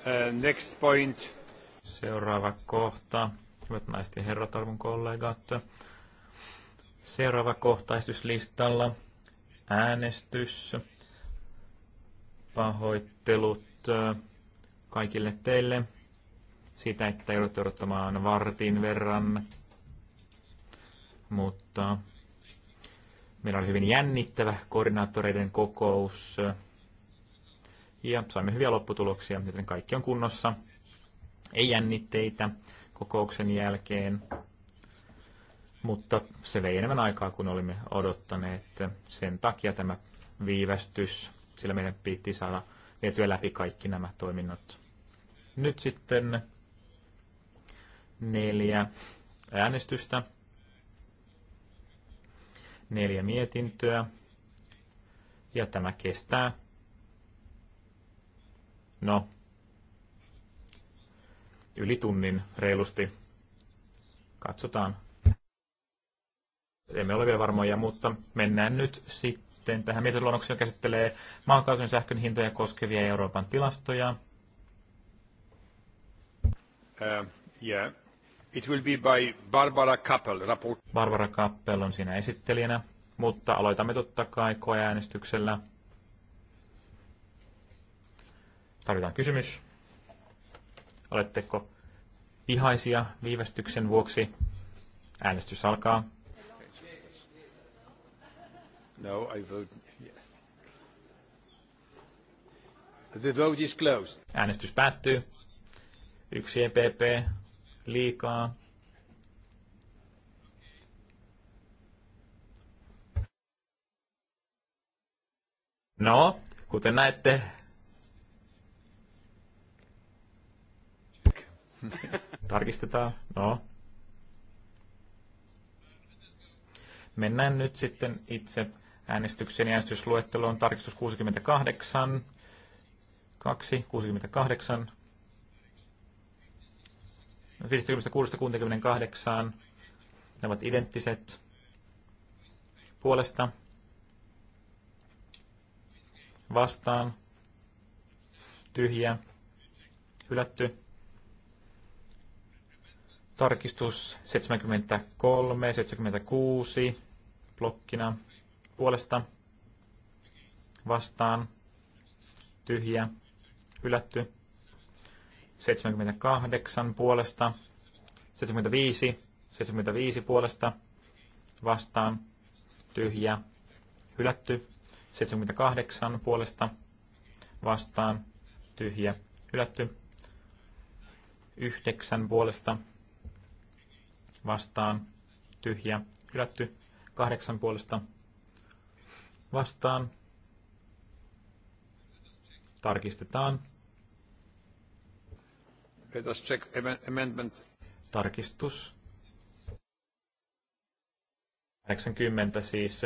Uh, next point. Seuraava kohta. Hyvät naiset ja herrat, arvon kollegat. Seuraava esityslistalla äänestys, pahoittelut uh, kaikille teille siitä, että joudut odottamaan vartin verran, mutta meillä oli hyvin jännittävä koordinaattoreiden kokous ja saimme hyviä lopputuloksia, joten kaikki on kunnossa. Ei jännitteitä kokouksen jälkeen, mutta se vei enemmän aikaa kuin olimme odottaneet. Sen takia tämä viivästys, sillä meidän piti saada vietyä läpi kaikki nämä toiminnot. Nyt sitten neljä äänestystä, neljä mietintöä, ja tämä kestää No, yli tunnin reilusti. Katsotaan. Emme ole vielä varmoja, mutta mennään nyt sitten tähän mietintöluonnokseen, käsittelee maakaasun sähkön hintoja koskevia Euroopan tilastoja. Uh, yeah. It will be by Barbara Kappel. Rapport. Barbara Kappel on siinä esittelijänä, mutta aloitamme totta kai koeäänestyksellä. Tarvitaan kysymys. Oletteko vihaisia viivästyksen vuoksi? Äänestys alkaa. No, I vote yes. The vote is closed. Äänestys päättyy. Yksi EPP liikaa. No, kuten näette, Tarkistetaan, no. Mennään nyt sitten itse äänestyksen äänestysluetteloon. on tarkistus 68, 2, 68, 56-68, ne ovat identtiset puolesta, vastaan, tyhjä, hylätty, Tarkistus 73, 76 blokkina puolesta vastaan tyhjä hylätty. 78 puolesta 75 75 puolesta vastaan tyhjä hylätty. 78 puolesta vastaan tyhjä hylätty. 9 puolesta vastaan, tyhjä, hylätty. Kahdeksan puolesta vastaan, tarkistetaan. Let us check amendment. Tarkistus. 80 siis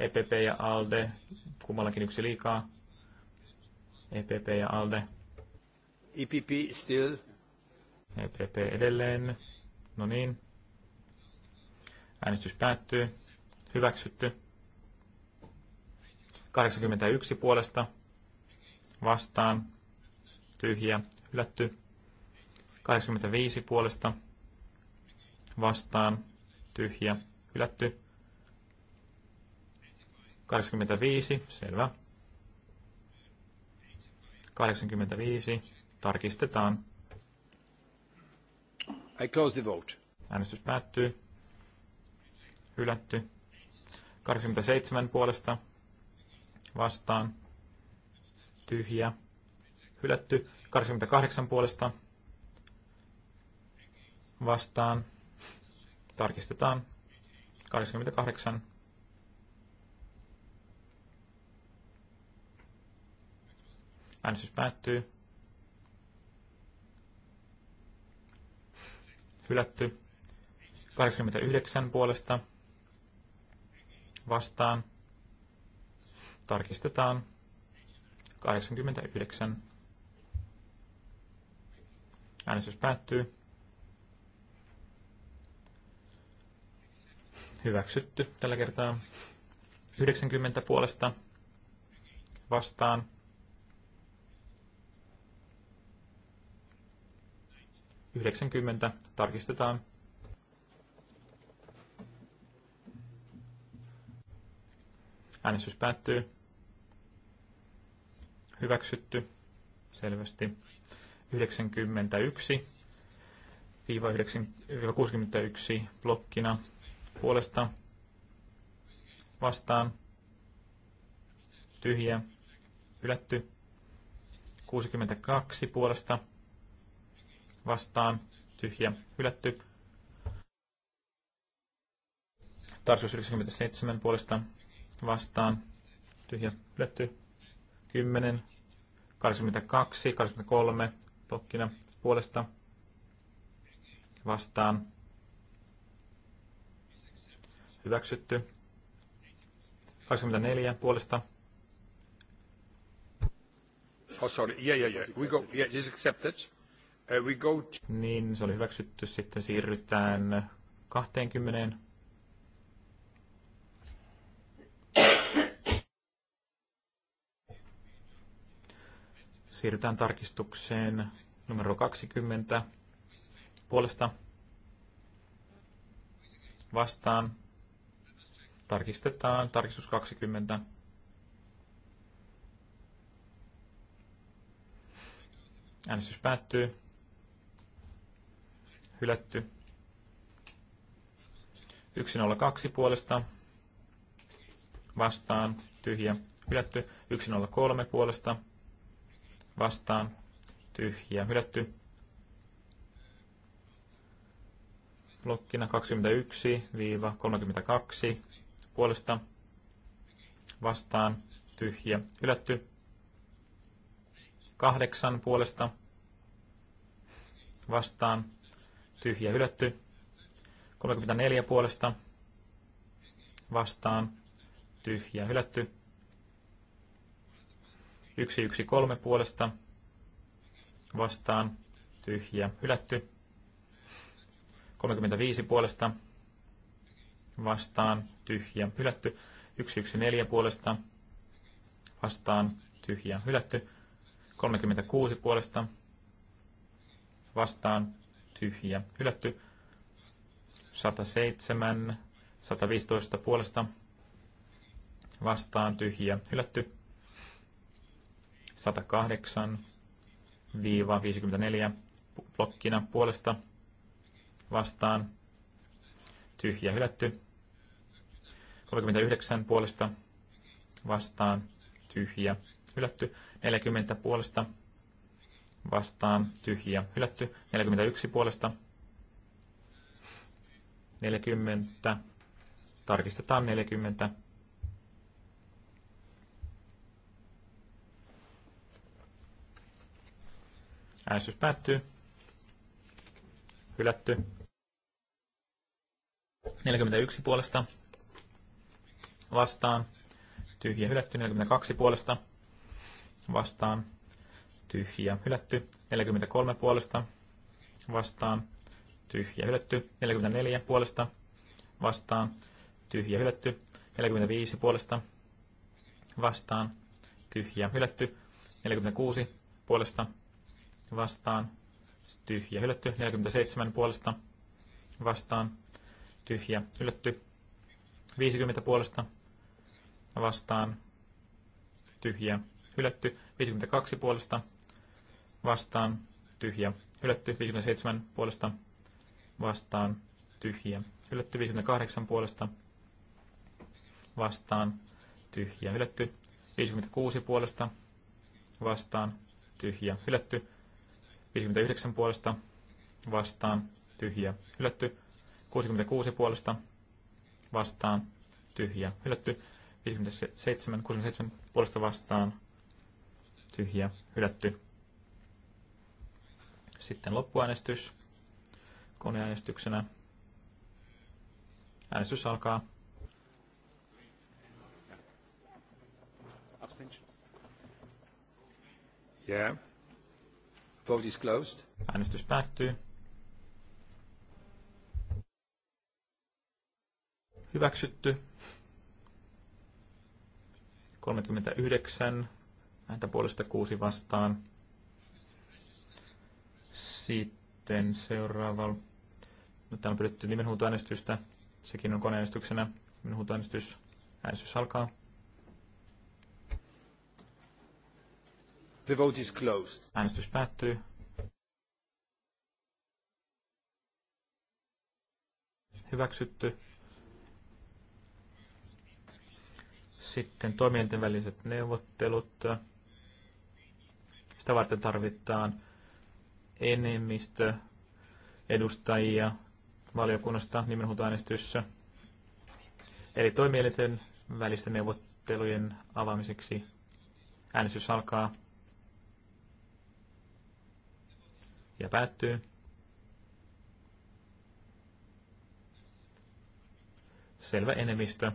EPP ja ALDE, kummallakin yksi liikaa. EPP ja ALDE. EPP still. EPP edelleen. No niin. Äänestys päättyy. Hyväksytty. 81 puolesta. Vastaan. Tyhjä. Hylätty. 85 puolesta. Vastaan. Tyhjä. Hylätty. 85. Selvä. 85. Tarkistetaan. I close the vote. Äänestys päättyy hylätty. 87 puolesta vastaan tyhjä hylätty. 88 puolesta vastaan tarkistetaan 88 Äänestys päättyy. Hylätty. 89 puolesta vastaan. Tarkistetaan. 89. Äänestys päättyy. Hyväksytty tällä kertaa. 90 puolesta vastaan. Yhdeksänkymmentä tarkistetaan. Äänestys päättyy. Hyväksytty. Selvästi. 91 61 blokkina puolesta vastaan tyhjä hylätty 62 puolesta vastaan tyhjä hylätty Tarsus 97 puolesta vastaan, tyhjä hylätty, 10, 82, 83 blokkina puolesta vastaan, hyväksytty, 24 puolesta. Oh, sorry. Yeah, yeah, yeah. We go, yeah, it's accepted. Uh, we go to... Niin, se oli hyväksytty. Sitten siirrytään 20 Siirrytään tarkistukseen numero 20 puolesta vastaan. Tarkistetaan tarkistus 20. Äänestys päättyy. Hylätty. 102 puolesta vastaan tyhjä hylätty. 103 puolesta vastaan tyhjiä hylätty. Blokkina 21-32 puolesta vastaan tyhjiä hylätty. Kahdeksan puolesta vastaan tyhjiä hylätty. 34 puolesta vastaan tyhjiä hylätty. 113 puolesta vastaan tyhjä hylätty. 35 puolesta vastaan tyhjä hylätty. 114 puolesta vastaan tyhjä hylätty. 36 puolesta vastaan tyhjä hylätty. 107, 115 puolesta vastaan tyhjä hylätty. 108-54 blokkina puolesta vastaan. Tyhjä hylätty. 39 puolesta vastaan. Tyhjä hylätty. 40 puolesta vastaan. Tyhjä hylätty. 41 puolesta 40. Tarkistetaan 40. Äänestys päättyy. Hylätty. 41 puolesta. Vastaan. Tyhjä hylätty. 42 puolesta. Vastaan. Tyhjä hylätty. 43 puolesta. Vastaan. Tyhjä hylätty. 44 puolesta. Vastaan. Tyhjä hylätty. 45 puolesta. Vastaan. Tyhjä hylätty. 46 puolesta vastaan, tyhjä hylätty. 47 puolesta vastaan, tyhjä hylätty. 50 puolesta vastaan, tyhjä hylätty. 52 puolesta vastaan, tyhjä hylätty. 57 puolesta vastaan, tyhjä hylätty. 58 puolesta vastaan, tyhjä hylätty. 56 puolesta vastaan, tyhjä hylätty. 59 puolesta vastaan tyhjä hylätty. 66 puolesta vastaan tyhjä hylätty. 57, 67 puolesta vastaan tyhjä hylätty. Sitten loppuäänestys koneäänestyksenä. Äänestys alkaa. Yeah. Vote is closed. Äänestys päättyy. Hyväksytty. 39 ääntä puolesta 6 vastaan. Sitten seuraava. No, täällä on pyydetty nimenhuutoäänestystä. Sekin on koneäänestyksenä. Nimenhuutoäänestys. Äänestys alkaa. The vote is closed. Äänestys päättyy. Hyväksytty. Sitten toimijoiden väliset neuvottelut. Sitä varten tarvitaan enemmistö edustajia valiokunnasta nimenhuutoäänestyssä. Eli toimielinten välisten neuvottelujen avaamiseksi äänestys alkaa. ja päättyy. Selvä enemmistö.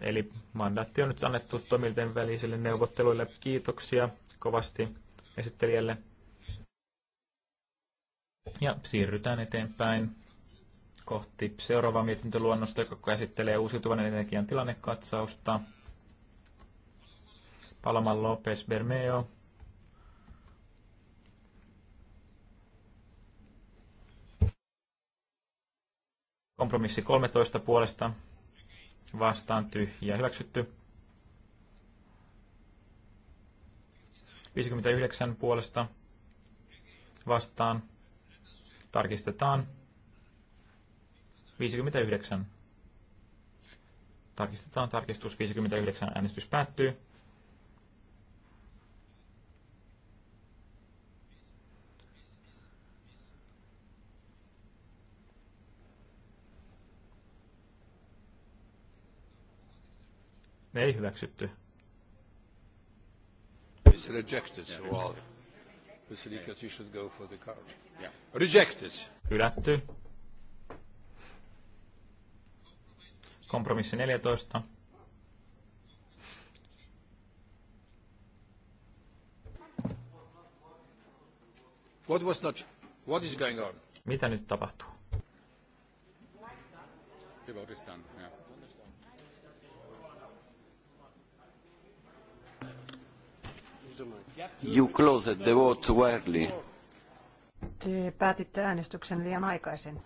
Eli mandaatti on nyt annettu toimilten välisille neuvotteluille. Kiitoksia kovasti esittelijälle. Ja siirrytään eteenpäin kohti seuraavaa mietintöluonnosta, joka käsittelee uusiutuvan energian tilannekatsausta. Paloma López Bermeo Kompromissi 13 puolesta vastaan tyhjää hyväksytty. 59 puolesta vastaan tarkistetaan. 59. Tarkistetaan tarkistus 59. Äänestys päättyy. Ne ei hyväksytty. It's rejected, so all. you should go for the card. Yeah. Rejected. Hylätty. Kompromissi 14. What was not, what is going on? Mitä nyt tapahtuu? yeah. You closed the vote too early. Te päätitte äänestyksen liian aikaisin.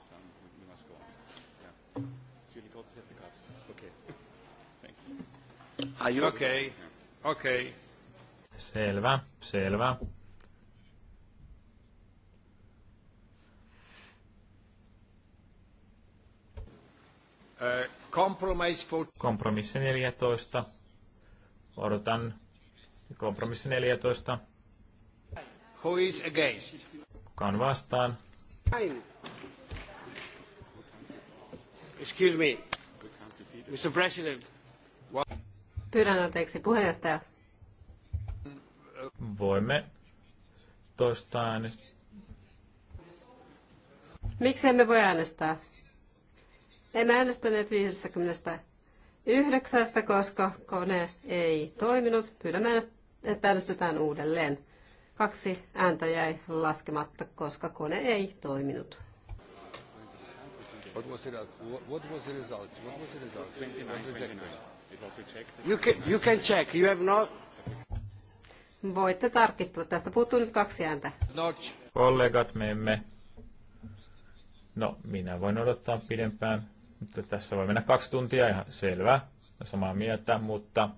Okei, okei. Okay. Selvä, selvä. Uh, Kompromissi 14. Odotan Kompromissi 14. Who is against? Kuka on vastaan? Excuse me. Mr. President. Pyydän anteeksi, puheenjohtaja. Voimme toistaa. äänestää. Miksi emme voi äänestää? Emme äänestäneet 59, koska kone ei toiminut. Pyydämme äänestää että äänestetään uudelleen. Kaksi ääntä jäi laskematta, koska kone ei toiminut. What was the result? What was the result? What was the result? 29, You can, you can check. You have not... Voitte tarkistaa. Tästä puuttuu nyt kaksi ääntä. Not. Kollegat, me emme... No, minä voin odottaa pidempään. Mutta tässä voi mennä kaksi tuntia, ihan selvä. Samaa mieltä, mutta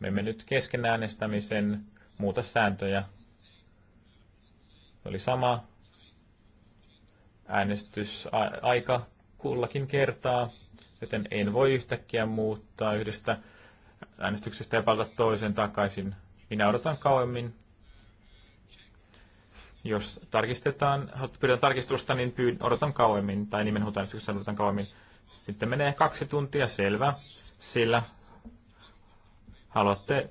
me emme nyt kesken äänestämisen muuta sääntöjä. Oli sama äänestysaika kullakin kertaa, joten en voi yhtäkkiä muuttaa yhdestä äänestyksestä ja palata toisen takaisin. Minä odotan kauemmin. Jos tarkistetaan, pyydän tarkistusta, niin pyydän odotan kauemmin, tai nimenhuutoäänestyksessä odotan kauemmin. Sitten menee kaksi tuntia, selvä, sillä haluatte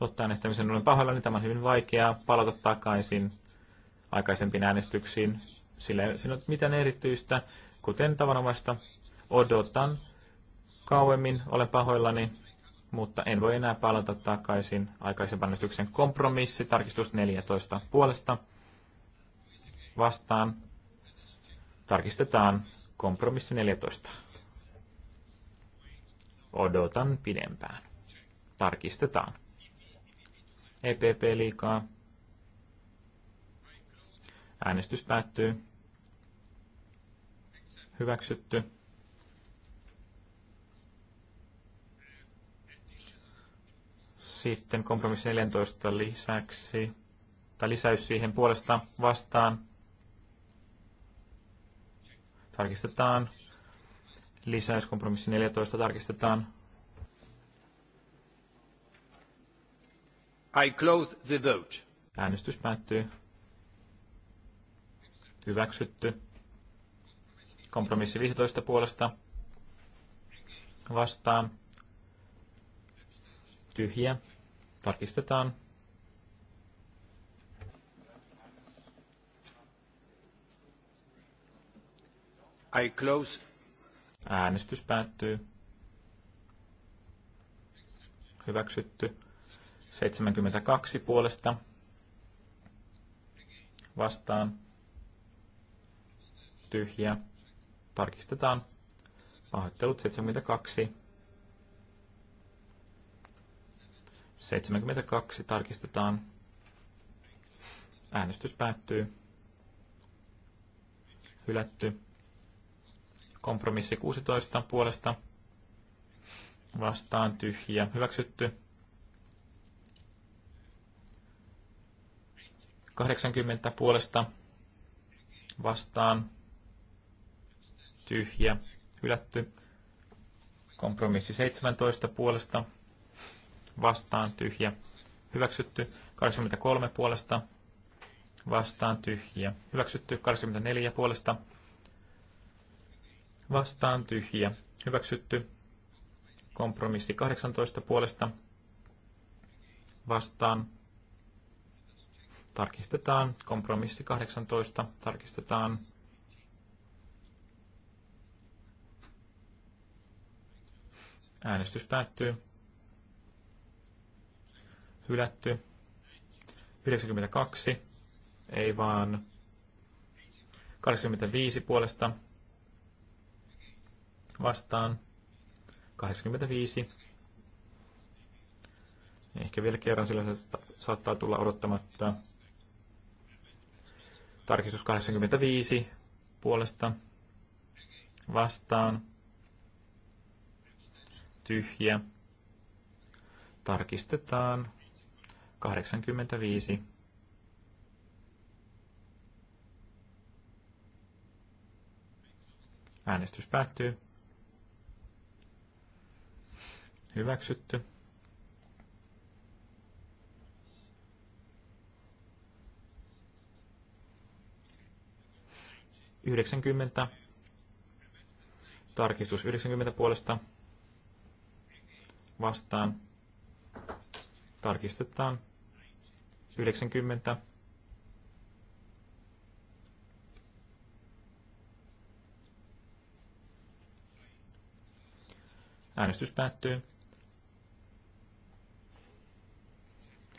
ottaa äänestämisen, niin olen pahoillani, niin tämä on hyvin vaikeaa palata takaisin aikaisempiin äänestyksiin. Sillä ei ole mitään erityistä, kuten tavanomaista odotan kauemmin, olen pahoillani, mutta en voi enää palata takaisin aikaisempaan äänestyksen kompromissi, tarkistus 14 puolesta vastaan. Tarkistetaan kompromissi 14. Odotan pidempään tarkistetaan. EPP liikaa. Äänestys päättyy. Hyväksytty. Sitten kompromissi 14 lisäksi, tai lisäys siihen puolesta vastaan. Tarkistetaan. Lisäys kompromissi 14 tarkistetaan. I close the vote. Äänestys päättyy. Hyväksytty. Kompromissi 15 puolesta. Vastaan. Tyhjä. Tarkistetaan. I close. Äänestys päättyy. Hyväksytty. 72 puolesta vastaan tyhjä. Tarkistetaan. Pahoittelut 72. 72 tarkistetaan. Äänestys päättyy. Hylätty. Kompromissi 16 puolesta. Vastaan tyhjä. Hyväksytty. 80 puolesta vastaan tyhjä hylätty. Kompromissi 17 puolesta vastaan tyhjä hyväksytty. 83 puolesta vastaan tyhjä hyväksytty. 84 puolesta vastaan tyhjä hyväksytty. Kompromissi 18 puolesta vastaan Tarkistetaan. Kompromissi 18. Tarkistetaan. Äänestys päättyy. Hylätty. 92. Ei vaan. 85 puolesta. Vastaan. 85. Ehkä vielä kerran, sillä se saattaa tulla odottamatta. Tarkistus 85 puolesta vastaan. Tyhjä. Tarkistetaan. 85. Äänestys päättyy. Hyväksytty. 90. Tarkistus 90 puolesta vastaan. Tarkistetaan 90. Äänestys päättyy.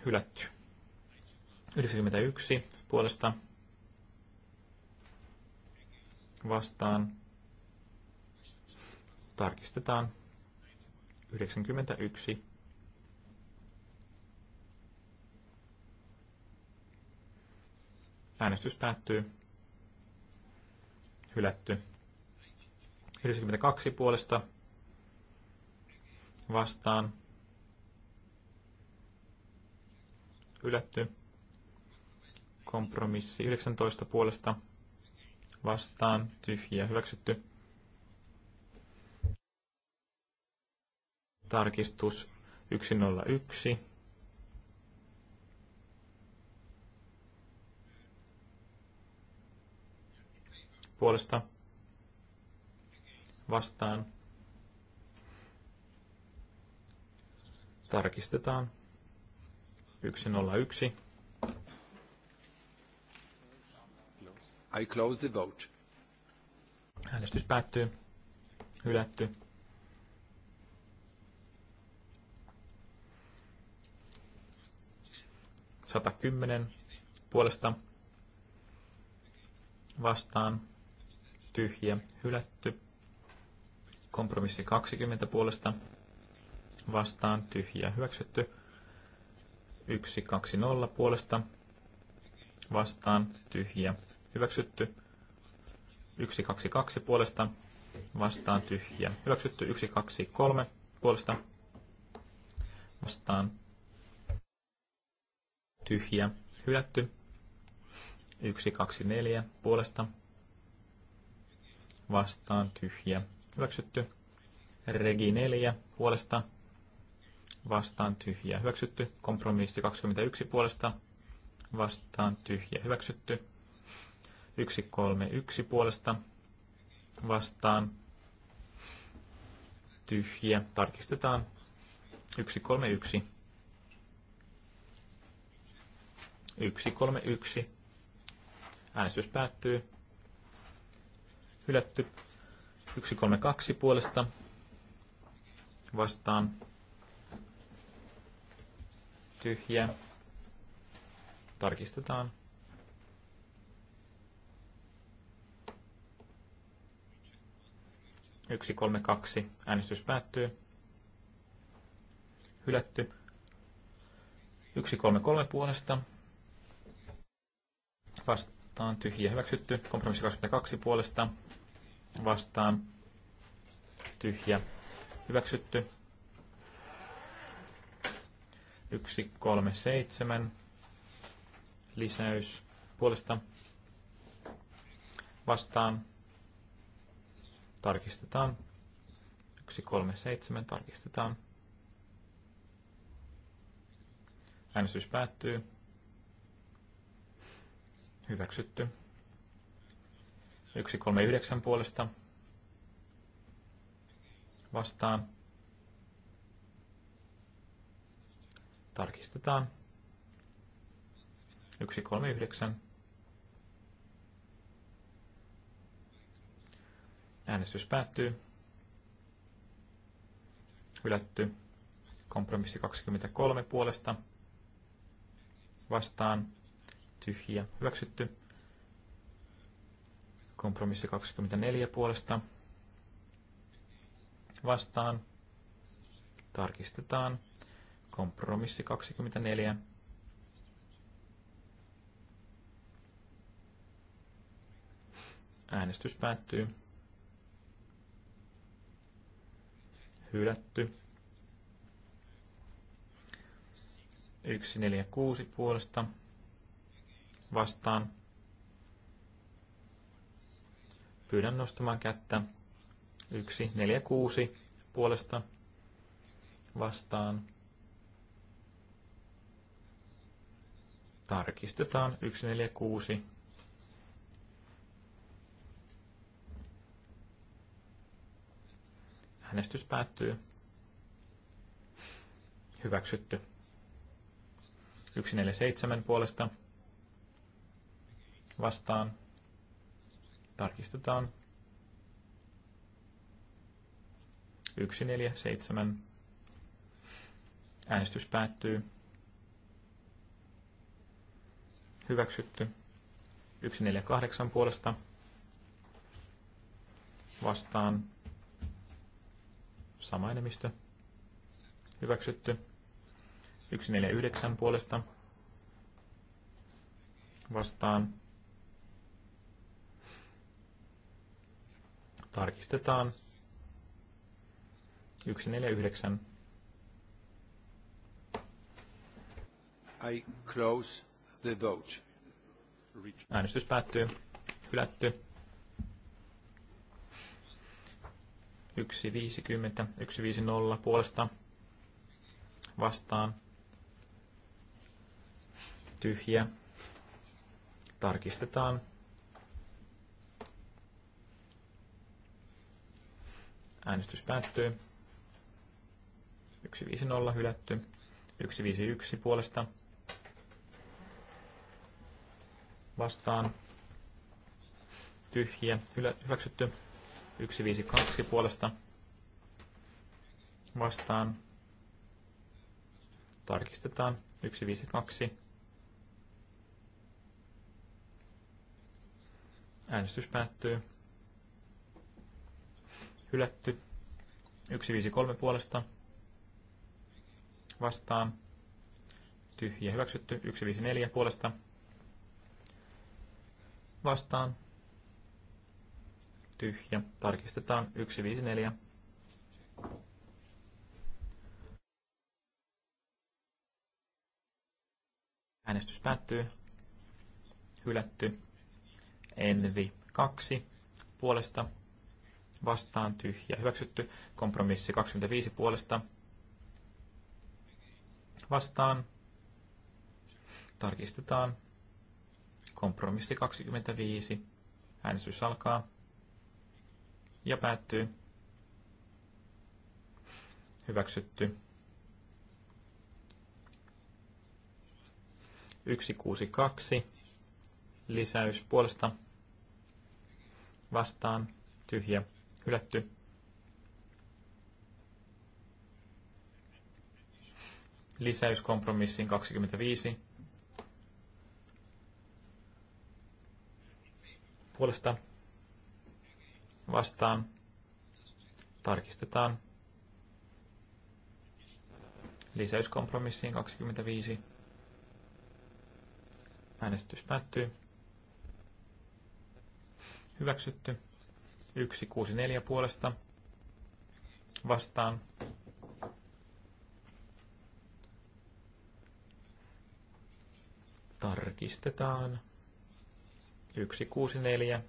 Hylätty. 91 puolesta vastaan. Tarkistetaan. 91. Äänestys päättyy. Hylätty. 92 puolesta vastaan. Hylätty. Kompromissi 19 puolesta vastaan, tyhjiä hyväksytty. Tarkistus 101. Puolesta vastaan. Tarkistetaan. 101. I close the vote. Äänestys päättyy. Hylätty. Sata kymmenen puolesta vastaan tyhjä hylätty. Kompromissi 20 puolesta vastaan tyhjä hyväksytty. 120 puolesta vastaan tyhjä hyväksytty. 1, 2, 2 puolesta vastaan tyhjä. Hyväksytty 1, 2, 3 puolesta vastaan tyhjä. Hylätty 1, 2, 4 puolesta vastaan tyhjä. Hyväksytty regi 4 puolesta vastaan tyhjä. Hyväksytty kompromissi 21 puolesta vastaan tyhjä. Hyväksytty 131 puolesta vastaan tyhjiä. Tarkistetaan 131. 131. Äänestys päättyy. Hylätty. 132 puolesta vastaan tyhjiä. Tarkistetaan 132. Äänestys päättyy. Hylätty. 133 puolesta. Vastaan tyhjä hyväksytty. Kompromissi 22 puolesta. Vastaan tyhjä hyväksytty. 137 lisäys puolesta vastaan Tarkistetaan. 137 tarkistetaan. Äänestys päättyy. Hyväksytty. 139 puolesta. Vastaan. Tarkistetaan. 139. Äänestys päättyy. Hylätty. Kompromissi 23 puolesta. Vastaan. Tyhjä. Hyväksytty. Kompromissi 24 puolesta. Vastaan. Tarkistetaan. Kompromissi 24. Äänestys päättyy. hylätty. 146 puolesta vastaan. Pyydän nostamaan kättä. 146 puolesta vastaan. Tarkistetaan 146. Äänestys päättyy. Hyväksytty. 147 puolesta vastaan. Tarkistetaan. 147. Äänestys päättyy. Hyväksytty. 148 puolesta vastaan sama enemmistö. Hyväksytty. 149 puolesta vastaan. Tarkistetaan. 149. I close the vote. Äänestys päättyy. Hylätty. 150, 150 puolesta vastaan. Tyhjä. Tarkistetaan. Äänestys päättyy. 150 hylätty. 151 puolesta vastaan. Tyhjä. Hylä, hyväksytty. 152 puolesta vastaan. Tarkistetaan 152. Äänestys päättyy. Hylätty. 153 puolesta vastaan. Tyhjä hyväksytty. 154 puolesta vastaan tyhjä. Tarkistetaan 154. Äänestys päättyy. Hylätty. Envi 2 puolesta. Vastaan tyhjä. Hyväksytty. Kompromissi 25 puolesta. Vastaan. Tarkistetaan. Kompromissi 25. Äänestys alkaa ja päättyy. Hyväksytty. 162. Lisäys puolesta. Vastaan. Tyhjä. Hylätty. Lisäys kompromissiin 25. Puolesta vastaan. Tarkistetaan. lisäyskompromissiin 25. Äänestys päättyy. Hyväksytty. 164 puolesta vastaan. Tarkistetaan. 164.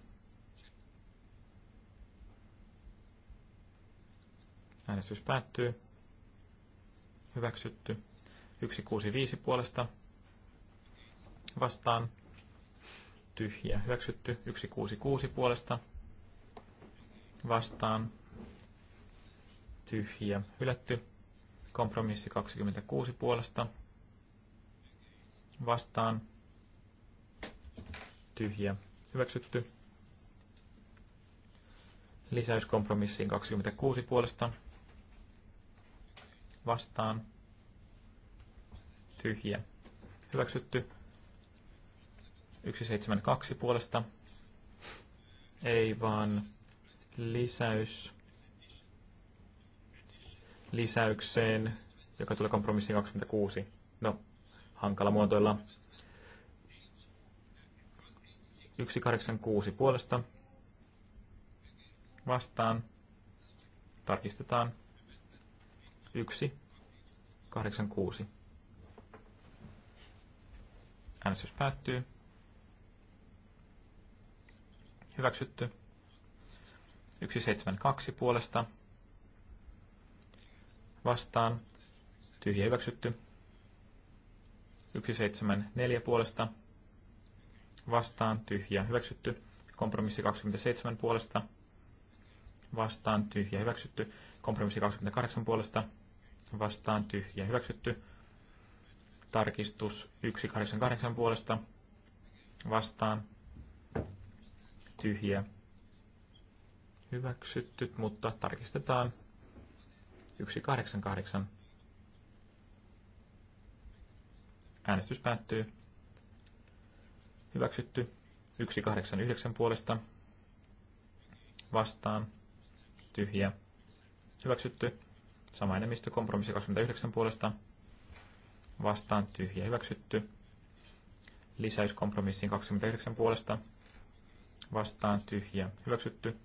Äänestys päättyy. Hyväksytty. 165 puolesta. Vastaan. Tyhjä. Hyväksytty. 166 puolesta. Vastaan. Tyhjä. Hylätty. Kompromissi 26 puolesta. Vastaan. Tyhjä. Hyväksytty. Lisäyskompromissiin 26 puolesta vastaan tyhjiä. Hyväksytty 172 puolesta. Ei vaan lisäys lisäykseen, joka tulee kompromissiin 26. No, hankala muotoilla. 186 puolesta vastaan. Tarkistetaan. 1, 8, 6. Äänestys päättyy. Hyväksytty. 172 puolesta. Vastaan. Tyhjä hyväksytty. 174 puolesta. Vastaan. Tyhjä hyväksytty. Kompromissi 27 puolesta. Vastaan. Tyhjä hyväksytty. Kompromissi 28 puolesta vastaan tyhjä hyväksytty. Tarkistus 188 puolesta vastaan tyhjä hyväksytty, mutta tarkistetaan 188. Äänestys päättyy. Hyväksytty 189 puolesta vastaan tyhjä hyväksytty Sama enemmistö kompromissi 29 puolesta vastaan tyhjä hyväksytty. Lisäys kompromissiin 29 puolesta vastaan tyhjä hyväksytty.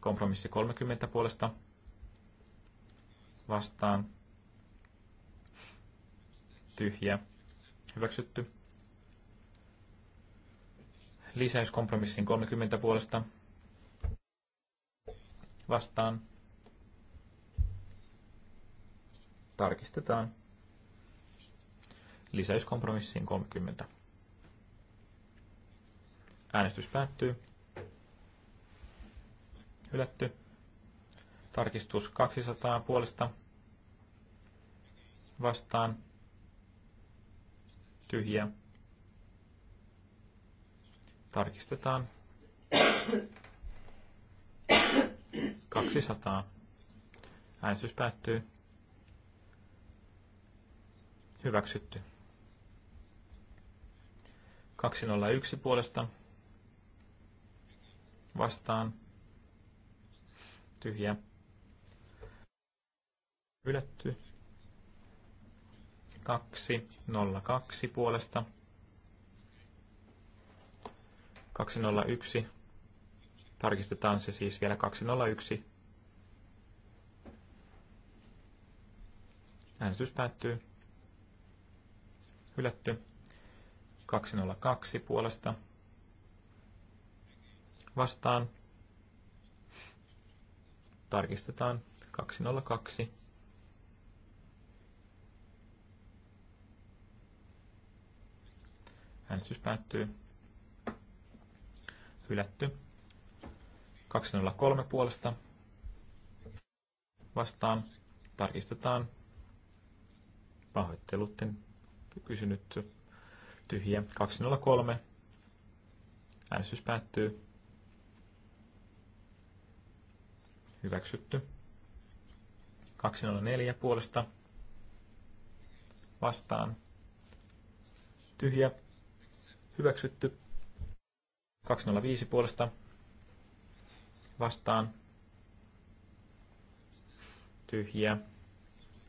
Kompromissi 30 puolesta vastaan tyhjä hyväksytty. Lisäys kompromissin 30 puolesta vastaan Tarkistetaan. Lisäyskompromissiin 30. Äänestys päättyy. Hylätty. Tarkistus 200 puolesta. Vastaan. Tyhjä. Tarkistetaan. 200. Äänestys päättyy. Hyväksytty. 201 puolesta. Vastaan. Tyhjä. Hylätty. 202 puolesta. 201. Tarkistetaan se siis vielä 201. Äänestys päättyy hylätty. 202 puolesta vastaan. Tarkistetaan 202. Äänestys päättyy. Hylätty. 203 puolesta vastaan. Tarkistetaan pahoittelutten kysynyt tyhjä. 203. Äänestys päättyy. Hyväksytty. 204 puolesta. Vastaan. Tyhjä. Hyväksytty. 205 puolesta. Vastaan. Tyhjä.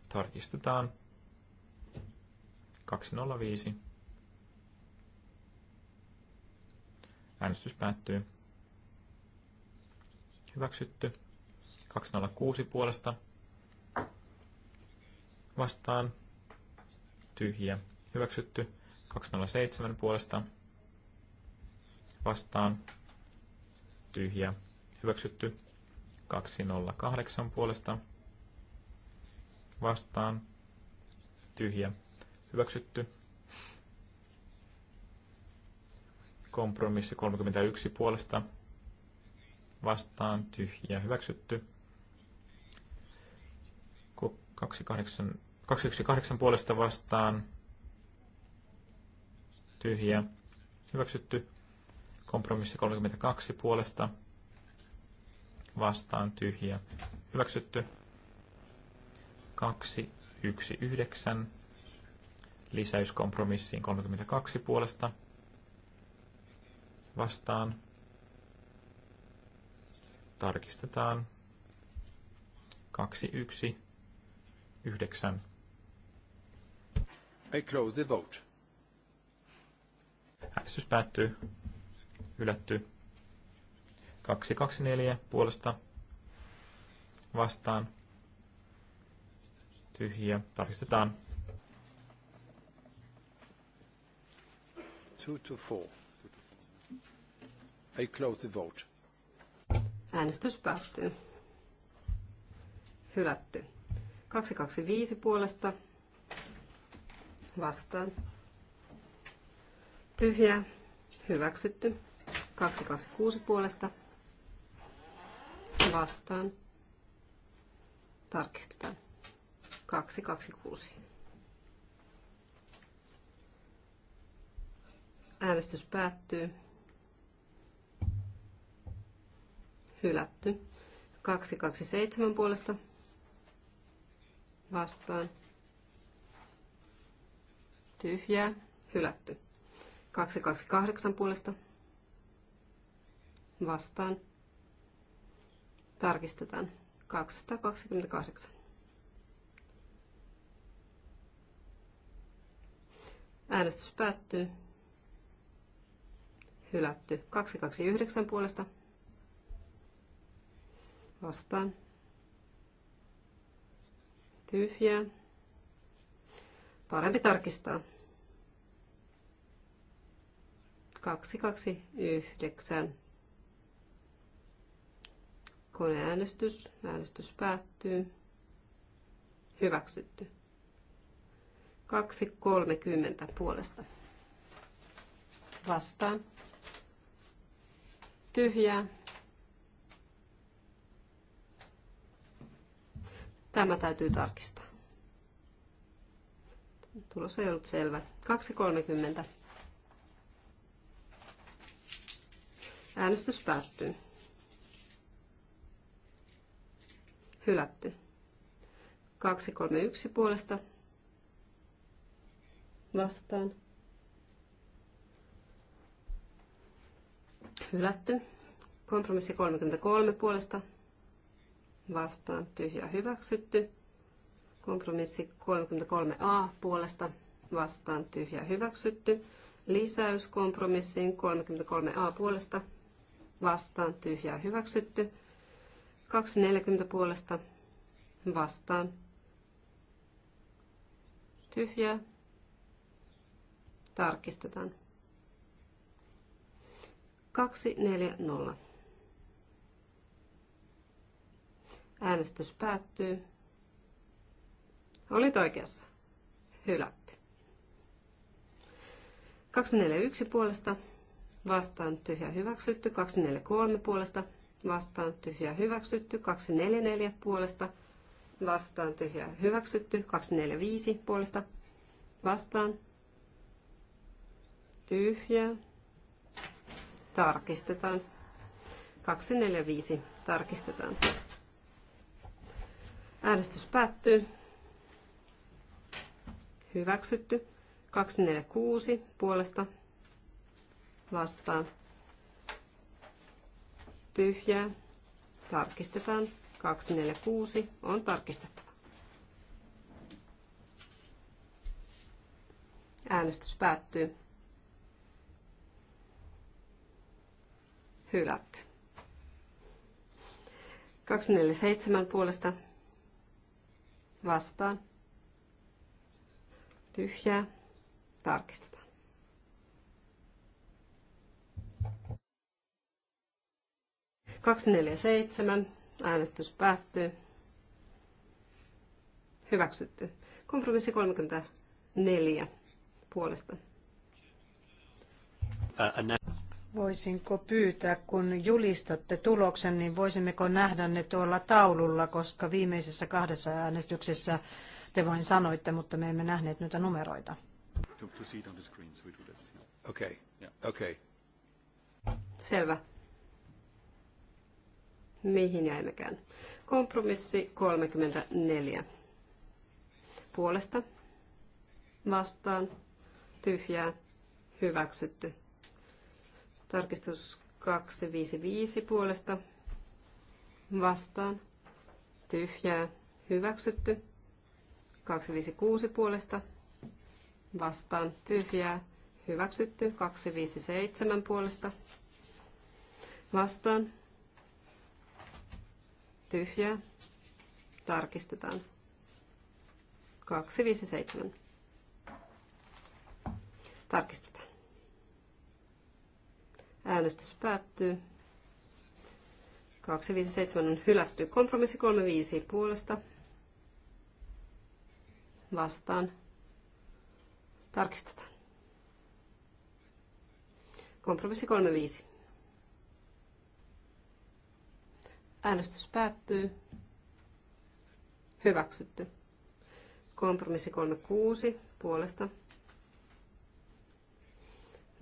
Tarkistetaan. 205. Äänestys päättyy. Hyväksytty. 206 puolesta. Vastaan. Tyhjä. Hyväksytty. 207 puolesta. Vastaan. Tyhjä. Hyväksytty. 208 puolesta. Vastaan. Tyhjä hyväksytty. Kompromissi 31 puolesta vastaan tyhjä hyväksytty. 28, 28 puolesta vastaan tyhjä hyväksytty. Kompromissi 32 puolesta vastaan tyhjä hyväksytty. 219 Lisäys kompromissiin 32 puolesta vastaan. Tarkistetaan. 21 9. I close the vote. Äänestys päättyy. Hylätty. 224 puolesta vastaan. Tyhjiä. Tarkistetaan. Two to four. I close the vote. Äänestys päättyy. Hylätty. 225 puolesta. Vastaan. Tyhjä. Hyväksytty. 226 puolesta. Vastaan. Tarkistetaan. 226. Äänestys päättyy. Hylätty. 227 puolesta vastaan. Tyhjää. Hylätty. 228 puolesta vastaan. Tarkistetaan. 228. Äänestys päättyy hylätty. 229 puolesta vastaan. Tyhjää. Parempi tarkistaa. 229. Koneäänestys. Äänestys päättyy. Hyväksytty. 2.30 puolesta. Vastaan tyhjää. Tämä täytyy tarkistaa. Tulos ei ollut selvä. 2.30. Äänestys päättyy. Hylätty. 231 puolesta vastaan. hylätty. Kompromissi 33 puolesta vastaan tyhjä hyväksytty. Kompromissi 33a puolesta vastaan tyhjä hyväksytty. Lisäys kompromissiin 33a puolesta vastaan tyhjä hyväksytty. 240 puolesta vastaan tyhjää. Tarkistetaan. 240. Äänestys päättyy. Olit oikeassa. Hylätty. 241 puolesta vastaan tyhjä hyväksytty. 243 puolesta vastaan tyhjä hyväksytty. 244 puolesta vastaan tyhjä hyväksytty. 245 puolesta vastaan tyhjä tarkistetaan. 245 tarkistetaan. Äänestys päättyy. Hyväksytty. 246 puolesta vastaan. Tyhjää. Tarkistetaan. 246 on tarkistettava. Äänestys päättyy. hylätty. 247 puolesta vastaan. Tyhjää. Tarkistetaan. Kaksi, neljä, seitsemän. Äänestys päättyy. Hyväksytty. Kompromissi 34 puolesta. Voisinko pyytää, kun julistatte tuloksen, niin voisimmeko nähdä ne tuolla taululla, koska viimeisessä kahdessa äänestyksessä te vain sanoitte, mutta me emme nähneet noita numeroita. Selvä. Mihin jäimmekään? Kompromissi 34. Puolesta, vastaan, tyhjää, hyväksytty. Tarkistus 255 puolesta vastaan. Tyhjää. Hyväksytty. 256 puolesta vastaan. Tyhjää. Hyväksytty. 257 puolesta vastaan. Tyhjää. Tarkistetaan. 257. Tarkistetaan. Äänestys päättyy. 257 on hylätty. Kompromissi 35 puolesta. Vastaan. Tarkistetaan. Kompromissi 35. Äänestys päättyy. Hyväksytty. Kompromissi 36 puolesta.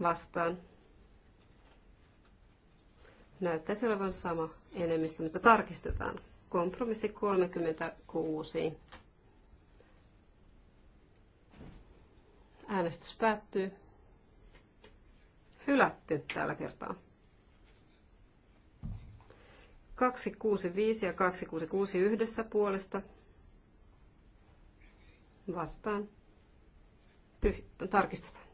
Vastaan näyttäisi olevan sama enemmistö, mutta tarkistetaan. Kompromissi 36. Äänestys päättyy. Hylätty tällä kertaa. 265 ja 266 yhdessä puolesta vastaan. Tyh- tarkistetaan.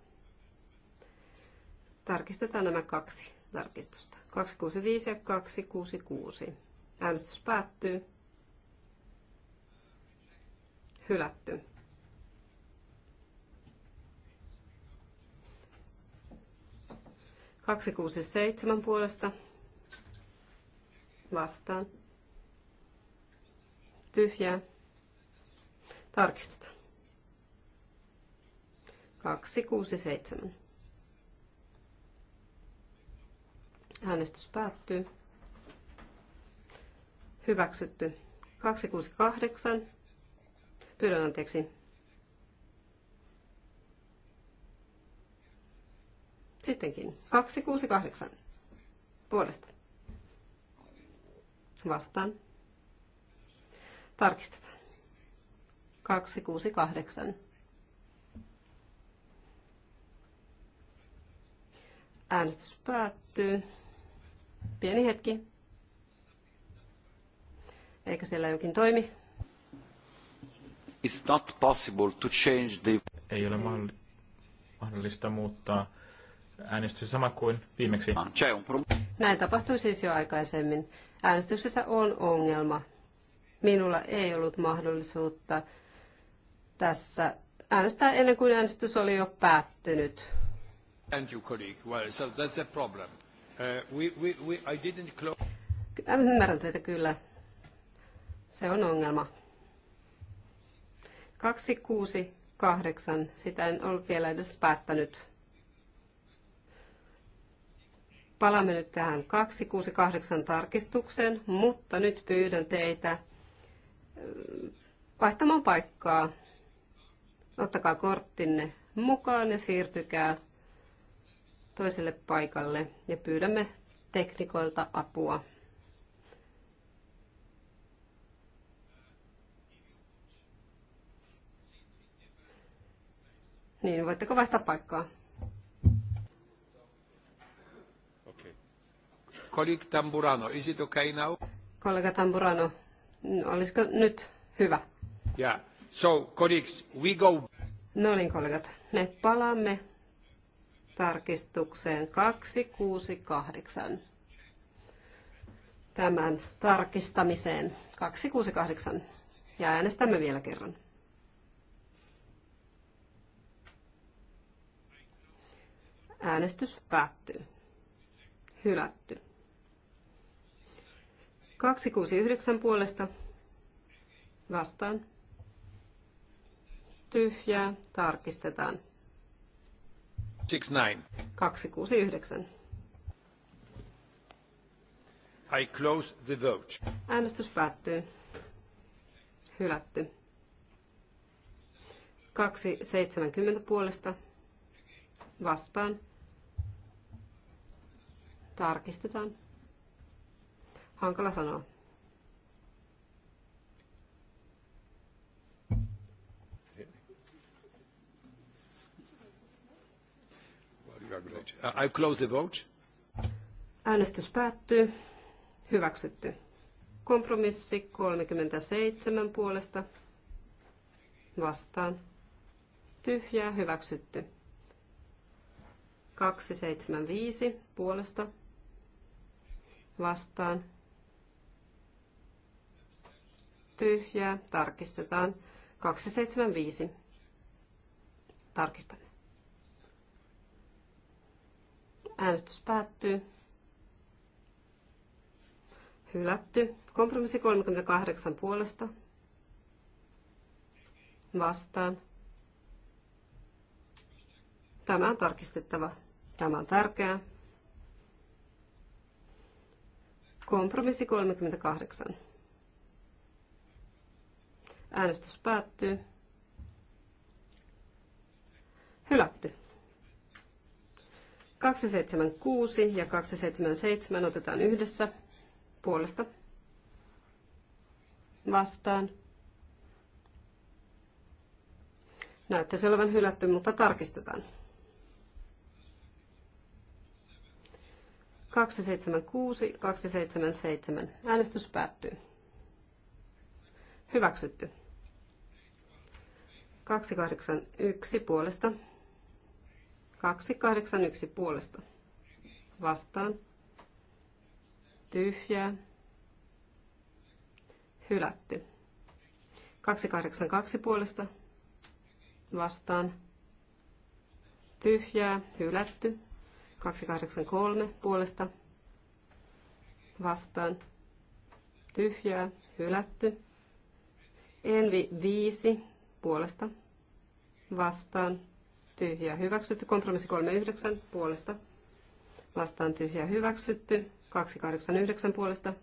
Tarkistetaan nämä kaksi tarkistusta. 265 ja 266. Äänestys päättyy. Hylätty. Kaksi kuusi seitsemän puolesta vastaan. Tyhjää. Tarkistetaan. Kaksi kuusi seitsemän. Äänestys päättyy. Hyväksytty. 268. Pyydän anteeksi. Sittenkin. 268. Puolesta. Vastaan. Tarkistetaan. 268. Äänestys päättyy. Pieni hetki. Eikö siellä jokin toimi? It's not possible to change the... Ei ole mahdollista muuttaa äänestys sama kuin viimeksi. Ah, Näin tapahtui siis jo aikaisemmin. Äänestyksessä on ongelma. Minulla ei ollut mahdollisuutta tässä äänestää ennen kuin äänestys oli jo päättynyt. And you, colleague. Well, so that's a problem we, we, we, I didn't close... Ymmärrän teitä kyllä. Se on ongelma. 268. Sitä en ole vielä edes päättänyt. Palaamme nyt tähän 268 tarkistukseen, mutta nyt pyydän teitä äh, vaihtamaan paikkaa. Ottakaa korttinne mukaan ja siirtykää toiselle paikalle ja pyydämme teknikoilta apua. Niin, voitteko vaihtaa paikkaa? Okay. Tamburano, is it okay now? Kollega Tamburano, olisiko nyt hyvä? Yeah. So, colleagues, we go. No niin, kollegat, me palaamme tarkistukseen 268. Tämän tarkistamiseen 268. Ja äänestämme vielä kerran. Äänestys päättyy. Hylätty. 269 puolesta vastaan. Tyhjää. Tarkistetaan. 269. 269. I close the vote. Äänestys päättyy. Hylätty. 270 puolesta vastaan. Tarkistetaan. Hankala sanoa. I close the vote. Äänestys päättyy. Hyväksytty. Kompromissi 37 puolesta. Vastaan. Tyhjää. Hyväksytty. 275 puolesta. Vastaan. Tyhjää. Tarkistetaan. 275. Tarkistamme. Äänestys päättyy. Hylätty. Kompromissi 38 puolesta. Vastaan. Tämä on tarkistettava. Tämä on tärkeää. Kompromissi 38. Äänestys päättyy. Hylätty. 276 ja 277 otetaan yhdessä puolesta vastaan. Näyttäisi olevan hylätty, mutta tarkistetaan. 276, 277. Äänestys päättyy. Hyväksytty. 281 puolesta 281 puolesta. Vastaan. Tyhjää. Hylätty. 282 puolesta. Vastaan. Tyhjää. Hylätty. 283 puolesta. Vastaan. Tyhjää. Hylätty. Envi 5 puolesta. Vastaan tyhjää hyväksytty. Kompromissi 39 puolesta vastaan tyhjää hyväksytty. 289 puolesta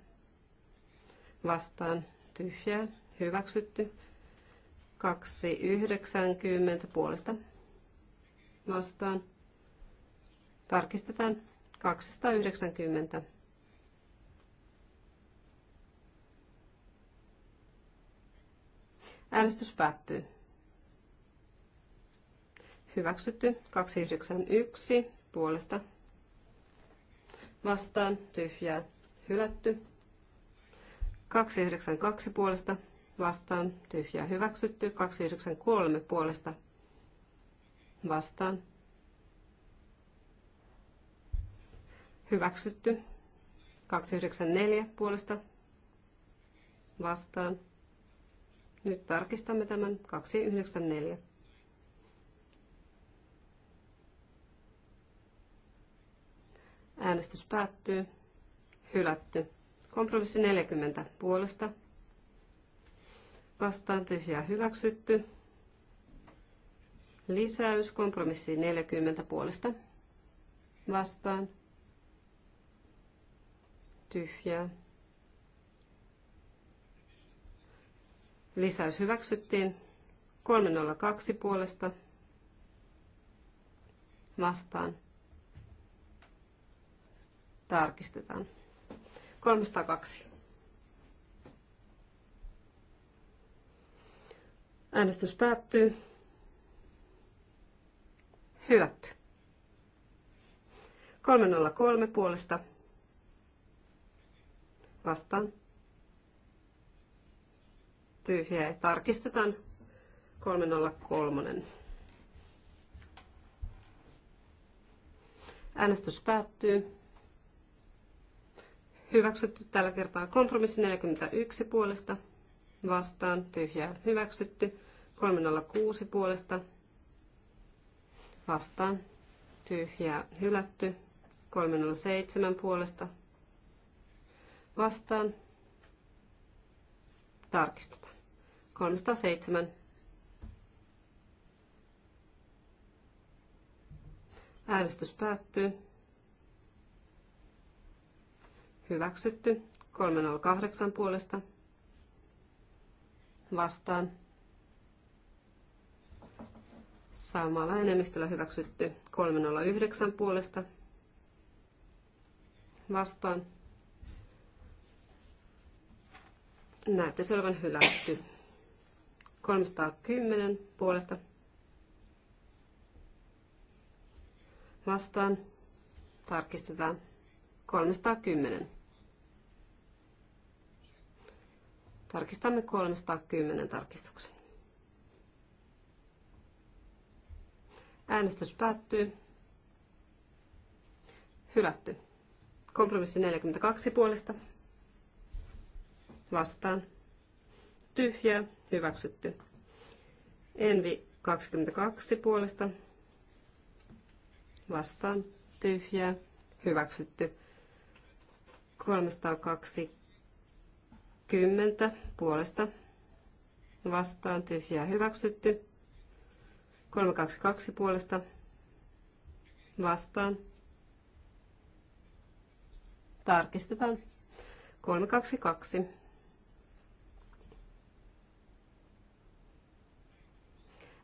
vastaan tyhjää hyväksytty. 290 puolesta vastaan. Tarkistetaan 290. Äänestys päättyy. Hyväksytty 291 puolesta vastaan tyhjää hylätty. 292 puolesta vastaan tyhjää hyväksytty. 293 puolesta vastaan hyväksytty. 294 puolesta vastaan. Nyt tarkistamme tämän 294. Äänestys päättyy. Hylätty. Kompromissi 40 puolesta. Vastaan tyhjää hyväksytty. Lisäys kompromissi 40 puolesta. Vastaan. Tyhjää. Lisäys hyväksyttiin 302 puolesta. Vastaan tarkistetaan. 302. Äänestys päättyy. Hylätty. 303 puolesta. Vastaan. Tyhjä. Tarkistetaan. 303. Äänestys päättyy. Hyväksytty tällä kertaa kompromissi 41 puolesta vastaan tyhjää. Hyväksytty 306 puolesta vastaan tyhjää. Hylätty 307 puolesta vastaan tarkistetaan. 307 Äänestys päättyy. Hyväksytty. 308 puolesta. Vastaan. Samalla enemmistöllä hyväksytty. 309 puolesta. Vastaan. Näyttäisi olevan hylätty. 310 puolesta. Vastaan. Tarkistetaan. 310. Tarkistamme 310 tarkistuksen. Äänestys päättyy. Hylätty. Kompromissi 42 puolesta. Vastaan. Tyhjää. Hyväksytty. Envi 22 puolesta. Vastaan. Tyhjää. Hyväksytty. 320 kymmentä puolesta vastaan tyhjää hyväksytty. 322 puolesta vastaan. Tarkistetaan. 322.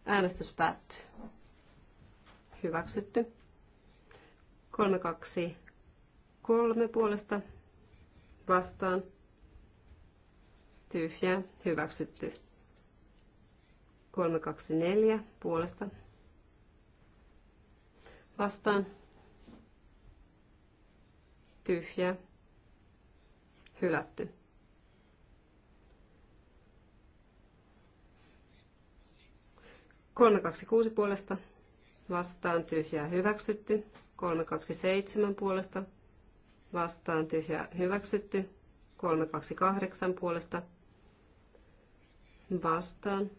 Äänestys päättyy. Hyväksytty. 323 puolesta vastaan tyhjää, hyväksytty. 324 puolesta vastaan, tyhjä hylätty. Kolme kaksi kuusi puolesta vastaan tyhjää hyväksytty. Kolme kaksi seitsemän puolesta vastaan tyhjää hyväksytty. Kolme kaksi kahdeksan puolesta vastaan,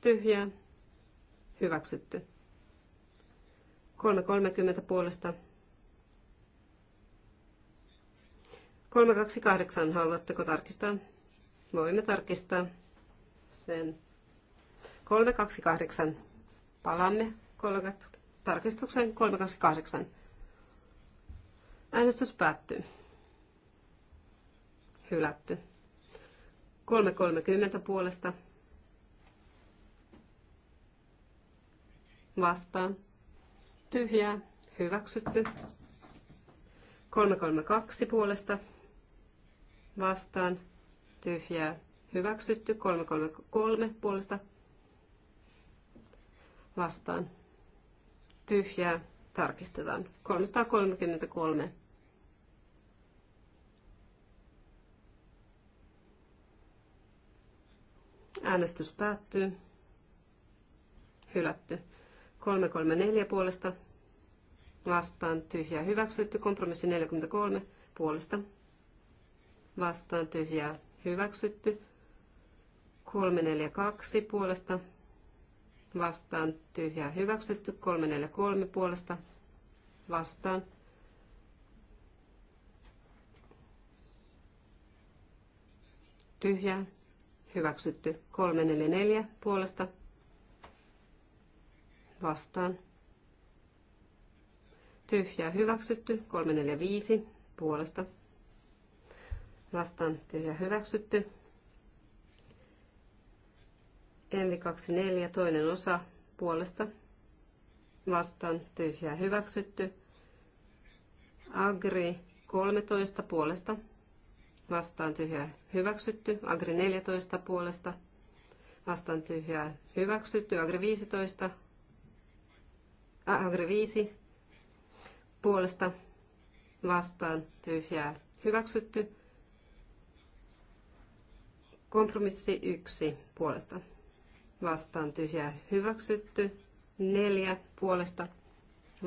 tyhjää, hyväksytty. 3.30 puolesta. 3.28 haluatteko tarkistaa? Voimme tarkistaa sen. 3.28. Palaamme kollegat tarkistuksen 3.28. Äänestys päättyy. Hylätty. 3.30 puolesta vastaan. Tyhjää, hyväksytty. 332 puolesta vastaan. Tyhjää, hyväksytty. 333 puolesta vastaan. Tyhjää, tarkistetaan. 333 Äänestys päättyy. Hylätty. 334 puolesta vastaan tyhjä hyväksytty. Kompromissi 43 puolesta vastaan tyhjää hyväksytty. 342 puolesta vastaan tyhjää hyväksytty. 343 puolesta vastaan tyhjää hyväksytty 344 puolesta vastaan. Tyhjää hyväksytty 345 puolesta vastaan tyhjää hyväksytty. Envi 24 toinen osa puolesta vastaan tyhjää hyväksytty. Agri 13 puolesta vastaan tyhjää hyväksytty. Agri 14 puolesta vastaan tyhjää hyväksytty. Agri 15, äh, Agri 5 puolesta vastaan tyhjää hyväksytty. Kompromissi 1 puolesta vastaan tyhjää hyväksytty. 4 puolesta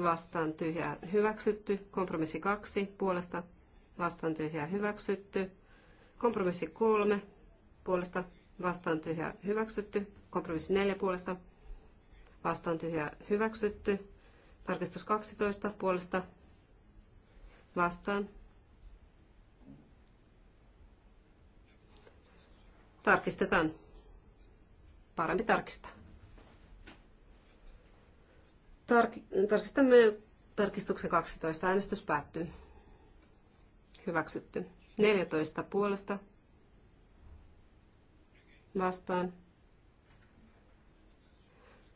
vastaan tyhjää hyväksytty. Kompromissi 2 puolesta vastaan tyhjä hyväksytty. Kompromissi 3 puolesta vastaan tyhjä hyväksytty. Kompromissi 4 puolesta vastaan tyhjä hyväksytty. Tarkistus 12 puolesta vastaan. Tarkistetaan. Parempi tarkistaa. Tark- tarkistamme tarkistuksen 12. Äänestys päättyy hyväksytty. 14 puolesta vastaan.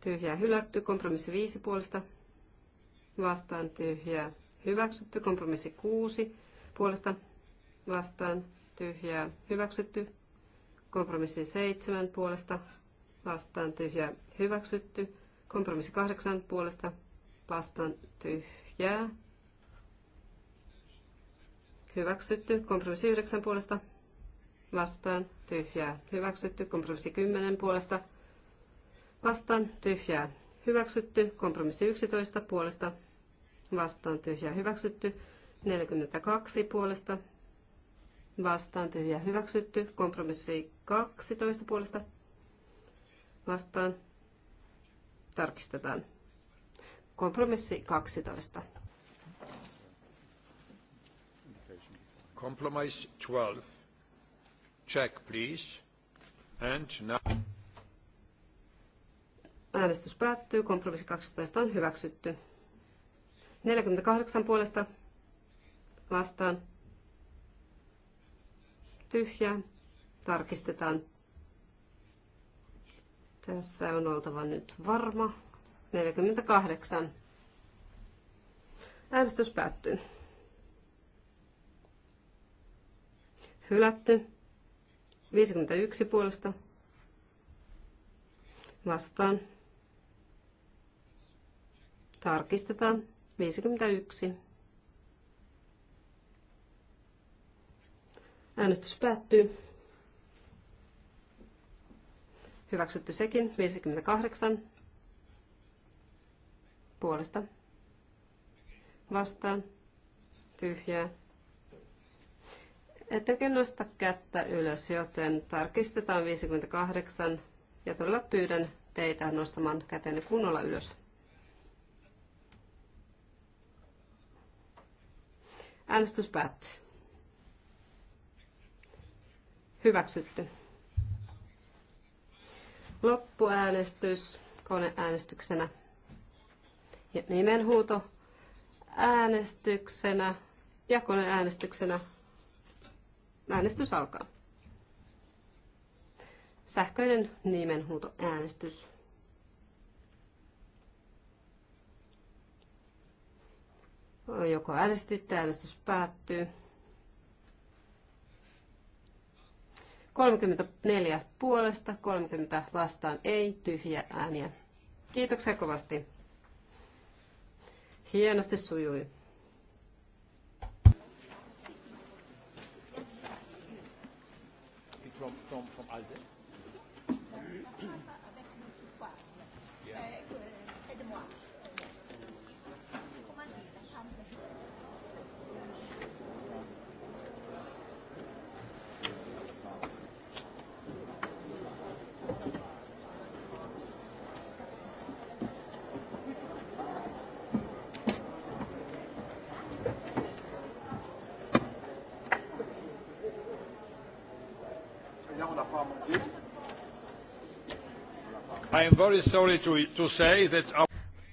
Tyhjää hylätty. Kompromissi 5 puolesta vastaan. Tyhjää hyväksytty. Kompromissi 6 puolesta vastaan. Tyhjää hyväksytty. Kompromissi 7 puolesta vastaan. Tyhjää hyväksytty. Kompromissi 8 puolesta vastaan. Tyhjää hyväksytty. Kompromissi 9 puolesta vastaan tyhjää hyväksytty. Kompromissi 10 puolesta vastaan tyhjää hyväksytty. Kompromissi 11 puolesta vastaan tyhjää hyväksytty. 42 puolesta vastaan tyhjää hyväksytty. Kompromissi 12 puolesta vastaan tarkistetaan. Kompromissi 12. Compromise 12. Check, please. And now... Äänestys päättyy. Kompromissi 12 on hyväksytty. 48 puolesta vastaan. Tyhjä. Tarkistetaan. Tässä on oltava nyt varma. 48. Äänestys päättyy. hylätty. 51 puolesta vastaan. Tarkistetaan. 51. Äänestys päättyy. Hyväksytty sekin. 58 puolesta vastaan. Tyhjää. Ettekä nosta kättä ylös, joten tarkistetaan 58 ja todella pyydän teitä nostamaan kätenne kunnolla ylös. Äänestys päättyy. Hyväksytty. Loppuäänestys koneäänestyksenä ja nimenhuuto äänestyksenä ja koneäänestyksenä Äänestys alkaa. Sähköinen nimenhuutoäänestys. Joko äänestitte, äänestys päättyy. 34 puolesta, 30 vastaan ei, tyhjiä ääniä. Kiitoksia kovasti. Hienosti sujui. from from ALDE.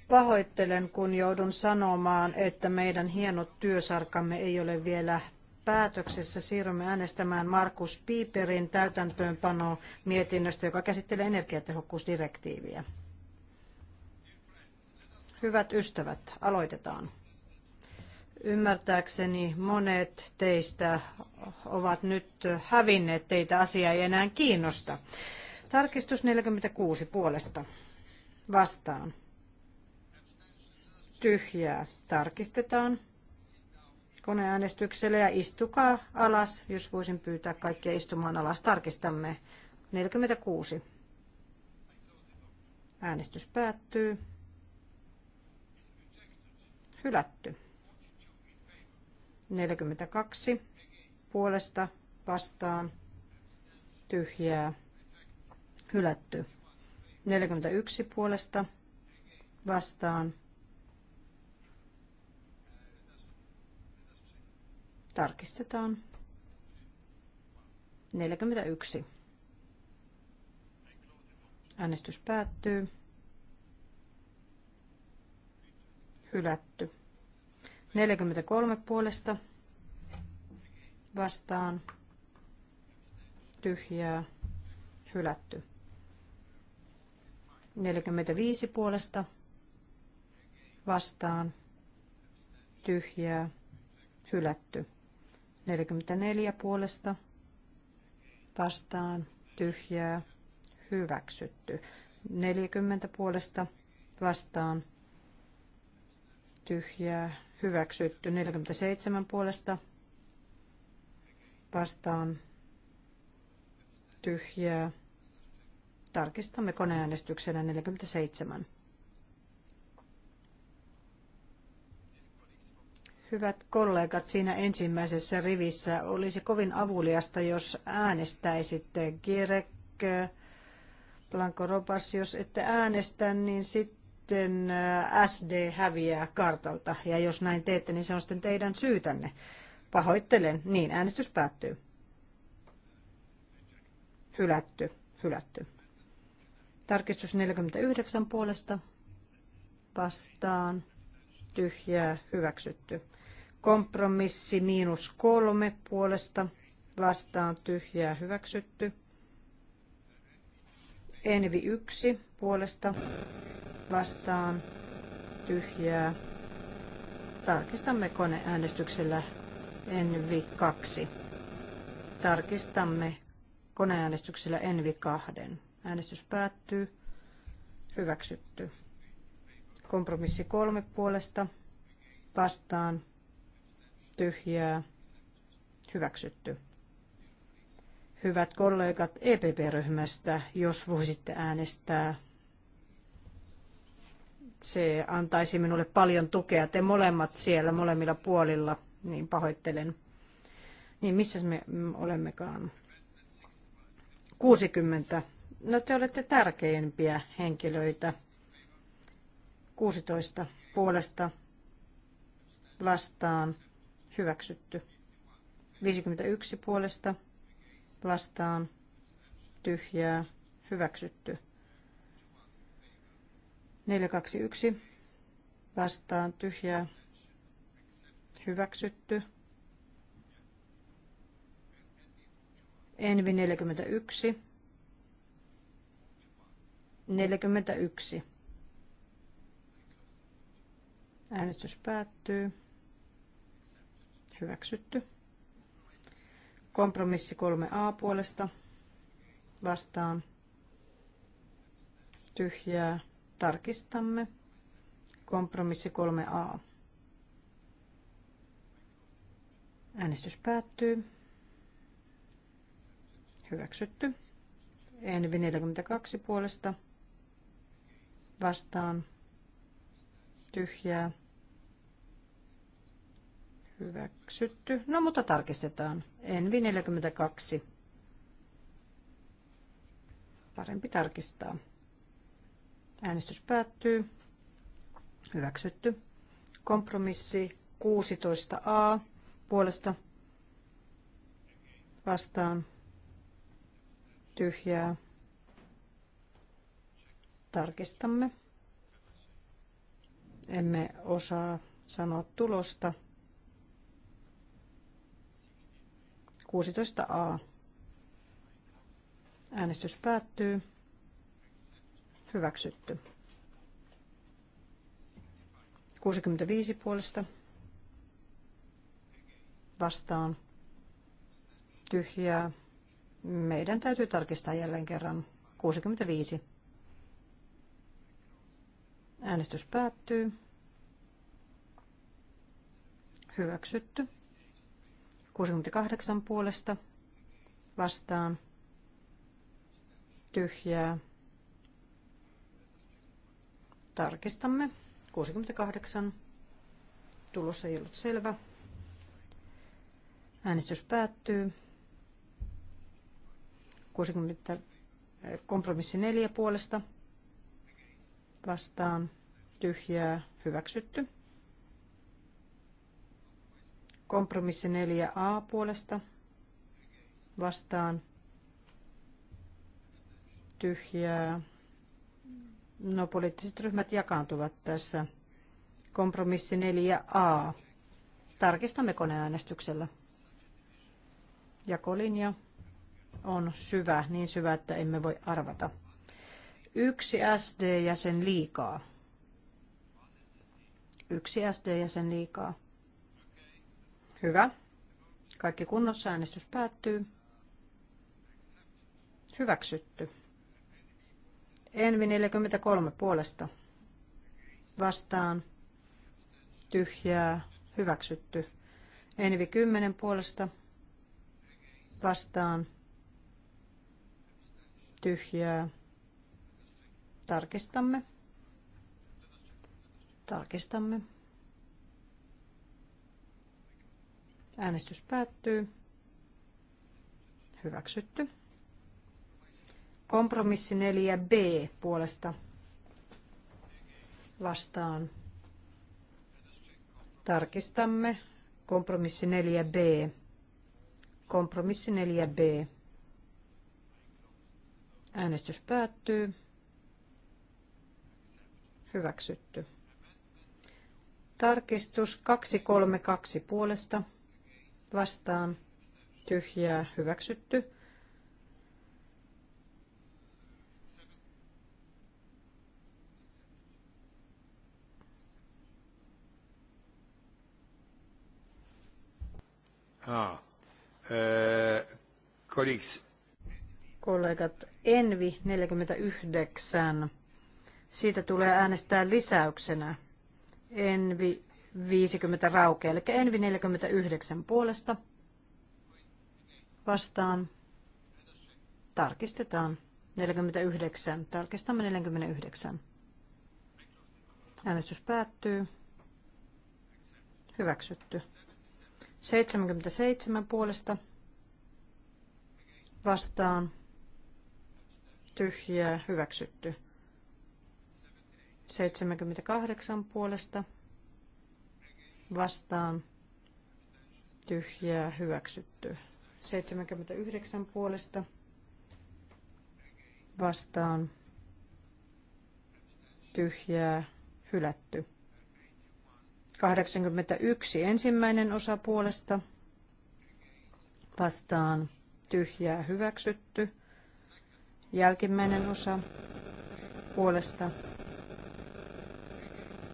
Pahoittelen, kun joudun sanomaan, että meidän hienot työsarkamme ei ole vielä päätöksessä. Siirrymme äänestämään Markus Piiperin täytäntöönpano mietinnöstä, joka käsittelee energiatehokkuusdirektiiviä. Hyvät ystävät, aloitetaan. Ymmärtääkseni monet teistä ovat nyt hävinneet, teitä asia ei enää kiinnosta. Tarkistus 46 puolesta. Vastaan. Tyhjää. Tarkistetaan koneäänestyksellä ja istukaa alas, jos voisin pyytää kaikkia istumaan alas. Tarkistamme 46. Äänestys päättyy. Hylätty. 42 puolesta vastaan tyhjää Hylätty. 41 puolesta vastaan. Tarkistetaan. 41. Äänestys päättyy. Hylätty. 43 puolesta vastaan. Tyhjää. Hylätty. 45 puolesta vastaan tyhjää hylätty. 44 puolesta vastaan tyhjää hyväksytty. 40 puolesta vastaan tyhjää hyväksytty. 47 puolesta vastaan tyhjää Tarkistamme koneäänestyksenä 47. Hyvät kollegat, siinä ensimmäisessä rivissä olisi kovin avuliasta, jos äänestäisitte Gierek, Blanco Robas, jos ette äänestä, niin sitten äh, SD häviää kartalta. Ja jos näin teette, niin se on sitten teidän syytänne. Pahoittelen. Niin, äänestys päättyy. Hylätty, hylätty. Tarkistus 49 puolesta vastaan tyhjää hyväksytty. Kompromissi miinus kolme puolesta vastaan tyhjää hyväksytty. Envi 1 puolesta vastaan tyhjää. Tarkistamme koneäänestyksellä Envi 2. Tarkistamme koneäänestyksellä Envi 2. Äänestys päättyy. Hyväksytty. Kompromissi kolme puolesta. Vastaan. Tyhjää. Hyväksytty. Hyvät kollegat EPP-ryhmästä, jos voisitte äänestää se antaisi minulle paljon tukea. Te molemmat siellä, molemmilla puolilla, niin pahoittelen. Niin missä me olemmekaan? 60 No te olette tärkeimpiä henkilöitä. 16 puolesta vastaan hyväksytty. 51 puolesta vastaan tyhjää hyväksytty. 421 vastaan tyhjää hyväksytty. Envi 41 41. Äänestys päättyy. Hyväksytty. Kompromissi 3a puolesta vastaan. Tyhjää. Tarkistamme. Kompromissi 3a. Äänestys päättyy. Hyväksytty. Envi 42 puolesta vastaan tyhjää hyväksytty. No mutta tarkistetaan. Envi 42. Parempi tarkistaa. Äänestys päättyy. Hyväksytty. Kompromissi 16a puolesta vastaan tyhjää Tarkistamme. Emme osaa sanoa tulosta. 16a. Äänestys päättyy. Hyväksytty. 65 puolesta. Vastaan. Tyhjää. Meidän täytyy tarkistaa jälleen kerran. 65. Äänestys päättyy. Hyväksytty. 68 puolesta vastaan. Tyhjää. Tarkistamme. 68. Tulos ei ollut selvä. Äänestys päättyy. 60, kompromissi 4 puolesta vastaan tyhjää hyväksytty. Kompromissi 4a puolesta vastaan tyhjää. No poliittiset ryhmät jakaantuvat tässä. Kompromissi 4a. Tarkistamme koneäänestyksellä. Jakolinja on syvä, niin syvä, että emme voi arvata. Yksi SD-jäsen liikaa. Yksi SD-jäsen liikaa. Hyvä. Kaikki kunnossa äänestys päättyy. Hyväksytty. Envi 43 puolesta. Vastaan. Tyhjää. Hyväksytty. Envi 10 puolesta. Vastaan. Tyhjää. Tarkistamme. Tarkistamme. Äänestys päättyy. Hyväksytty. Kompromissi 4b puolesta vastaan. Tarkistamme. Kompromissi 4b. Kompromissi 4b. Äänestys päättyy. Hyväksytty. Tarkistus 232 puolesta. Vastaan. Tyhjää. Hyväksytty. Ah. Äh, kollegat, Envi 49 siitä tulee äänestää lisäyksenä Envi 50 raukea, eli Envi 49 puolesta vastaan. Tarkistetaan. 49. Tarkistamme 49. Äänestys päättyy. Hyväksytty. 77 puolesta vastaan. Tyhjää. Hyväksytty. 78 puolesta vastaan tyhjää hyväksytty. 79 puolesta vastaan tyhjää hylätty. 81 ensimmäinen osa puolesta vastaan tyhjää hyväksytty. Jälkimmäinen osa puolesta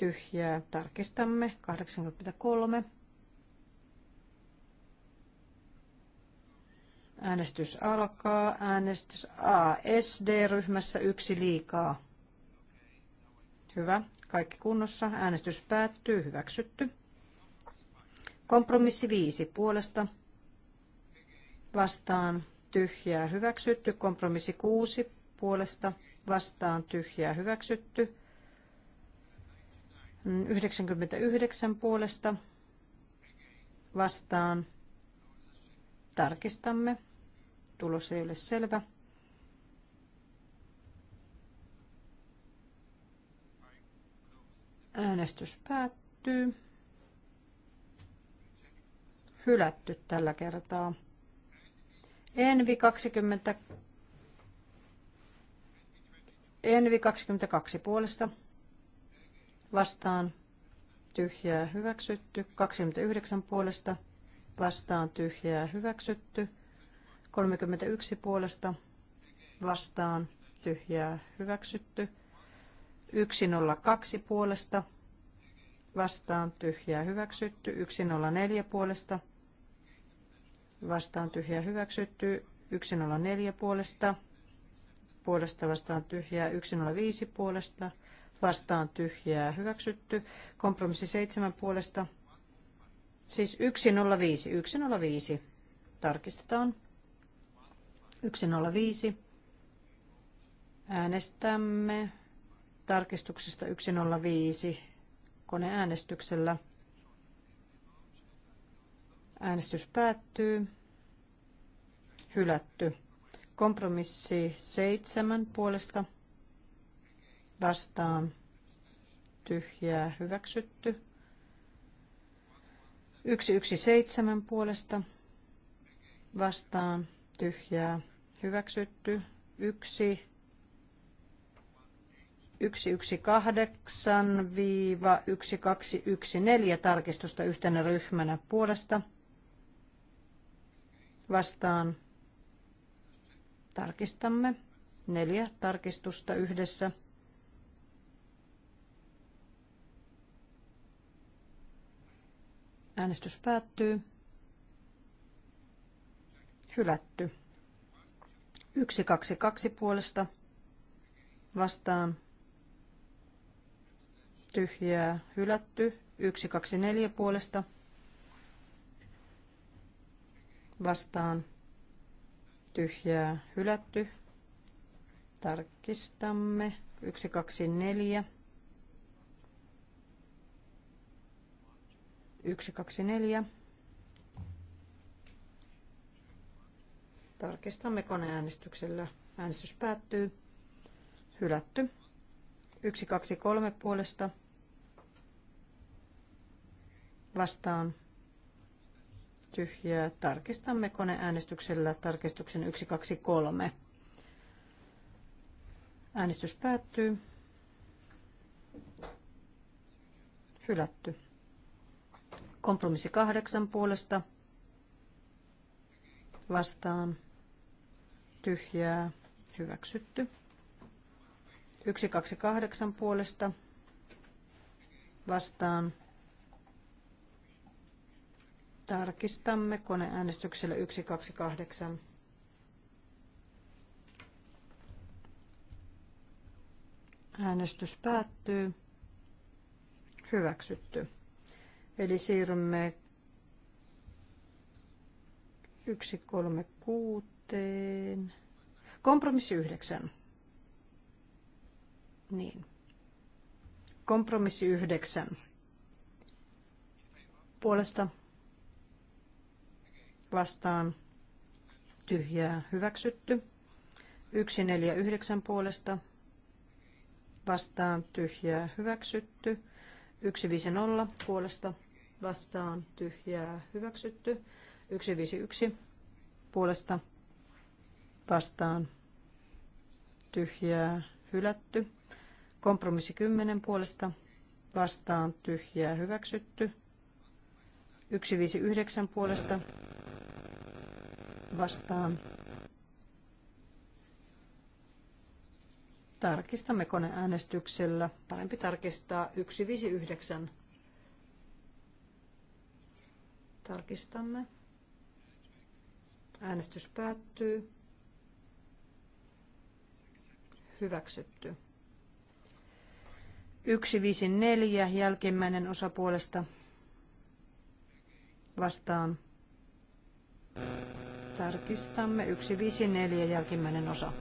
tyhjää. Tarkistamme 83. Äänestys alkaa. Äänestys A. SD-ryhmässä yksi liikaa. Hyvä. Kaikki kunnossa. Äänestys päättyy. Hyväksytty. Kompromissi 5 puolesta. Vastaan tyhjää hyväksytty. Kompromissi 6 puolesta. Vastaan tyhjää hyväksytty. 99 puolesta vastaan. Tarkistamme. Tulos ei ole selvä. Äänestys päättyy. Hylätty tällä kertaa. Envi 20. Envi 22 puolesta vastaan tyhjää hyväksytty, 29 puolesta vastaan tyhjää hyväksytty, 31 puolesta vastaan tyhjää hyväksytty, 102 puolesta vastaan tyhjää hyväksytty, 104 puolesta vastaan tyhjää hyväksytty, 104 puolesta puolesta vastaan tyhjää, 105 puolesta vastaan tyhjää hyväksytty. Kompromissi seitsemän puolesta, siis 105, 105. Tarkistetaan. 105. Äänestämme tarkistuksesta 105 koneäänestyksellä. Äänestys päättyy. Hylätty. Kompromissi seitsemän puolesta vastaan tyhjää hyväksytty. 117 puolesta vastaan tyhjää hyväksytty. 1 118-1214 tarkistusta yhtenä ryhmänä puolesta vastaan tarkistamme neljä tarkistusta yhdessä. Äänestys päättyy. Hylätty. 122 puolesta vastaan tyhjää hylätty. 124 puolesta vastaan tyhjää hylätty. Tarkistamme. 124. 124. Tarkistamme koneäänestyksellä. Äänestys päättyy. Hylätty. 123 puolesta vastaan tyhjää. Tarkistamme koneäänestyksellä tarkistuksen 123. Äänestys päättyy. Hylätty. Kompromissi kahdeksan puolesta vastaan tyhjää hyväksytty. 128 puolesta vastaan tarkistamme koneäänestyksellä 128. Äänestys päättyy. Hyväksytty. Eli siirrymme 136. Kompromissi 9. Niin. Kompromissi 9. Puolesta vastaan tyhjää hyväksytty. 149 puolesta vastaan tyhjää hyväksytty. 150 puolesta vastaan tyhjää hyväksytty. 151 puolesta vastaan tyhjää hylätty. Kompromissi 10 puolesta vastaan tyhjää hyväksytty. 159 puolesta vastaan. Tarkistamme koneäänestyksellä. Parempi tarkistaa 159 Tarkistamme. Äänestys päättyy. Hyväksytty. 154 jälkimmäinen osa puolesta vastaan. Tarkistamme 154 jälkimmäinen osa.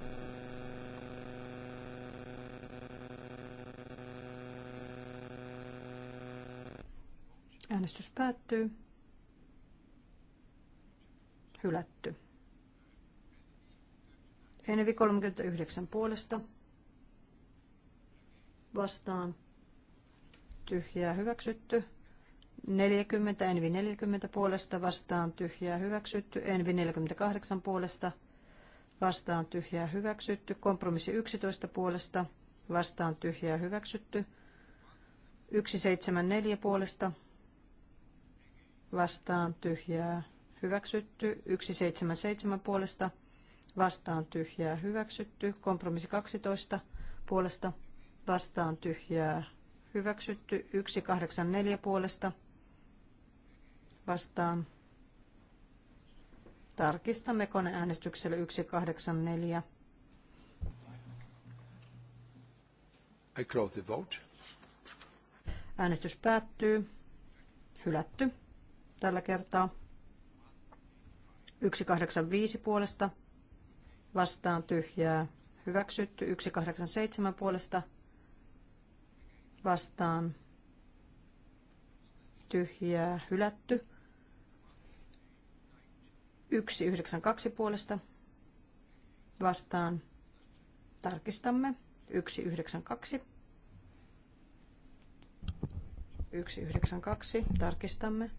Äänestys päättyy. Hylätty. Enevi 39 puolesta. Vastaan. Tyhjää hyväksytty. 40, Envi 40 puolesta vastaan tyhjää hyväksytty, Envi 48 puolesta vastaan tyhjää hyväksytty, kompromissi 11 puolesta vastaan tyhjää hyväksytty, 174 puolesta vastaan tyhjää hyväksytty, 177 puolesta vastaan tyhjää hyväksytty, kompromissi 12 puolesta vastaan tyhjää hyväksytty, 184 puolesta vastaan. Tarkistamme koneäänestyksellä 184. I close the vote. Äänestys päättyy. Hylätty tällä kertaa. 185 puolesta vastaan tyhjää hyväksytty. 187 puolesta vastaan tyhjää hylätty. 192 puolesta vastaan tarkistamme 192. 192 tarkistamme.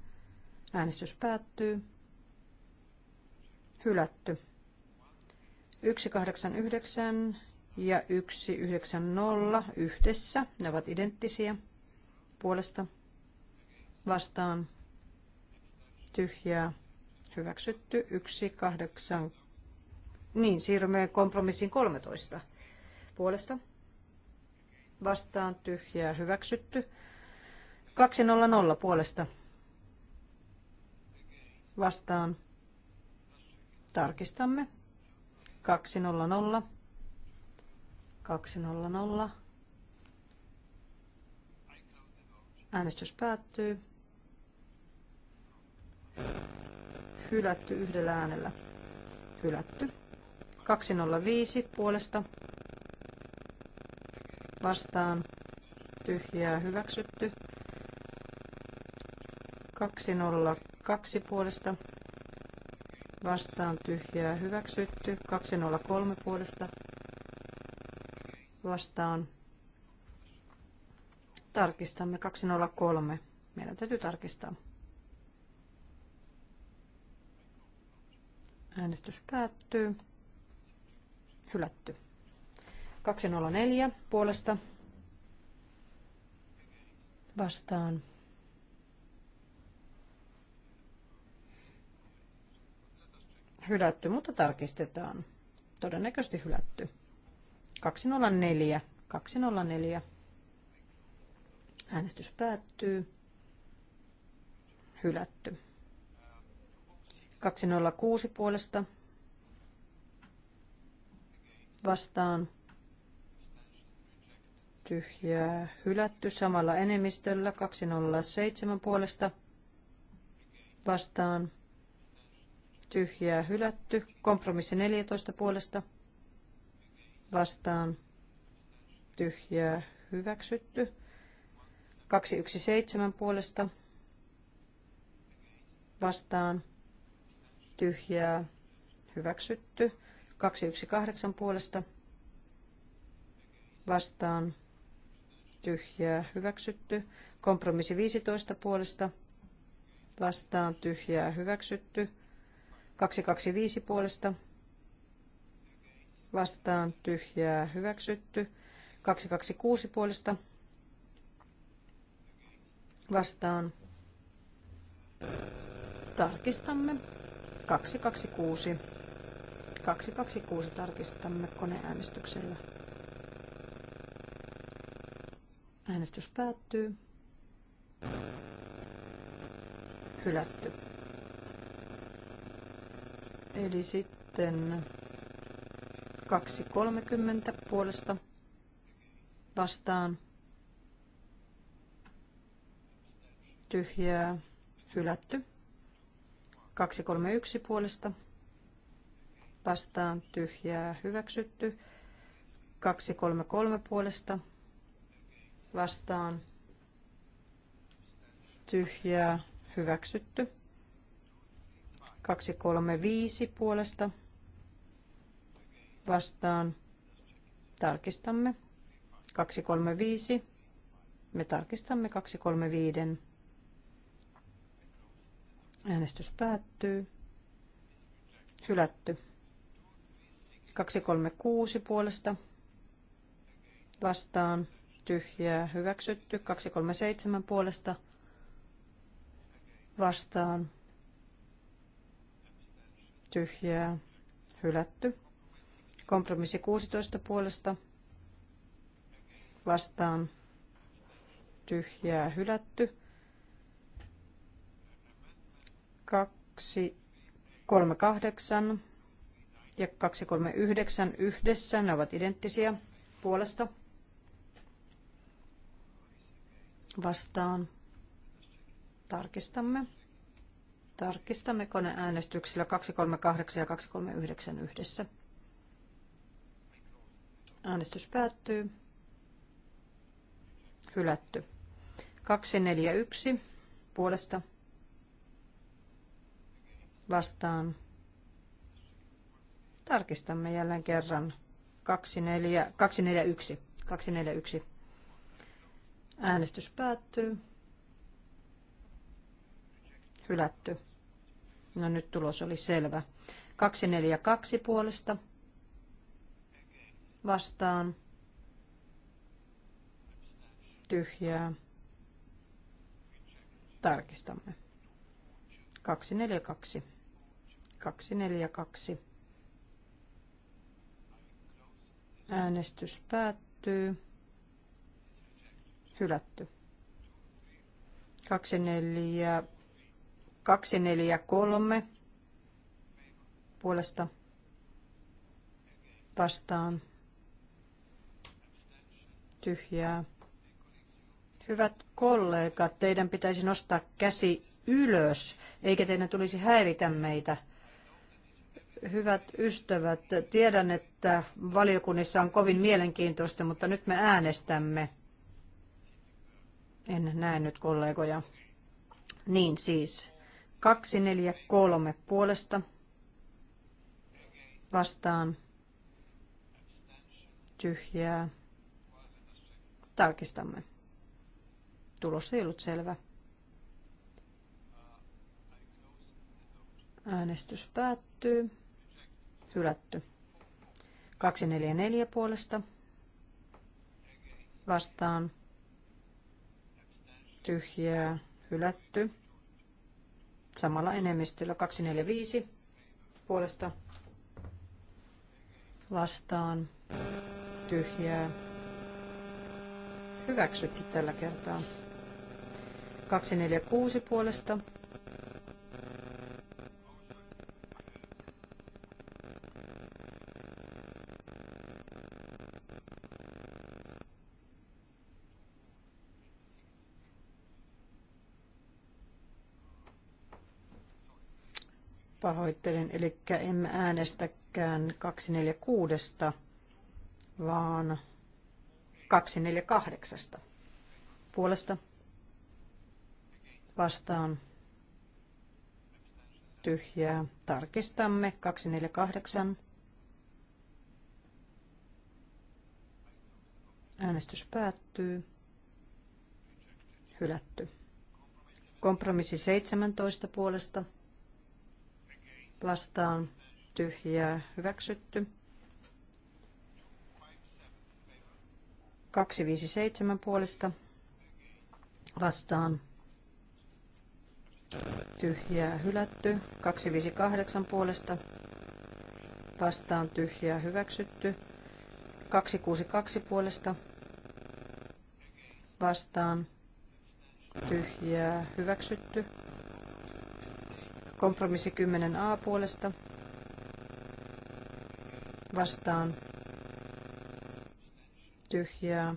Äänestys päättyy hylätty. 189 ja 190 yhdessä, ne ovat identtisiä puolesta vastaan tyhjää hyväksytty kahdeksan Niin, siirrymme kompromissin 13 puolesta vastaan tyhjää hyväksytty 200 puolesta vastaan Tarkistamme. 200. 200. Äänestys päättyy. Hylätty yhdellä äänellä. Hylätty. 205 puolesta. Vastaan. Tyhjää hyväksytty. 202 puolesta vastaan tyhjää hyväksytty. 203 puolesta vastaan. Tarkistamme 203. Meidän täytyy tarkistaa. Äänestys päättyy. Hylätty. 204 puolesta vastaan hylätty, mutta tarkistetaan. Todennäköisesti hylätty. 204. 204. Äänestys päättyy. Hylätty. 206 puolesta. Vastaan. Tyhjää hylätty samalla enemmistöllä. 207 puolesta. Vastaan tyhjää hylätty. Kompromissi 14 puolesta vastaan tyhjää hyväksytty. 217 puolesta vastaan tyhjää hyväksytty. 218 puolesta vastaan tyhjää hyväksytty. Kompromissi 15 puolesta vastaan tyhjää hyväksytty. 225 puolesta vastaan tyhjää hyväksytty. 226 puolesta vastaan tarkistamme 226. 226 tarkistamme koneäänestyksellä. Äänestys päättyy. Hylätty. Eli sitten 2.30 puolesta vastaan tyhjää hylätty. 231 puolesta vastaan tyhjää hyväksytty. 233 puolesta vastaan tyhjää hyväksytty. 235 puolesta vastaan. Tarkistamme. 235. Me tarkistamme 235. Äänestys päättyy. Hylätty. 236 puolesta vastaan. Tyhjää hyväksytty. 237 puolesta vastaan tyhjää, hylätty. Kompromissi 16 puolesta vastaan tyhjää, hylätty. kaksi kolme kahdeksan ja kaksi kolme yhdeksän yhdessä, ne ovat identtisiä puolesta vastaan. Tarkistamme. Tarkistamme koneäänestyksillä 238 ja 239 yhdessä. Äänestys päättyy. Hylätty. 241 puolesta vastaan. Tarkistamme jälleen kerran. 24, 241. 241. Äänestys päättyy. Hylätty. No nyt tulos oli selvä. 242 puolesta vastaan tyhjää. Tarkistamme. 242. 242. Äänestys päättyy. Hylätty. 24 243 puolesta vastaan tyhjää. Hyvät kollegat, teidän pitäisi nostaa käsi ylös, eikä teidän tulisi häiritä meitä. Hyvät ystävät, tiedän, että valiokunnissa on kovin mielenkiintoista, mutta nyt me äänestämme. En näe nyt kollegoja. Niin siis, 243 puolesta vastaan tyhjää. Tarkistamme. Tulos ei ollut selvä. Äänestys päättyy. Hylätty. 244 puolesta vastaan tyhjää hylätty samalla enemmistöllä 245 puolesta vastaan tyhjää hyväksytty tällä kertaa. 246 puolesta pahoittelen, eli emme äänestäkään 246, vaan 248. Puolesta vastaan tyhjää. Tarkistamme 248. Äänestys päättyy. Hylätty. Kompromissi 17 puolesta vastaan tyhjää hyväksytty. 257 puolesta vastaan tyhjää hylätty. 258 puolesta vastaan tyhjää hyväksytty. 262 puolesta vastaan tyhjää hyväksytty. Kompromissi 10a puolesta vastaan tyhjää.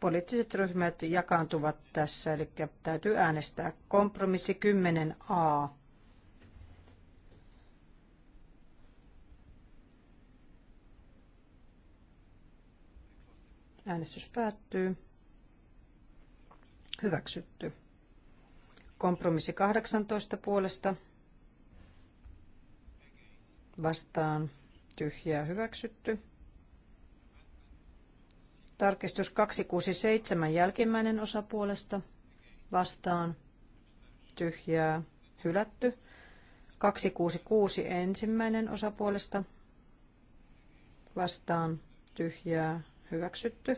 Poliittiset ryhmät jakaantuvat tässä, eli täytyy äänestää kompromissi 10a. Äänestys päättyy. Hyväksytty. Kompromissi 18 puolesta vastaan tyhjää hyväksytty. Tarkistus 267 jälkimmäinen osa puolesta vastaan tyhjää hylätty. 266 ensimmäinen osa puolesta vastaan tyhjää hyväksytty.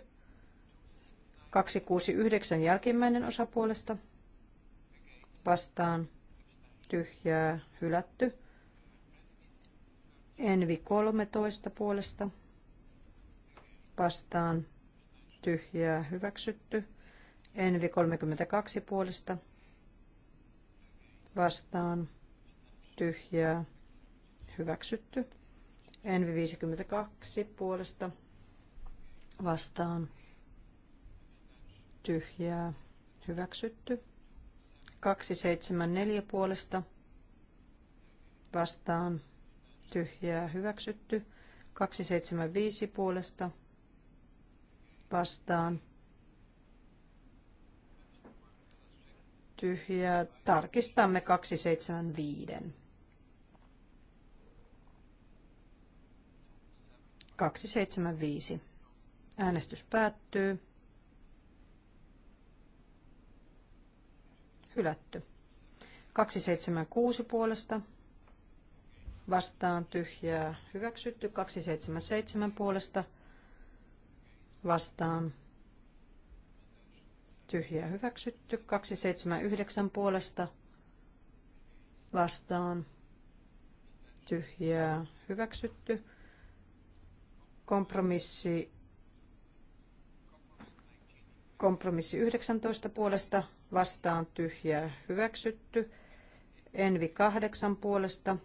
269 jälkimmäinen osa puolesta vastaan tyhjää hylätty. Envi 13 puolesta vastaan tyhjää hyväksytty. Envi 32 puolesta vastaan tyhjää hyväksytty. Envi 52 puolesta vastaan tyhjää hyväksytty. 274 puolesta vastaan tyhjää hyväksytty. 275 puolesta vastaan tyhjää. Tarkistamme 275. 275. Äänestys päättyy. hylätty. 276 puolesta vastaan tyhjää hyväksytty. 277 puolesta vastaan tyhjää hyväksytty. 279 puolesta vastaan tyhjää hyväksytty. Kompromissi, kompromissi 19 puolesta vastaan tyhjää hyväksytty. Envi kahdeksan puolesta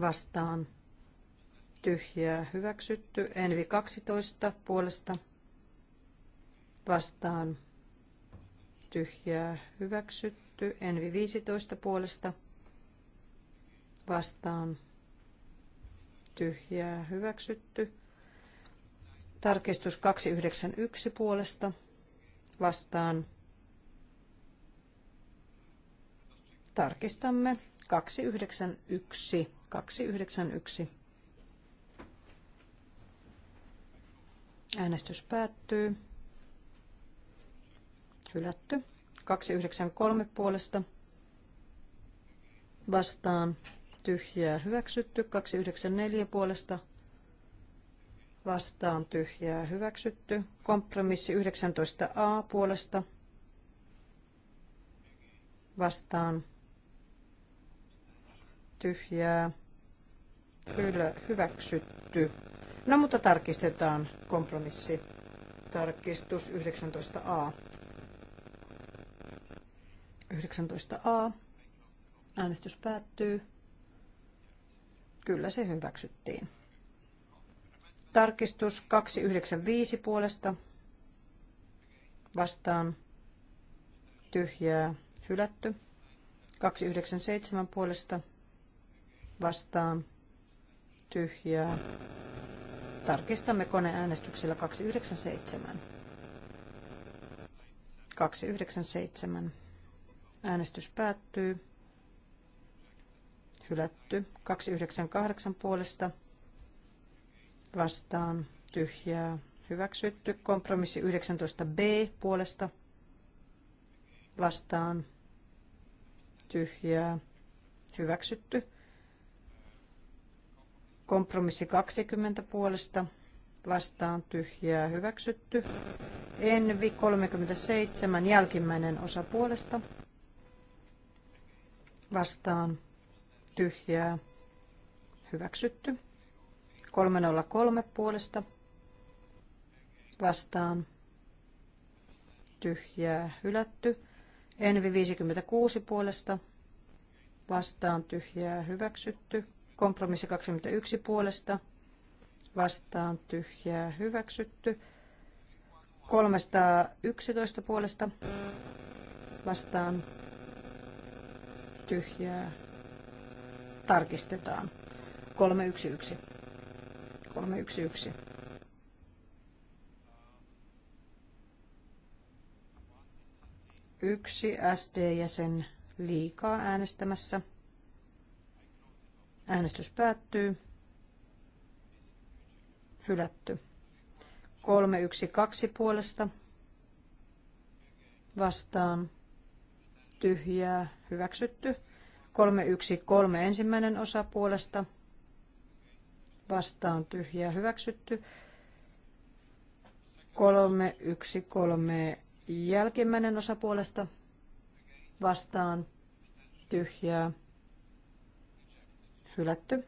vastaan tyhjää hyväksytty. Envi 12 puolesta vastaan tyhjää hyväksytty. Envi 15 puolesta vastaan tyhjää hyväksytty. Tarkistus 291 puolesta vastaan. Tarkistamme 291. 291. Äänestys päättyy. Hylätty. 293 puolesta vastaan tyhjää hyväksytty. 294 puolesta vastaan tyhjää hyväksytty. Kompromissi 19a puolesta vastaan tyhjää kyllä hyväksytty. No mutta tarkistetaan kompromissi. Tarkistus 19a. 19a. Äänestys päättyy. Kyllä se hyväksyttiin. Tarkistus 295 puolesta vastaan tyhjää hylätty. 297 puolesta vastaan tyhjää. Tarkistamme koneäänestyksellä 297. 297. Äänestys päättyy. Hylätty. 298 puolesta vastaan tyhjää hyväksytty. Kompromissi 19b puolesta vastaan tyhjää hyväksytty. Kompromissi 20 puolesta vastaan tyhjää hyväksytty. Envi 37 jälkimmäinen osa puolesta vastaan tyhjää hyväksytty. 303 puolesta vastaan tyhjää hylätty. Envi 56 puolesta vastaan tyhjää hyväksytty. Kompromissi 21 puolesta vastaan tyhjää hyväksytty. 311 puolesta vastaan tyhjää tarkistetaan. 311. 311. Yksi SD-jäsen liikaa äänestämässä. Äänestys päättyy. Hylätty. 312 puolesta. Vastaan. Tyhjää. Hyväksytty. 313 ensimmäinen osa puolesta vastaan tyhjää hyväksytty. 3, 1, 3 jälkimmäinen osa puolesta vastaan tyhjää hylätty.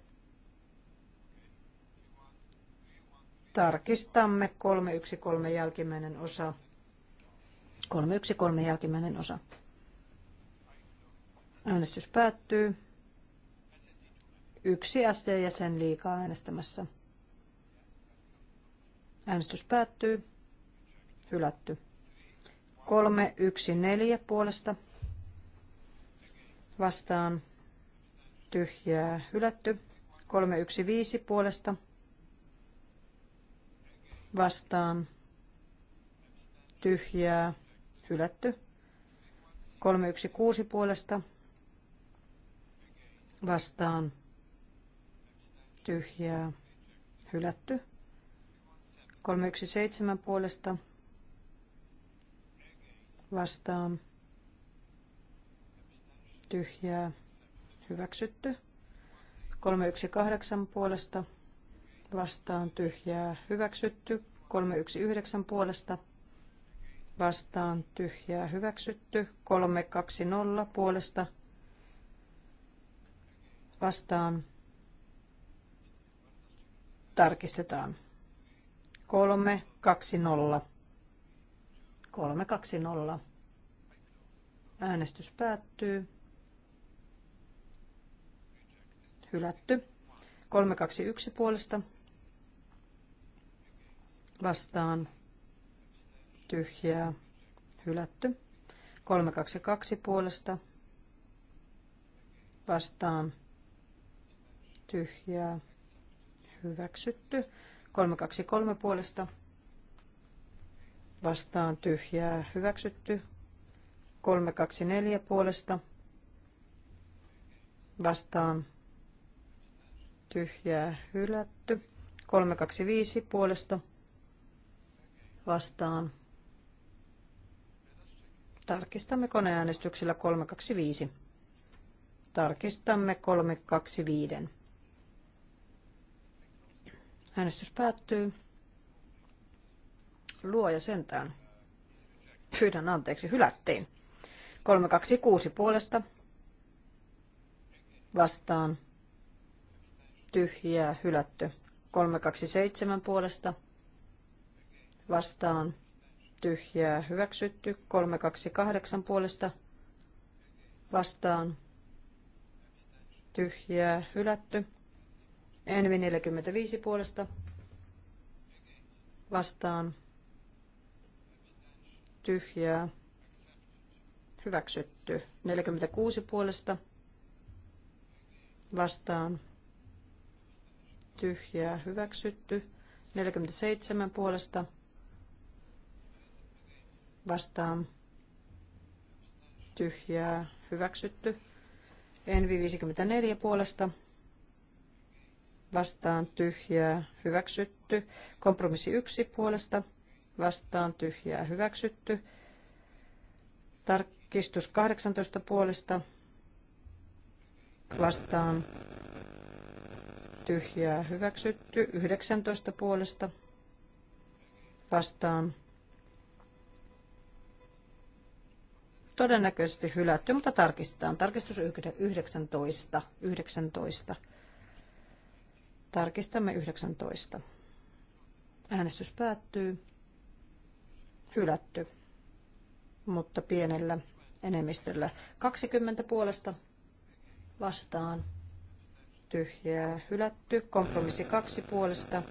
Tarkistamme 3, 1, 3, jälkimmäinen osa. 3, 1, 3, jälkimmäinen osa. Äänestys päättyy. Yksi SD-jäsen liikaa äänestämässä. Äänestys päättyy. Hylätty. 4 puolesta vastaan tyhjää hylätty. 5 puolesta vastaan tyhjää hylätty. 6 puolesta vastaan tyhjää, hylätty. 317 puolesta vastaan, tyhjää, hyväksytty. 318 puolesta vastaan, tyhjää, hyväksytty. 319 puolesta vastaan, tyhjää, hyväksytty. 320 puolesta vastaan, Tarkistetaan. 2, 0. Äänestys päättyy. Hylätty. 1 puolesta. Vastaan. Tyhjää. Hylätty. 2 puolesta. Vastaan. Tyhjää hyväksytty. 323 puolesta vastaan tyhjää hyväksytty. 324 puolesta vastaan tyhjää hylätty. 325 puolesta vastaan. Tarkistamme koneäänestyksellä 325. Tarkistamme 325. Äänestys päättyy. Luoja sentään. Pyydän anteeksi, hylättiin. 326 puolesta. Vastaan. Tyhjää, hylätty. 327 puolesta. Vastaan. Tyhjää, hyväksytty. 328 puolesta. Vastaan. Tyhjää, hylätty. Envi 45 puolesta vastaan tyhjää hyväksytty. 46 puolesta vastaan tyhjää hyväksytty. 47 puolesta vastaan tyhjää hyväksytty. Envi 54 puolesta vastaan tyhjää hyväksytty. Kompromissi yksi puolesta vastaan tyhjää hyväksytty. Tarkistus 18 puolesta vastaan tyhjää hyväksytty. 19 puolesta vastaan todennäköisesti hylätty, mutta tarkistetaan. Tarkistus 19. 19. Tarkistamme 19. Äänestys päättyy. Hylätty, mutta pienellä enemmistöllä. 20 puolesta vastaan. Tyhjää hylätty. Kompromissi 2 puolesta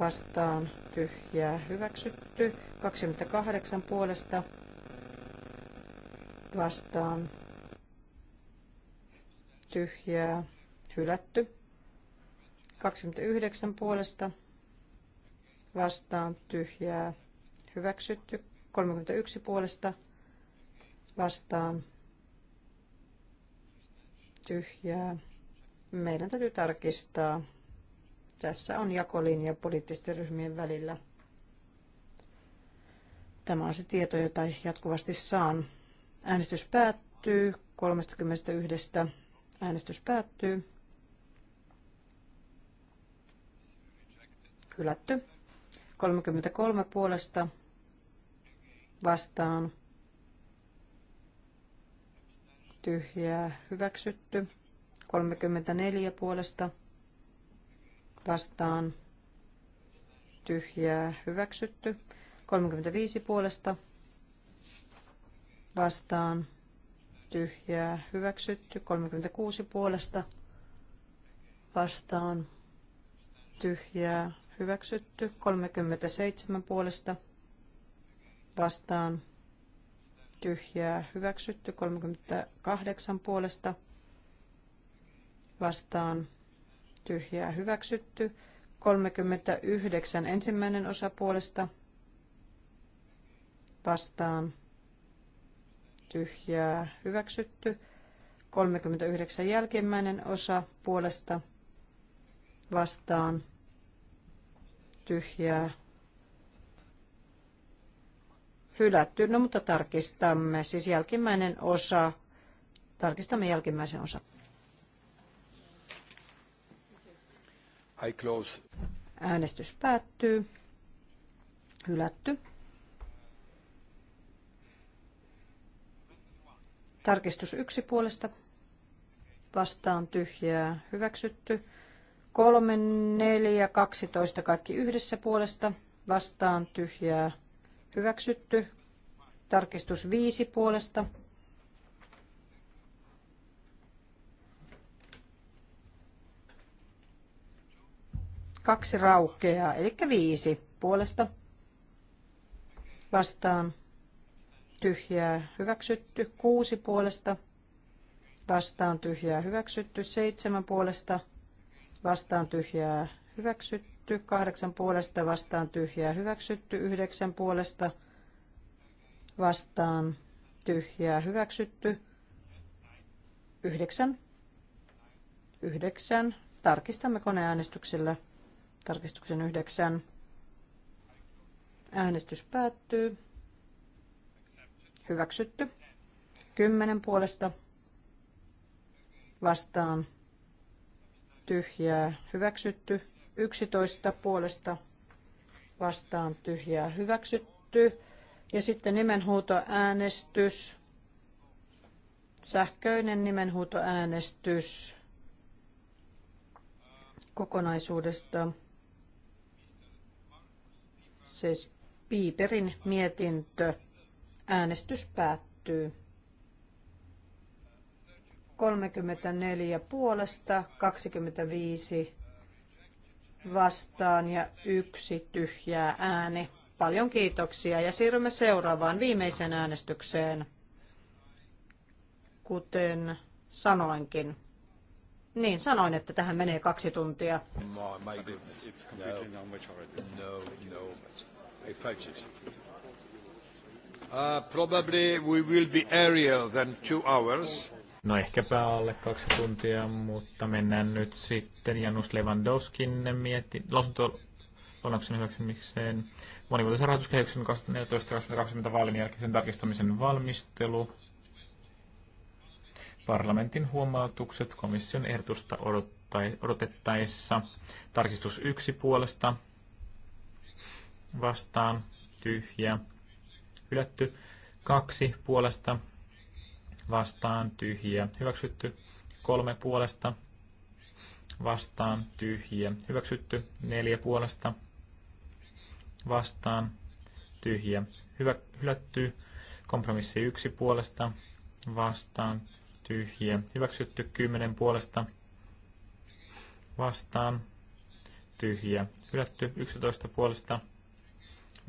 vastaan. Tyhjää hyväksytty. 28 puolesta vastaan. Tyhjää hylätty. 29 puolesta vastaan tyhjää hyväksytty. 31 puolesta vastaan tyhjää. Meidän täytyy tarkistaa. Tässä on jakolinja poliittisten ryhmien välillä. Tämä on se tieto, jota jatkuvasti saan. Äänestys päättyy. 31. Äänestys päättyy. hylätty. 33 puolesta vastaan tyhjää hyväksytty. 34 puolesta vastaan tyhjää hyväksytty. 35 puolesta vastaan tyhjää hyväksytty. 36 puolesta vastaan tyhjää hyväksytty. 37 puolesta vastaan tyhjää hyväksytty. 38 puolesta vastaan tyhjää hyväksytty. 39 ensimmäinen osa puolesta vastaan tyhjää hyväksytty. 39 jälkimmäinen osa puolesta vastaan tyhjää hylätty. No mutta tarkistamme, siis jälkimmäinen osa, tarkistamme jälkimmäisen osa. I close. Äänestys päättyy. Hylätty. Tarkistus yksi puolesta. Vastaan tyhjää. Hyväksytty. 3, 4, 12 kaikki yhdessä puolesta vastaan tyhjää hyväksytty. Tarkistus 5 puolesta kaksi raukeaa, eli viisi puolesta vastaan tyhjää hyväksytty, kuusi puolesta vastaan tyhjää hyväksytty, seitsemän puolesta vastaan tyhjää hyväksytty, kahdeksan puolesta vastaan tyhjää hyväksytty, yhdeksän puolesta vastaan tyhjää hyväksytty, yhdeksän, yhdeksän, tarkistamme koneäänestyksellä, tarkistuksen yhdeksän, äänestys päättyy, hyväksytty, kymmenen puolesta vastaan tyhjää hyväksytty. 11 puolesta vastaan tyhjää hyväksytty. Ja sitten nimenhuutoäänestys, sähköinen nimenhuutoäänestys kokonaisuudesta, siis Piiperin mietintö. Äänestys päättyy. 34 puolesta, 25 vastaan ja yksi tyhjää ääni. Paljon kiitoksia ja siirrymme seuraavaan viimeiseen äänestykseen, kuten sanoinkin. Niin, sanoin, että tähän menee kaksi tuntia. No, no. No, uh, probably we will be aerial than two hours. No ehkäpä alle kaksi tuntia, mutta mennään nyt sitten Janus Lewandowskin mietti, lausunto luonnoksen hyväksymiseen monivuotisen rahoituskehyksen 2014-2020 vaalin jälkeisen tarkistamisen valmistelu. Parlamentin huomautukset komission ehdotusta odotettaessa. Tarkistus yksi puolesta vastaan tyhjä hylätty. Kaksi puolesta vastaan tyhjiä hyväksytty. Kolme puolesta vastaan tyhjiä hyväksytty. Neljä puolesta vastaan tyhjiä hyvä, hylätty. Kompromissi yksi puolesta vastaan tyhjiä hyväksytty. Kymmenen puolesta vastaan tyhjiä hylätty. Yksitoista puolesta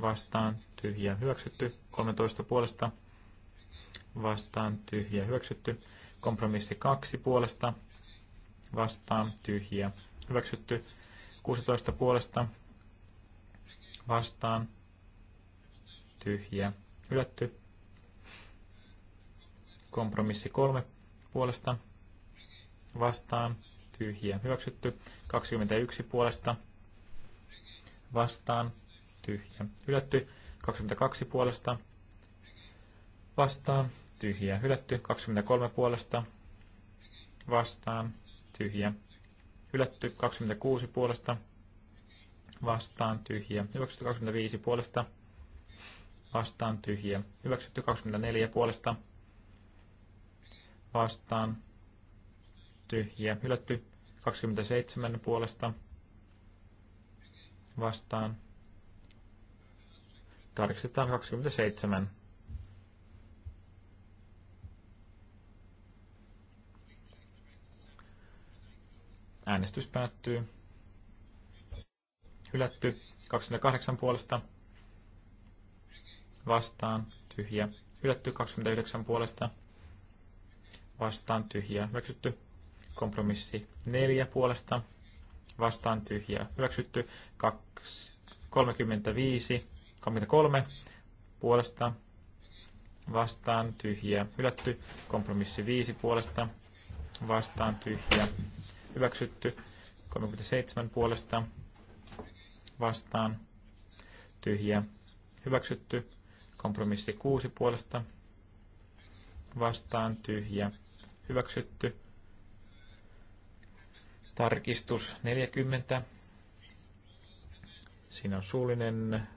vastaan tyhjiä hyväksytty. 13 puolesta vastaan tyhjä hyväksytty. Kompromissi 2 puolesta vastaan tyhjä hyväksytty. 16 puolesta vastaan tyhjä hylätty. Kompromissi 3 puolesta vastaan tyhjä hyväksytty. 21 puolesta vastaan tyhjä hylätty. 22 puolesta vastaan tyhjä. hylätty. 23 puolesta vastaan tyhjä hylätty. 26 puolesta vastaan tyhjä hyväksytty. 25 puolesta vastaan tyhjä hyväksytty. 24 puolesta vastaan tyhjä hylätty. 27 puolesta vastaan. Tarkistetaan 27. Äänestys päättyy. Hylätty 28 puolesta. Vastaan tyhjä. Hylätty 29 puolesta. Vastaan tyhjä. Hyväksytty. Kompromissi 4 puolesta. Vastaan tyhjä. Hyväksytty 35. 33 puolesta. Vastaan tyhjä. Hylätty. Kompromissi 5 puolesta. Vastaan tyhjä hyväksytty. 37 puolesta vastaan tyhjä hyväksytty. Kompromissi 6 puolesta vastaan tyhjä hyväksytty. Tarkistus 40. Siinä on suullinen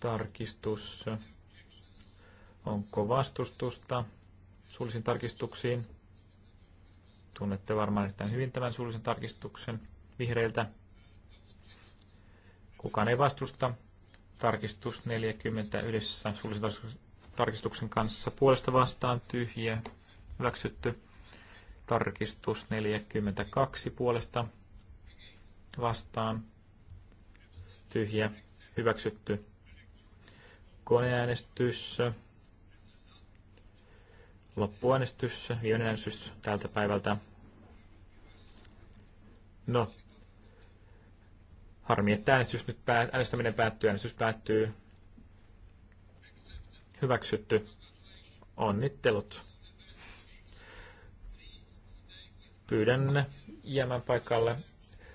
tarkistus. Onko vastustusta suullisiin tarkistuksiin? Tunnette varmaan erittäin hyvin tämän suullisen tarkistuksen vihreiltä. Kukaan ei vastusta. Tarkistus 40 yhdessä suullisen tarkistuksen kanssa puolesta vastaan tyhjä. Hyväksytty. Tarkistus 42 puolesta vastaan tyhjä. Hyväksytty. Koneäänestys. Loppuäänestys, viimeinen äänestys tältä päivältä. No, harmi, että äänestys nyt pää, äänestäminen päättyy, äänestys päättyy. Hyväksytty. Onnittelut. Pyydän jäämään paikalle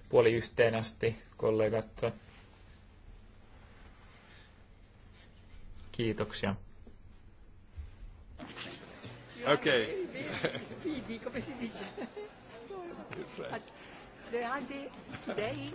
puoli yhteen asti, kollegat. Kiitoksia. Ok. Speedy, come si dice? Perfetto. Dei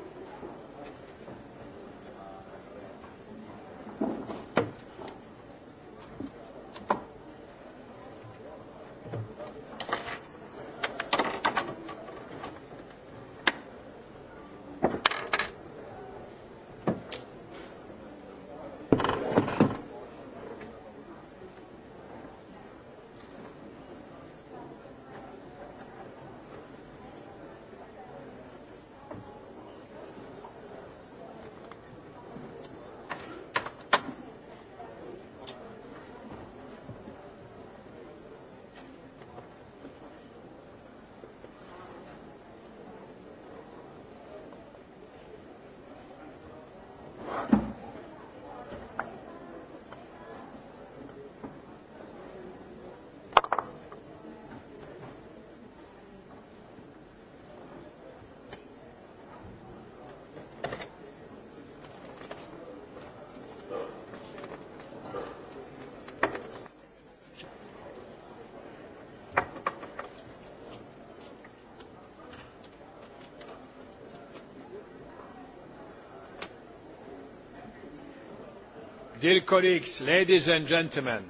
Dear colleagues, ladies and gentlemen.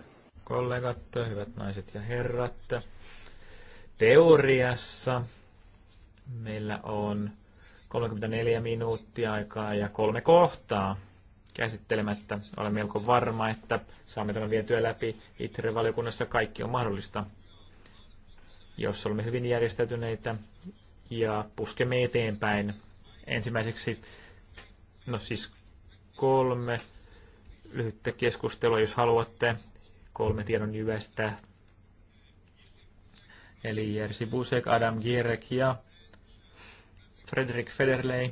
Kollegat, hyvät naiset ja herrat. Teoriassa meillä on 34 minuuttia aikaa ja kolme kohtaa käsittelemättä. Olen melko varma, että saamme tämän vietyä läpi itse valiokunnassa. Kaikki on mahdollista, jos olemme hyvin järjestäytyneitä ja puskemme eteenpäin. Ensimmäiseksi, no siis kolme lyhyttä keskustelua, jos haluatte, kolme tiedon jyvästä. Eli Jerzy Busek, Adam Gierek ja Frederick Federley.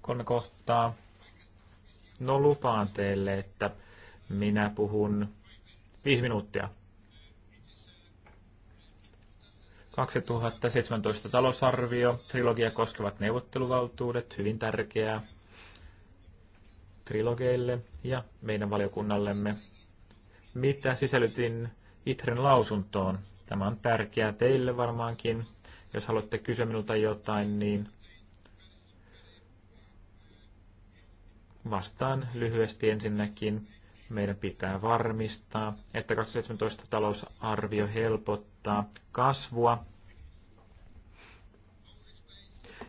Kolme kohtaa. No lupaan teille, että minä puhun viisi minuuttia. 2017 talousarvio, trilogia koskevat neuvotteluvaltuudet, hyvin tärkeää trilogeille ja meidän valiokunnallemme. Mitä sisällytin Itren lausuntoon? Tämä on tärkeää teille varmaankin. Jos haluatte kysyä minulta jotain, niin vastaan lyhyesti ensinnäkin. Meidän pitää varmistaa, että 2017 talousarvio helpottaa kasvua,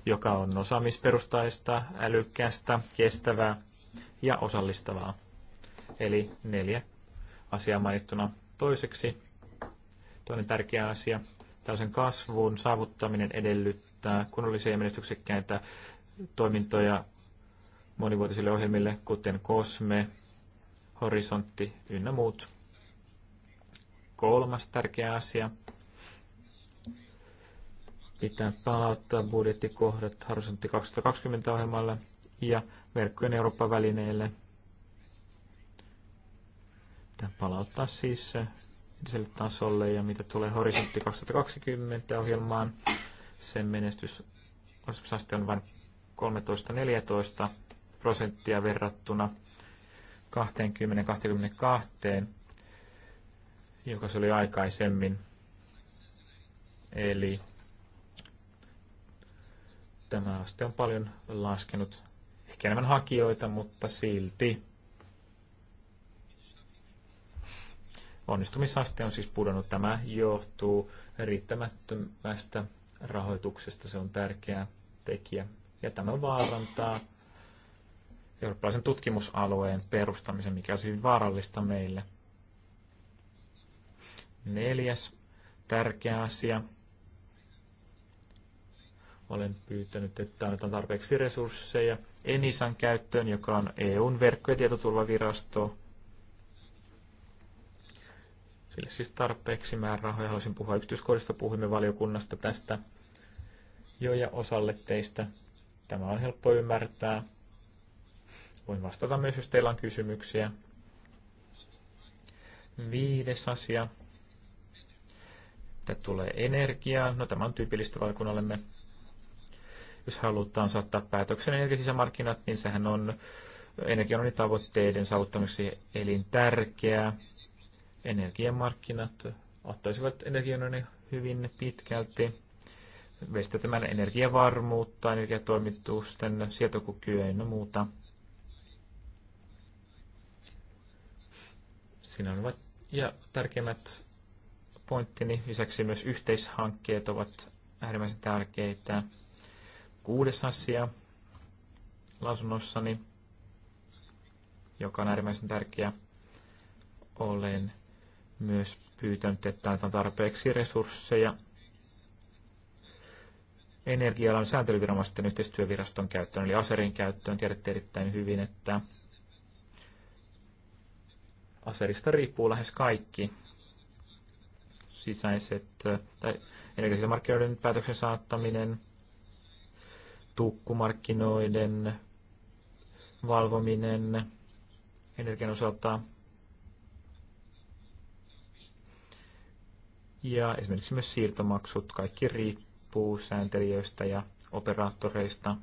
joka on osaamisperustaista, älykkäästä, kestävää ja osallistavaa. Eli neljä asiaa mainittuna toiseksi. Toinen tärkeä asia. Tällaisen kasvun saavuttaminen edellyttää kunnollisia ja menestyksekkäitä toimintoja monivuotisille ohjelmille, kuten Kosme, Horisontti ynnä muut. Kolmas tärkeä asia. Pitää palauttaa budjettikohdat Horisontti 2020 ohjelmalle ja verkkojen Eurooppa-välineelle. Tämä palauttaa siis sille tasolle ja mitä tulee Horisontti 2020 ohjelmaan, sen menestys osallistumisaste on vain 13-14 prosenttia verrattuna 20-22, joka se oli aikaisemmin. Eli tämä aste on paljon laskenut ehkä enemmän hakijoita, mutta silti onnistumisaste on siis pudonnut. Tämä johtuu riittämättömästä rahoituksesta, se on tärkeä tekijä. Ja tämä vaarantaa eurooppalaisen tutkimusalueen perustamisen, mikä on hyvin vaarallista meille. Neljäs tärkeä asia olen pyytänyt, että annetaan tarpeeksi resursseja Enisan käyttöön, joka on EUn verkko- ja tietoturvavirasto. Sille siis tarpeeksi määrärahoja. Haluaisin puhua yksityiskohdista. Puhuimme valiokunnasta tästä jo ja osalle teistä. Tämä on helppo ymmärtää. Voin vastata myös, jos teillä on kysymyksiä. Viides asia. Tämä tulee energiaan. No tämä on tyypillistä valiokunnallemme. Jos halutaan saattaa päätöksen energiasisämarkkinat, niin sehän on energian tavoitteiden saavuttamiseksi elintärkeää. Energiamarkkinat ottaisivat energian hyvin pitkälti tämän energiavarmuutta, energiatoimitusten sietokykyä ja muuta. Siinä on ja tärkeimmät pointtini lisäksi myös yhteishankkeet ovat äärimmäisen tärkeitä kuudes asia lausunnossani, joka on äärimmäisen tärkeä. Olen myös pyytänyt, että antaa tarpeeksi resursseja energia-alan sääntelyviranomaisten yhteistyöviraston käyttöön, eli ASERin käyttöön. Tiedätte erittäin hyvin, että ASERista riippuu lähes kaikki sisäiset tai energiamarkkinoiden päätöksen saattaminen, tukkumarkkinoiden valvominen energian osalta. Ja esimerkiksi myös siirtomaksut, kaikki riippuu sääntelijöistä ja operaattoreista.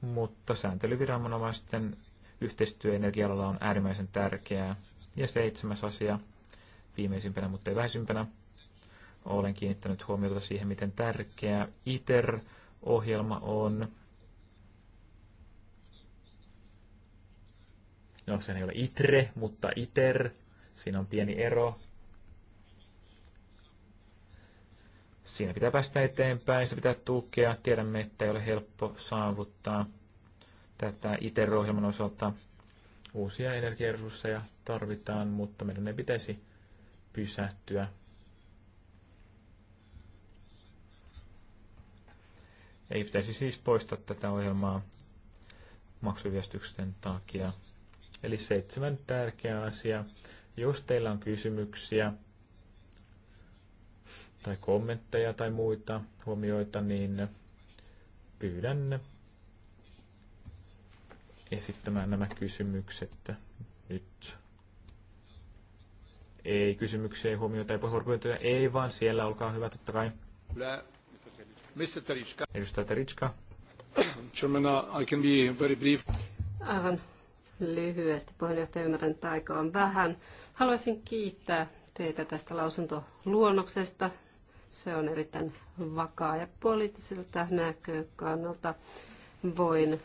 Mutta sääntelyviranomaisten yhteistyö energialalla on äärimmäisen tärkeää. Ja seitsemäs asia, viimeisimpänä mutta ei vähäisimpänä, olen kiinnittänyt huomiota siihen, miten tärkeää ITER ohjelma on. No, se ei ole ITRE, mutta ITER. Siinä on pieni ero. Siinä pitää päästä eteenpäin, se pitää tukea. Tiedämme, että ei ole helppo saavuttaa tätä ITER-ohjelman osalta. Uusia energiaresursseja tarvitaan, mutta meidän ei pitäisi pysähtyä Ei pitäisi siis poistaa tätä ohjelmaa maksuviestyksen takia. Eli seitsemän tärkeää asiaa. Jos teillä on kysymyksiä tai kommentteja tai muita huomioita, niin pyydän esittämään nämä kysymykset nyt. Ei kysymyksiä, ei huomioita, ei puheenvuoropyyntöjä, ei vaan siellä, olkaa hyvä totta kai. Mr. Teritska. Edustaja Chairman, uh, I can be very brief. Aivan lyhyesti. Puheenjohtaja ymmärrän, että aika on vähän. Haluaisin kiittää teitä tästä lausuntoluonnoksesta. Se on erittäin vakaa ja poliittiselta näkökannalta voin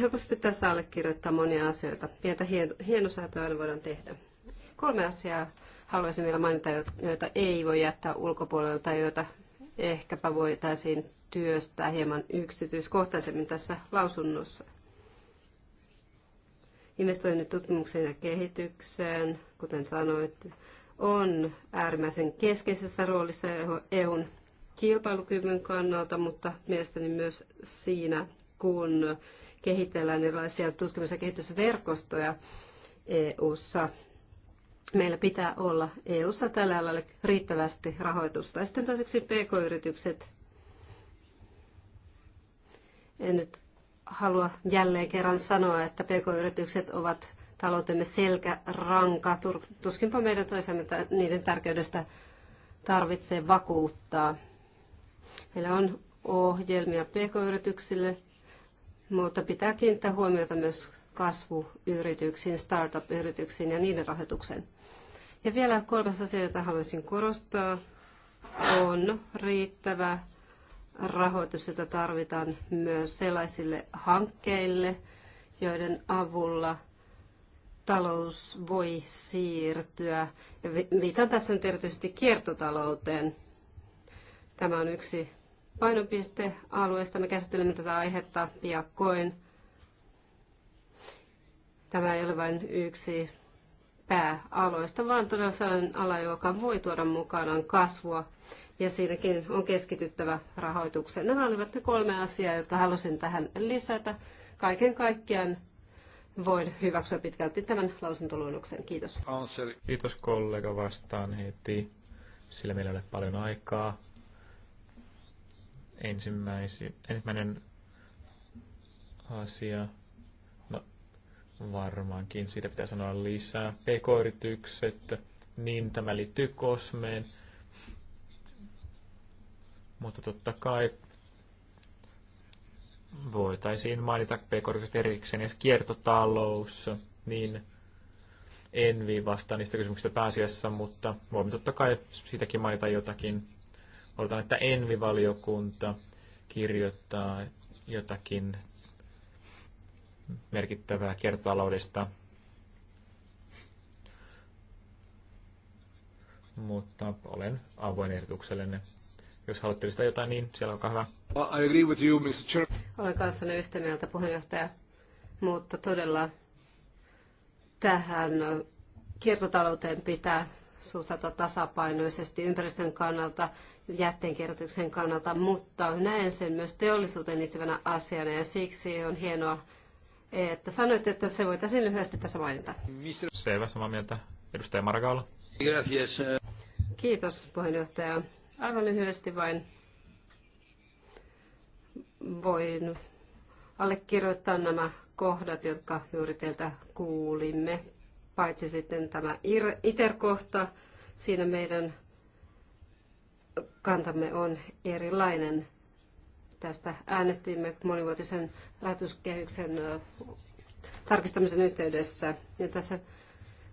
helposti, tässä allekirjoittaa monia asioita. Pientä hienosäätöä aina voidaan tehdä. Kolme asiaa haluaisin vielä mainita, joita ei voi jättää ulkopuolelta, joita ehkäpä voitaisiin työstää hieman yksityiskohtaisemmin tässä lausunnossa. Investoinnit tutkimukseen ja kehitykseen, kuten sanoit, on äärimmäisen keskeisessä roolissa EUn kilpailukyvyn kannalta, mutta mielestäni myös siinä, kun kehitellään erilaisia tutkimus- ja kehitysverkostoja EU:ssa meillä pitää olla EU-ssa tällä alalla riittävästi rahoitusta. Ja sitten toiseksi PK-yritykset. En nyt halua jälleen kerran sanoa, että PK-yritykset ovat taloutemme selkäranka. Tuskinpa meidän toisemme niiden tärkeydestä tarvitsee vakuuttaa. Meillä on ohjelmia PK-yrityksille, mutta pitää kiinnittää huomiota myös kasvuyrityksiin, startup-yrityksiin ja niiden rahoitukseen. Ja vielä kolmas asia, jota haluaisin korostaa, on riittävä rahoitus, jota tarvitaan myös sellaisille hankkeille, joiden avulla talous voi siirtyä. Ja viitan tässä nyt erityisesti kiertotalouteen. Tämä on yksi painopistealueesta. Me käsittelemme tätä aihetta piakkoin. Tämä ei ole vain yksi pääaloista, vaan todella sellainen ala, joka voi tuoda mukanaan kasvua ja siinäkin on keskityttävä rahoitukseen. Nämä olivat ne kolme asiaa, jotka halusin tähän lisätä. Kaiken kaikkiaan voin hyväksyä pitkälti tämän lausuntoluonnoksen. Kiitos. Answer. Kiitos kollega vastaan heti, sillä meillä ei ole paljon aikaa. Ensimmäisi, ensimmäinen asia varmaankin siitä pitää sanoa lisää. PK-yritykset, niin tämä liittyy Kosmeen. Mutta totta kai voitaisiin mainita pk erikseen, jos kiertotalous, niin Envi vastaa niistä kysymyksistä pääasiassa, mutta voimme totta kai siitäkin mainita jotakin. Oletan, että Envi-valiokunta kirjoittaa jotakin merkittävää kiertotaloudesta. Mutta olen avoin ehdotuksellenne. Jos haluatte lisätä jotain, niin siellä on hyvä. I agree with you, Mr. Chair. Olen kanssanne yhtä mieltä, puheenjohtaja. Mutta todella tähän kiertotalouteen pitää suhtautua tasapainoisesti ympäristön kannalta, jätteenkierrätyksen kannalta, mutta näen sen myös teollisuuteen liittyvänä asiana ja siksi on hienoa, että sanoit, että se voitaisiin lyhyesti tässä mainita. Selvä, samaa mieltä. Edustaja Margaola. Gracias. Kiitos puheenjohtaja. Aivan lyhyesti vain voin allekirjoittaa nämä kohdat, jotka juuri teiltä kuulimme. Paitsi sitten tämä ITER-kohta, siinä meidän kantamme on erilainen. Tästä äänestimme monivuotisen rahoituskehyksen tarkistamisen yhteydessä. Ja tässä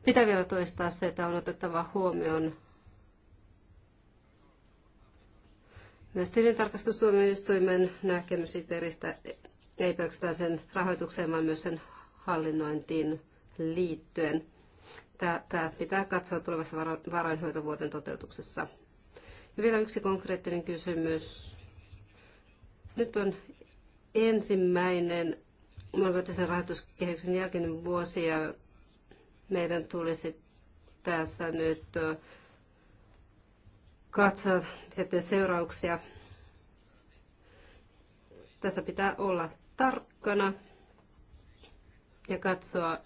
pitää vielä toistaa se, että on otettava huomioon myös tilintarkastustuomioistuimen näkemys ITERistä, ei pelkästään sen rahoitukseen, vaan myös sen hallinnointiin liittyen. Tämä pitää katsoa tulevassa varainhoitovuoden toteutuksessa. Ja vielä yksi konkreettinen kysymys. Nyt on ensimmäinen sen rahoituskehyksen jälkeinen vuosi ja meidän tulisi tässä nyt katsoa tiettyjä seurauksia. Tässä pitää olla tarkkana ja katsoa,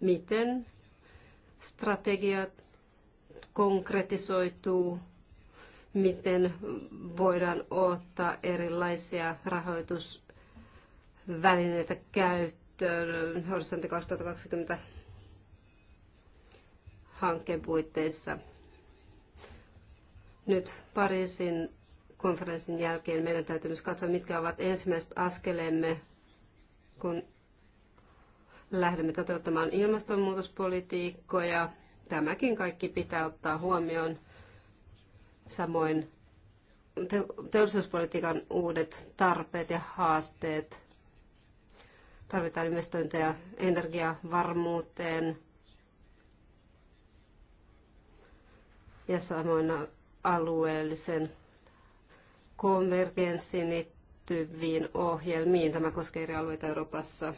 miten strategiat konkretisoituu miten voidaan ottaa erilaisia rahoitusvälineitä käyttöön horisontti 2020 hankkeen puitteissa. Nyt Pariisin konferenssin jälkeen meidän täytyy myös katsoa, mitkä ovat ensimmäiset askeleemme, kun lähdemme toteuttamaan ilmastonmuutospolitiikkoja. Tämäkin kaikki pitää ottaa huomioon samoin teollisuuspolitiikan uudet tarpeet ja haasteet. Tarvitaan investointeja energiavarmuuteen ja samoin alueellisen konvergenssin liittyviin ohjelmiin. Tämä koskee eri alueita Euroopassa.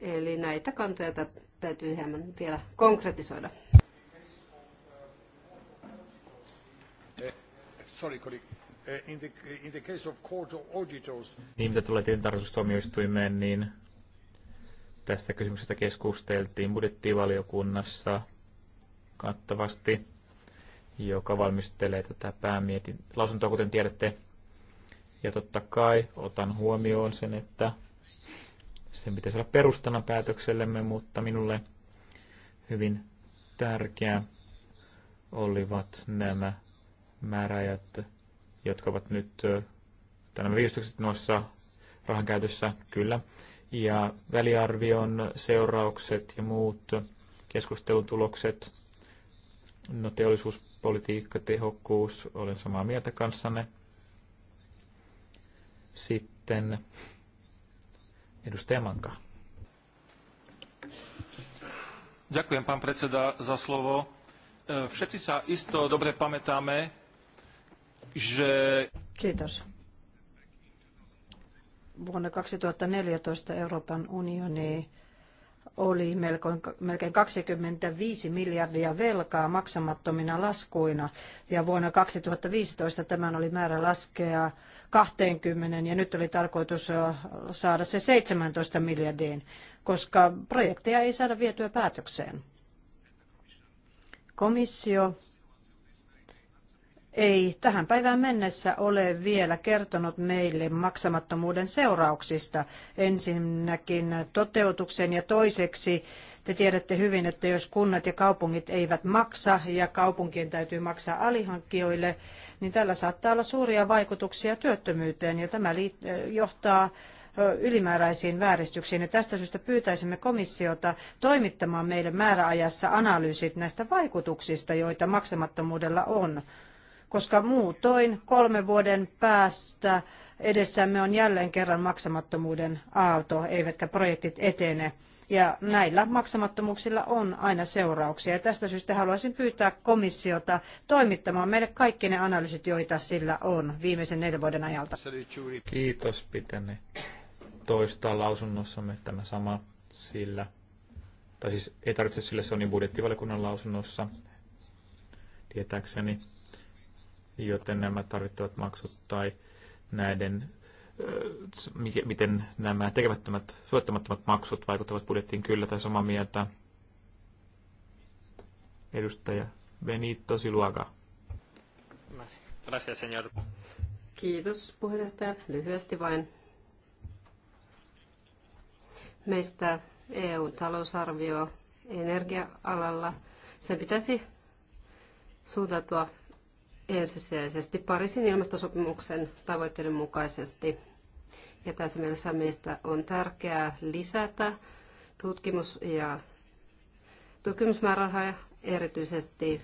Eli näitä kantoja täytyy hieman vielä konkretisoida. Sorry, colleague. Uh, in the, case of court of auditors. Niin, mitä tulee tilintarkastustuomioistuimeen, niin tästä kysymyksestä keskusteltiin budjettivaliokunnassa kattavasti, joka valmistelee tätä päämietin lausuntoa, kuten tiedätte. Ja totta kai otan huomioon sen, että sen pitäisi olla perustana päätöksellemme, mutta minulle hyvin tärkeä olivat nämä määräajat, jotka ovat nyt tänä viistokset noissa rahankäytössä, kyllä. Ja väliarvion seuraukset ja muut keskustelutulokset, no teollisuuspolitiikka, tehokkuus, olen samaa mieltä kanssanne. Sitten edustaja Manka. Ďakujem, pán predseda, za slovo. E, všetci sa isto dobre pamätáme, Je... Kiitos. Vuonna 2014 Euroopan unioni oli melkein, melkein 25 miljardia velkaa maksamattomina laskuina. Ja vuonna 2015 tämän oli määrä laskea 20 ja nyt oli tarkoitus saada se 17 miljardiin, koska projekteja ei saada vietyä päätökseen. Komissio ei tähän päivään mennessä ole vielä kertonut meille maksamattomuuden seurauksista. Ensinnäkin toteutuksen ja toiseksi te tiedätte hyvin, että jos kunnat ja kaupungit eivät maksa ja kaupunkien täytyy maksaa alihankkijoille, niin tällä saattaa olla suuria vaikutuksia työttömyyteen ja tämä eh, johtaa ylimääräisiin vääristyksiin. Ja tästä syystä pyytäisimme komissiota toimittamaan meille määräajassa analyysit näistä vaikutuksista, joita maksamattomuudella on koska muutoin kolmen vuoden päästä edessämme on jälleen kerran maksamattomuuden aalto, eivätkä projektit etene. Ja näillä maksamattomuuksilla on aina seurauksia. Ja tästä syystä haluaisin pyytää komissiota toimittamaan meille kaikki ne analyysit, joita sillä on viimeisen neljän vuoden ajalta. Kiitos, pitäne toistaa lausunnossamme tämä sama sillä. Tai siis ei tarvitse sillä, se on niin budjettivaliokunnan lausunnossa, tietääkseni joten nämä tarvittavat maksut tai näiden, miten nämä tekemättömät, suottamattomat maksut vaikuttavat budjettiin kyllä tai samaa mieltä. Edustaja Benito Siluaga. Gracias, señor. Kiitos puheenjohtaja. Lyhyesti vain. Meistä EU-talousarvio energia-alalla. Se pitäisi suuntautua ensisijaisesti Pariisin ilmastosopimuksen tavoitteiden mukaisesti. Ja tässä mielessä meistä on tärkeää lisätä tutkimus- ja tutkimusmäärärahoja erityisesti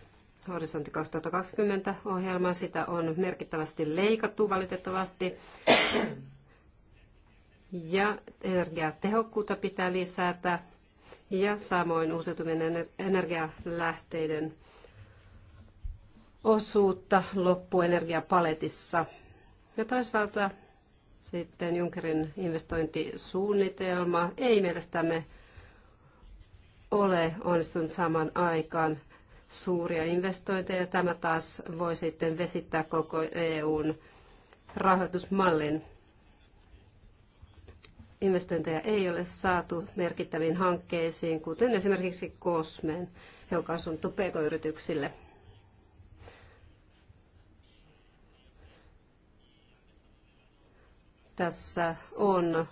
Horisontti 2020 ohjelmaa. Sitä on merkittävästi leikattu valitettavasti. Ja energiatehokkuutta pitää lisätä ja samoin uusiutuvien energialähteiden osuutta loppuenergiapaletissa. Ja toisaalta sitten Junckerin investointisuunnitelma ei mielestämme ole onnistunut saman aikaan suuria investointeja. Tämä taas voi sitten vesittää koko EUn rahoitusmallin. Investointeja ei ole saatu merkittäviin hankkeisiin, kuten esimerkiksi Kosmeen, joka on suunnattu pk-yrityksille. E Tässä on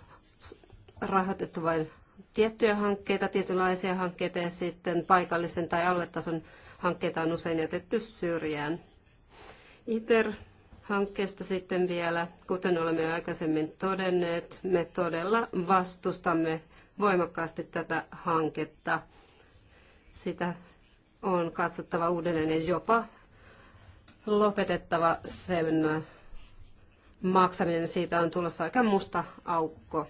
rahoitettu vain tiettyjä hankkeita, tietynlaisia hankkeita ja sitten paikallisen tai aluetason hankkeita on usein jätetty syrjään. ITER hankkeesta sitten vielä, kuten olemme jo aikaisemmin todenneet, me todella vastustamme voimakkaasti tätä hanketta. Sitä on katsottava uudelleen ja jopa lopetettava sen maksaminen, niin siitä on tulossa aika musta aukko.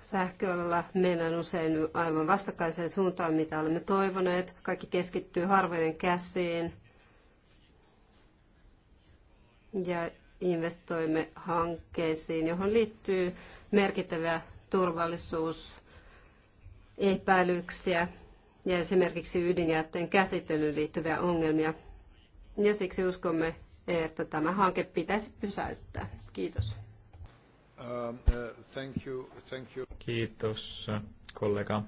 Sähköllä mennään usein aivan vastakkaiseen suuntaan, mitä olemme toivoneet. Kaikki keskittyy harvojen käsiin ja investoimme hankkeisiin, johon liittyy merkittäviä turvallisuusepäilyksiä ja esimerkiksi ydinjätteen käsittelyyn liittyviä ongelmia. Ja siksi uskomme, että tämä hanke pitäisi pysäyttää. Kiitos. Um, uh, thank you, thank you. Kiitos kollega.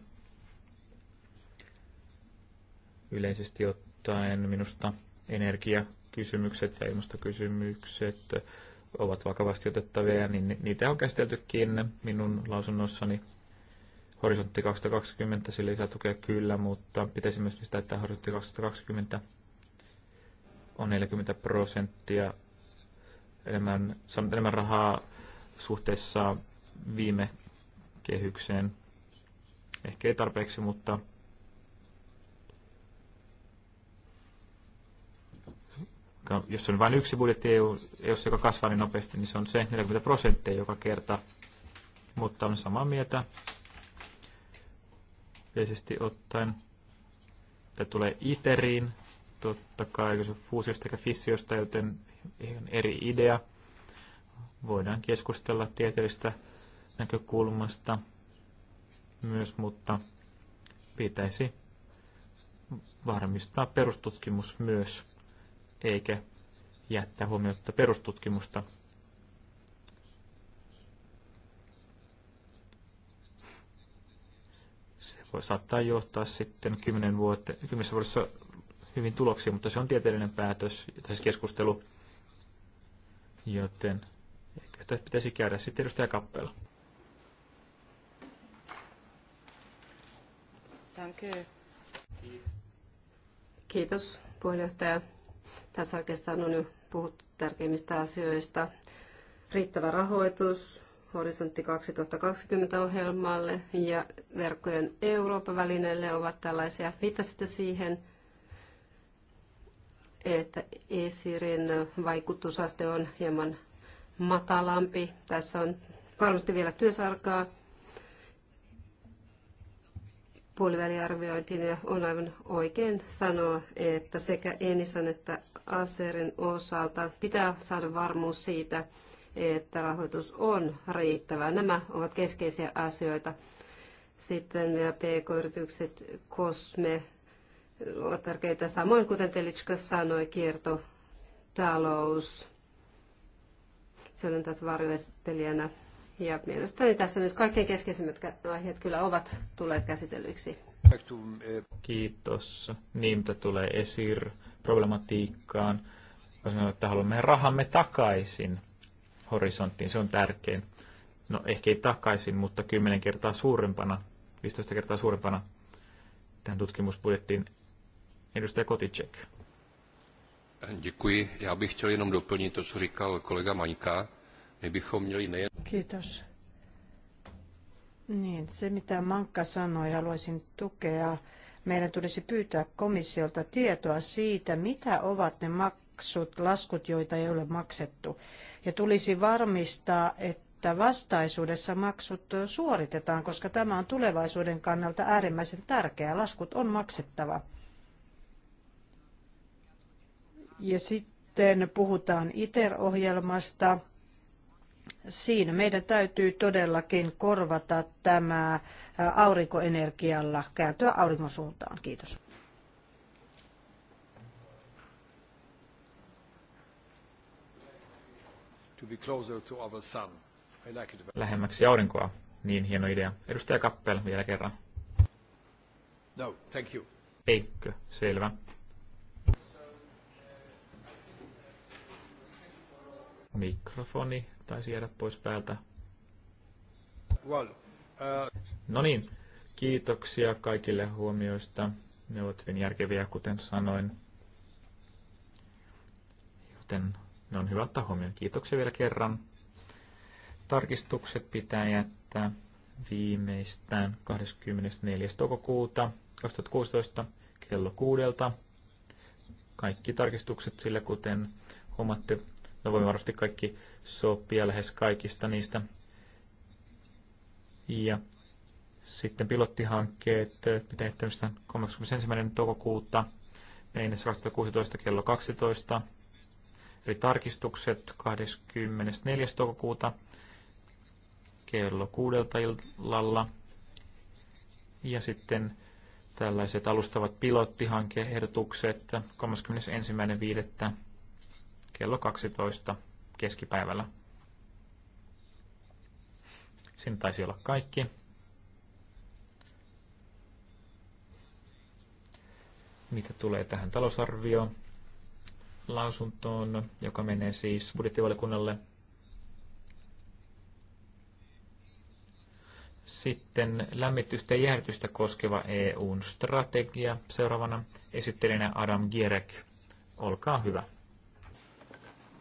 Yleisesti ottaen minusta energiakysymykset ja ilmastokysymykset ovat vakavasti otettavia ja niin niitä on käsiteltykin minun lausunnossani horisontti 2020, sille lisää tukea kyllä, mutta pitäisi myös lisätä, että horisontti 2020 on 40 prosenttia enemmän, enemmän rahaa suhteessa viime kehykseen. Ehkä ei tarpeeksi, mutta jos on vain yksi budjetti jos e e joka kasvaa niin nopeasti, niin se on se 40 prosenttia joka kerta. Mutta on samaa mieltä yleisesti ottaen. Tämä tulee ITERiin, totta kai, kun se fuusiosta eikä fissiosta, joten ihan eri idea. Voidaan keskustella tieteellisestä näkökulmasta myös, mutta pitäisi varmistaa perustutkimus myös, eikä jättää huomiota perustutkimusta. Se voi saattaa johtaa sitten kymmenen vuotta, kymmenessä vuodessa hyvin tuloksia, mutta se on tieteellinen päätös, tai keskustelu, joten ehkä sitä pitäisi käydä sitten edustaja Kappela. Kiitos puheenjohtaja. Tässä oikeastaan on jo puhuttu tärkeimmistä asioista. Riittävä rahoitus, Horisontti 2020-ohjelmalle ja verkkojen Eurooppa-välineelle ovat tällaisia. Viittasitte siihen, että ESIRin vaikutusaste on hieman matalampi. Tässä on varmasti vielä työsarkaa puoliväliarviointiin ja on aivan oikein sanoa, että sekä Enisan että Aserin osalta pitää saada varmuus siitä, että rahoitus on riittävää. Nämä ovat keskeisiä asioita. Sitten nämä pk-yritykset, kosme ovat tärkeitä, samoin kuten Telitska sanoi, kiertotalous. Se olen tässä varjoesittelijänä. Ja mielestäni tässä nyt kaikkein keskeisimmät aiheet kyllä ovat tulleet käsitellyiksi. Kiitos. Niin, mitä tulee esir problematiikkaan. Voisi että haluamme rahamme takaisin horisonttiin. Se on tärkein. No ehkä ei takaisin, mutta 10 kertaa suurempana, 15 kertaa suurempana tähän tutkimusbudjettiin. Edustaja Koticek. Děkuji. Já bych chtěl jenom doplnit to, co říkal kolega Maňka. My bychom měli nejen... Kiitos. Niin, se mitä Mankka sanoi, haluaisin tukea. Meidän tulisi pyytää komissiolta tietoa siitä, mitä ovat ne maksut, laskut, joita ei ole maksettu. Ja tulisi varmistaa, että vastaisuudessa maksut suoritetaan, koska tämä on tulevaisuuden kannalta äärimmäisen tärkeää. Laskut on maksettava. Ja sitten puhutaan ITER-ohjelmasta. Siinä meidän täytyy todellakin korvata tämä aurinkoenergialla, kääntyä auringon suuntaan. Kiitos. Lähemmäksi aurinkoa. Niin hieno idea. Edustaja Kappel vielä kerran. No, thank you. Eikö? Selvä. Mikrofoni taisi jäädä pois päältä. Well, uh... No niin, kiitoksia kaikille huomioista. Ne ovat hyvin järkeviä, kuten sanoin. Joten ne on hyvä ottaa huomioon. Kiitoksia vielä kerran. Tarkistukset pitää jättää viimeistään 24. toukokuuta 2016 kello kuudelta. Kaikki tarkistukset sille kuten huomaatte, no voimme varmasti kaikki sopia lähes kaikista niistä. Ja sitten pilottihankkeet, mitä ehtämistä 31. toukokuuta, Eines 2016 kello 12 eli tarkistukset 24. toukokuuta kello kuudelta illalla. Ja sitten tällaiset alustavat pilottihankeehdotukset 31.5. kello 12 keskipäivällä. Siinä taisi olla kaikki. Mitä tulee tähän talousarvioon? lausuntoon, joka menee siis budjettivaliokunnalle. Sitten lämmitystä ja jäähdytystä koskeva EUn strategia. Seuraavana esittelijänä Adam Gierek. Olkaa hyvä.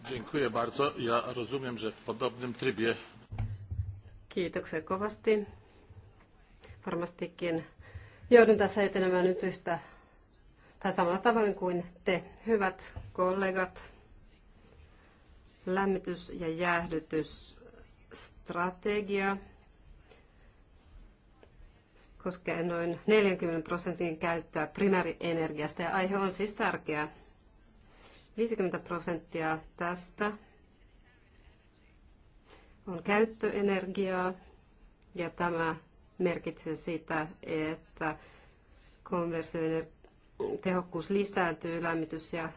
Dziękuję bardzo. Ja rozumiem, że w podobnym trybie... Kiitoksia kovasti. Varmastikin joudun tässä etenemään nyt yhtä tai samalla tavoin kuin te, hyvät kollegat, lämmitys- ja jäähdytysstrategia koskee noin 40 prosentin käyttöä primäärienergiasta ja aihe on siis tärkeä. 50 prosenttia tästä on käyttöenergiaa ja tämä merkitsee sitä, että konversioenergia tehokkuus lisääntyy lämmitys- ja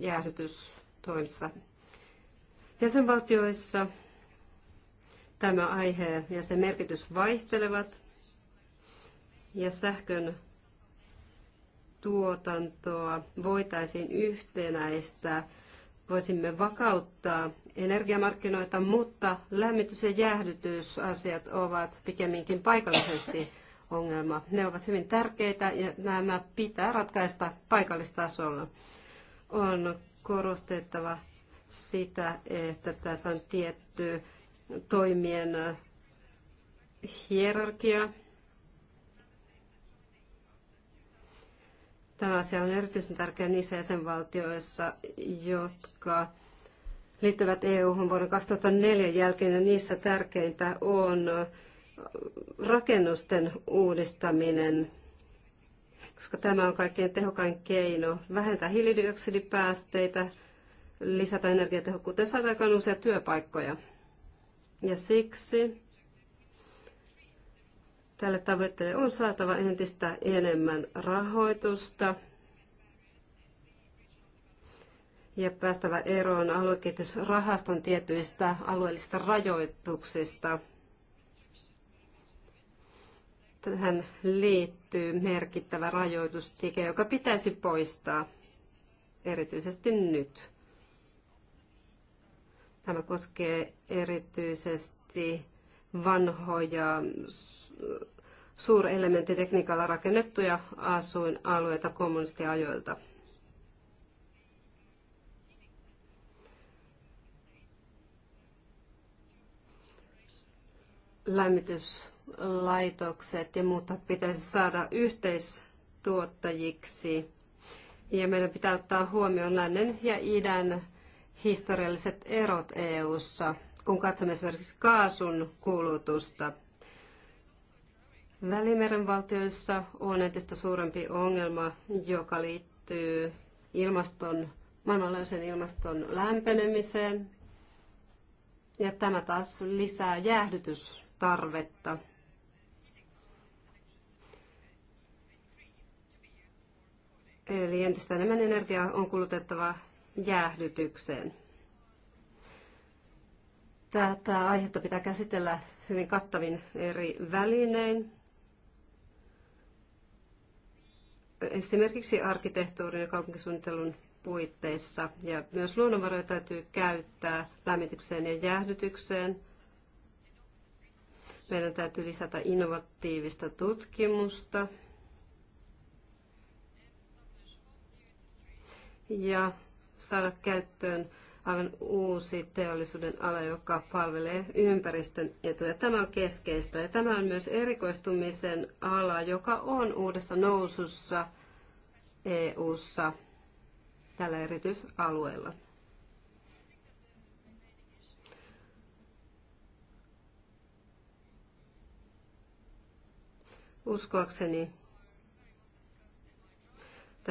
jäähdytyy, toimissa. Jäsenvaltioissa tämä aihe ja sen merkitys vaihtelevat ja sähkön tuotantoa voitaisiin yhtenäistää. Voisimme vakauttaa energiamarkkinoita, mutta lämmitys- ja jäähdytysasiat ovat pikemminkin paikallisesti ongelma. Ne ovat hyvin tärkeitä ja nämä pitää ratkaista paikallistasolla. On korostettava sitä, että tässä on tietty toimien äh, hierarkia. Tämä asia on erityisen tärkeä niissä jäsenvaltioissa, jotka liittyvät EU-hun vuoden 2004 jälkeen ja niissä tärkeintä on äh, rakennusten uudistaminen, koska tämä on kaikkein tehokkain keino vähentää hiilidioksidipäästeitä, lisätä energiatehokkuutta ja saada aikaan uusia työpaikkoja. Ja siksi tälle tavoitteelle on saatava entistä enemmän rahoitusta ja päästävä eroon aluekehitysrahaston tietyistä alueellisista rajoituksista – tähän liittyy merkittävä rajoitustike, joka pitäisi poistaa erityisesti nyt. Tämä koskee erityisesti vanhoja suurelementtitekniikalla rakennettuja asuinalueita kommunistiajoilta. Lämmitys laitokset ja muut pitäisi saada yhteistuottajiksi. Ja meidän pitää ottaa huomioon lännen ja idän historialliset erot EU-ssa, kun katsomme esimerkiksi kaasun kulutusta. Välimeren valtioissa on entistä suurempi ongelma, joka liittyy ilmaston, maailmanlaajuisen ilmaston lämpenemiseen. Ja tämä taas lisää jäähdytystarvetta Eli entistä enemmän energiaa on kulutettava jäähdytykseen. Tätä aihetta pitää käsitellä hyvin kattavin eri välinein. Esimerkiksi arkkitehtuurin ja kaupunkisuunnittelun puitteissa. Ja myös luonnonvaroja täytyy käyttää lämmitykseen ja jäähdytykseen. Meidän täytyy lisätä innovatiivista tutkimusta ja saada käyttöön aivan uusi teollisuuden ala, joka palvelee ympäristön etuja. Tämä on keskeistä ja tämä on myös erikoistumisen ala, joka on uudessa nousussa EU-ssa tällä erityisalueella. Uskoakseni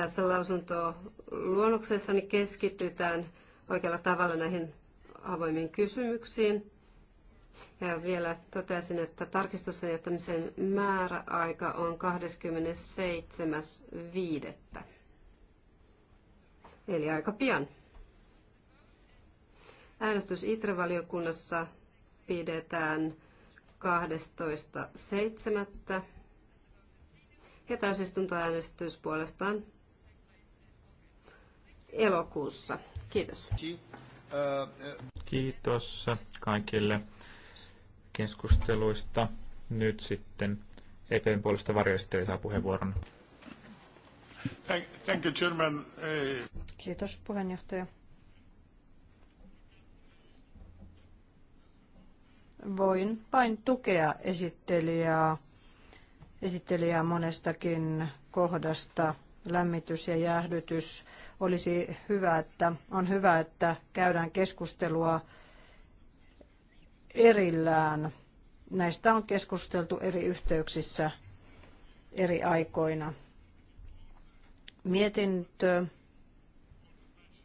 tässä lausuntoluonnoksessani keskitytään oikealla tavalla näihin avoimiin kysymyksiin. Ja vielä totesin, että tarkistuksen jättämisen määräaika on 27.5. Eli aika pian. Äänestys ITRE-valiokunnassa pidetään 12.7. Ja täysistuntoäänestys puolestaan elokuussa. Kiitos. Kiitos kaikille keskusteluista. Nyt sitten EPn puolesta varjoistelija saa puheenvuoron. Thank you, Chairman. Eh. Kiitos puheenjohtaja. Voin vain tukea esittelijää, esittelijää monestakin kohdasta, lämmitys ja jäähdytys olisi hyvä, että on hyvä, että käydään keskustelua erillään. Näistä on keskusteltu eri yhteyksissä eri aikoina. Mietintö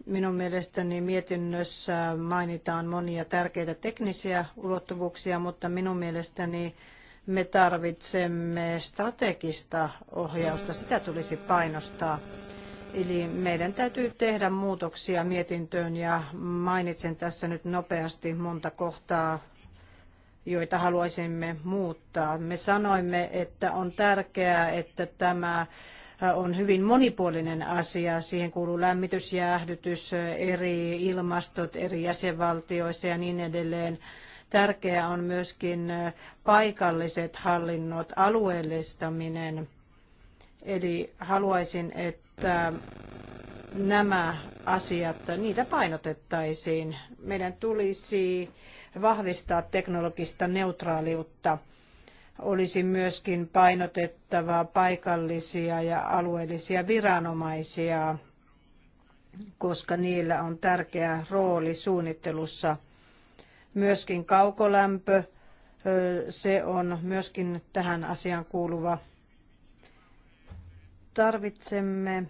Minun mielestäni mietinnössä mainitaan monia tärkeitä teknisiä ulottuvuuksia, mutta minun mielestäni me tarvitsemme strategista ohjausta. Sitä tulisi painostaa. Eli meidän täytyy tehdä muutoksia mietintöön ja mainitsen tässä nyt nopeasti monta kohtaa, joita haluaisimme muuttaa. Me sanoimme, että on tärkeää, että tämä äh, on hyvin monipuolinen asia. Siihen kuuluu lämmitys, jäähdytys, eri ilmastot eri jäsenvaltioissa ja niin edelleen. Tärkeää on myöskin äh, paikalliset hallinnot, alueellistaminen. Eli haluaisin, että että nämä asiat, niitä painotettaisiin. Meidän tulisi vahvistaa teknologista neutraaliutta. Olisi myöskin painotettava paikallisia ja alueellisia viranomaisia, koska niillä on tärkeä rooli suunnittelussa. Myöskin kaukolämpö, se on myöskin tähän asiaan kuuluva tarvitsemme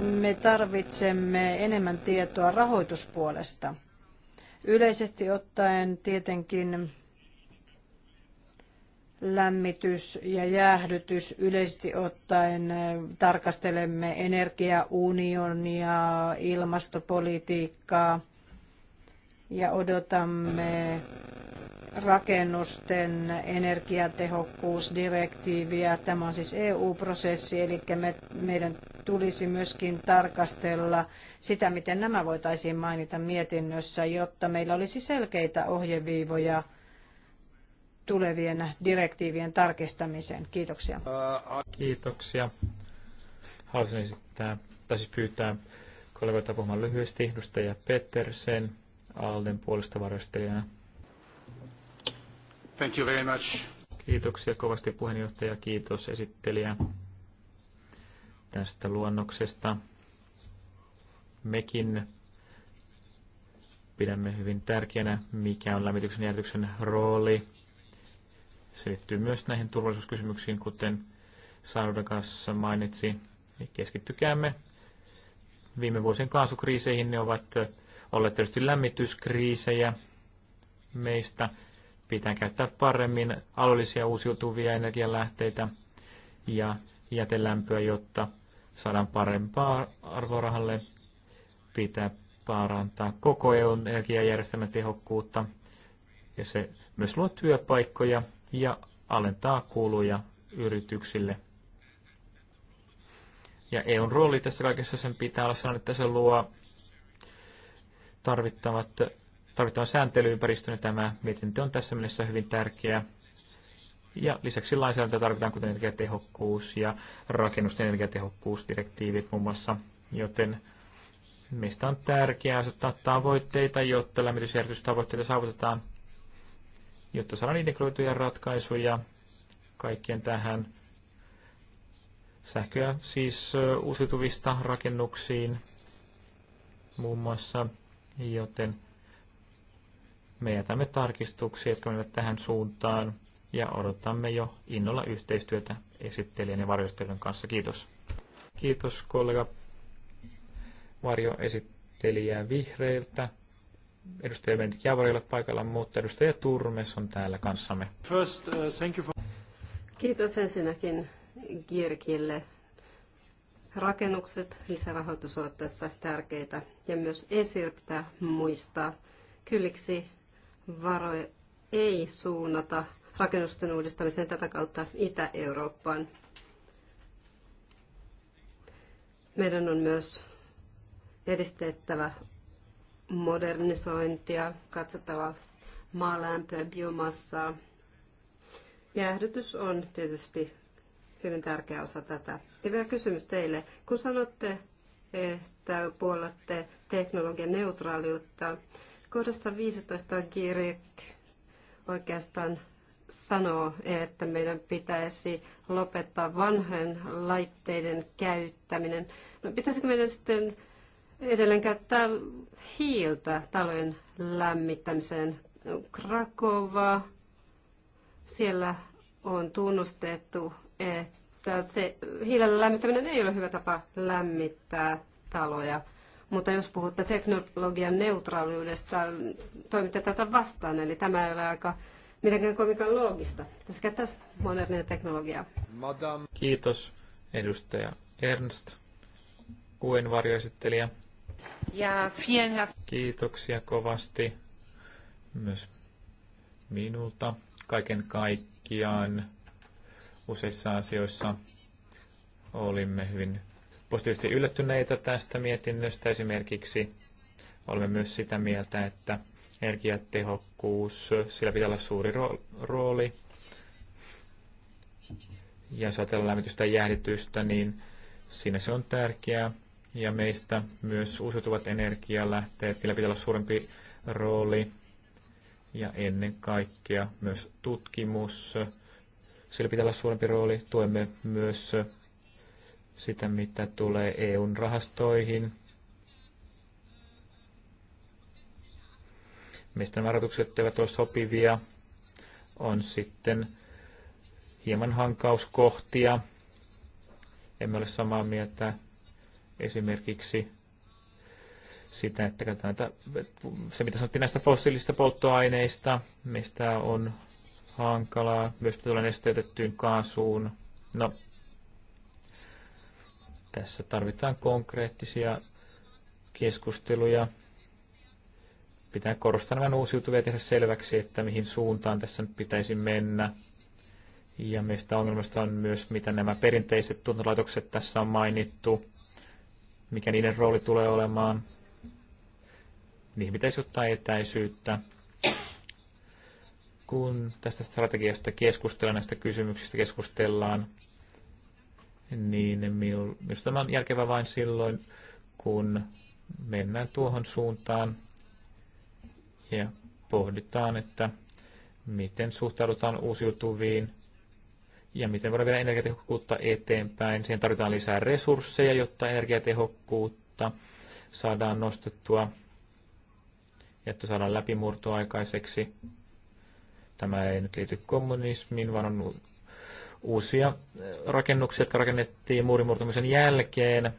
me tarvitsemme enemmän tietoa rahoituspuolesta. Yleisesti ottaen tietenkin lämmitys ja jäähdytys yleisesti ottaen tarkastelemme energiaunionia, ilmastopolitiikkaa ja odotamme rakennusten energiatehokkuusdirektiiviä. Tämä on siis EU-prosessi, eli me, meidän tulisi myöskin tarkastella sitä, miten nämä voitaisiin mainita mietinnössä, jotta meillä olisi selkeitä ohjeviivoja tulevien direktiivien tarkistamiseen. Kiitoksia. Kiitoksia. Haluaisin esittää, tai siis pyytää kollegoita puhumaan lyhyesti. Edustaja Pettersen, Alden puolesta varjostelijana. Thank you very much. Kiitoksia kovasti puheenjohtaja, kiitos esittelijä tästä luonnoksesta. Mekin pidämme hyvin tärkeänä, mikä on lämmityksen ja järjestyksen rooli. Se liittyy myös näihin turvallisuuskysymyksiin, kuten kanssa mainitsi. Keskittykäämme viime vuosien kaasukriiseihin. Ne ovat olleet tietysti lämmityskriisejä meistä Pitää käyttää paremmin alueellisia uusiutuvia energialähteitä ja jätelämpöä, jotta saadaan parempaa arvorahalle. Pitää parantaa koko EUn energiajärjestelmän tehokkuutta ja se myös luo työpaikkoja ja alentaa kuluja yrityksille. Ja EUn rooli tässä kaikessa sen pitää olla sellainen, että se luo tarvittavat tarvittavan sääntelyympäristön niin tämä mietintö on tässä mielessä hyvin tärkeä. Ja lisäksi lainsäädäntöä tarvitaan, kuten energiatehokkuus ja rakennusten energiatehokkuusdirektiivit muun muassa, joten mistä on tärkeää asettaa tavoitteita, jotta lämmitysjärjestystavoitteita saavutetaan, jotta saadaan integroituja ratkaisuja kaikkien tähän sähköä siis uusiutuvista rakennuksiin muun muassa, joten me jätämme tarkistuksia, jotka menevät tähän suuntaan ja odotamme jo innolla yhteistyötä esittelijän ja varjostelijan kanssa. Kiitos. Kiitos kollega varjoesittelijää vihreiltä. Edustaja Bendik Javori ole paikalla, mutta edustaja Turmes on täällä kanssamme. First, uh, thank you for... Kiitos ensinnäkin Girkille. Rakennukset lisärahoitus ovat tässä tärkeitä ja myös ESIR pitää muistaa. Kylliksi varoja ei suunnata rakennusten uudistamiseen tätä kautta Itä-Eurooppaan. Meidän on myös edistettävä modernisointia, katsottava maalämpöä, biomassaa. Jäähdytys on tietysti hyvin tärkeä osa tätä. Ja vielä kysymys teille. Kun sanotte, että puolatte teknologian neutraaliutta, Kohdassa 15 kirje oikeastaan sanoo, että meidän pitäisi lopettaa vanhojen laitteiden käyttäminen. No, pitäisikö meidän sitten edelleen käyttää hiiltä talojen lämmittämiseen? Krakova, siellä on tunnustettu, että se hiilellä lämmittäminen ei ole hyvä tapa lämmittää taloja – mutta jos puhutte teknologian neutraaliudesta, toimitte tätä vastaan, eli tämä ei ole aika mitenkään kovinkaan loogista. Pitäisi käyttää modernia teknologiaa. Madame. Kiitos, edustaja Ernst, kuen varjoesittelijä. Ja vielen Kiitoksia kovasti myös minulta kaiken kaikkiaan useissa asioissa olimme hyvin positiivisesti yllättyneitä tästä mietinnöstä. Esimerkiksi olemme myös sitä mieltä, että energiatehokkuus, sillä pitää olla suuri rooli. Ja jos ajatellaan lämmitystä ja jäähdytystä, niin siinä se on tärkeää. Ja meistä myös uusiutuvat energialähteet, niillä pitää olla suurempi rooli. Ja ennen kaikkea myös tutkimus, sillä pitää olla suurempi rooli. Tuemme myös sitä, mitä tulee EUn rahastoihin. Mistä nämä varoitukset eivät ole sopivia, on sitten hieman hankauskohtia. Emme ole samaa mieltä esimerkiksi sitä, että näitä, se mitä sanottiin näistä fossiilisista polttoaineista, mistä on hankalaa, myös tulee nesteytettyyn kaasuun. No, tässä tarvitaan konkreettisia keskusteluja. Pitää korostaa nämä uusiutuvia tehdä selväksi, että mihin suuntaan tässä nyt pitäisi mennä. Ja meistä ongelmasta on myös, mitä nämä perinteiset tuotantolaitokset tässä on mainittu, mikä niiden rooli tulee olemaan. Niihin pitäisi ottaa etäisyyttä. Kun tästä strategiasta keskustellaan, näistä kysymyksistä keskustellaan, niin minusta on järkevä vain silloin, kun mennään tuohon suuntaan ja pohditaan, että miten suhtaudutaan uusiutuviin ja miten voidaan viedä energiatehokkuutta eteenpäin. Siihen tarvitaan lisää resursseja, jotta energiatehokkuutta saadaan nostettua ja että saadaan läpimurto aikaiseksi. Tämä ei nyt liity kommunismiin, vaan on uusia eh, rakennuksia, jotka rakennettiin muurimurtumisen jälkeen,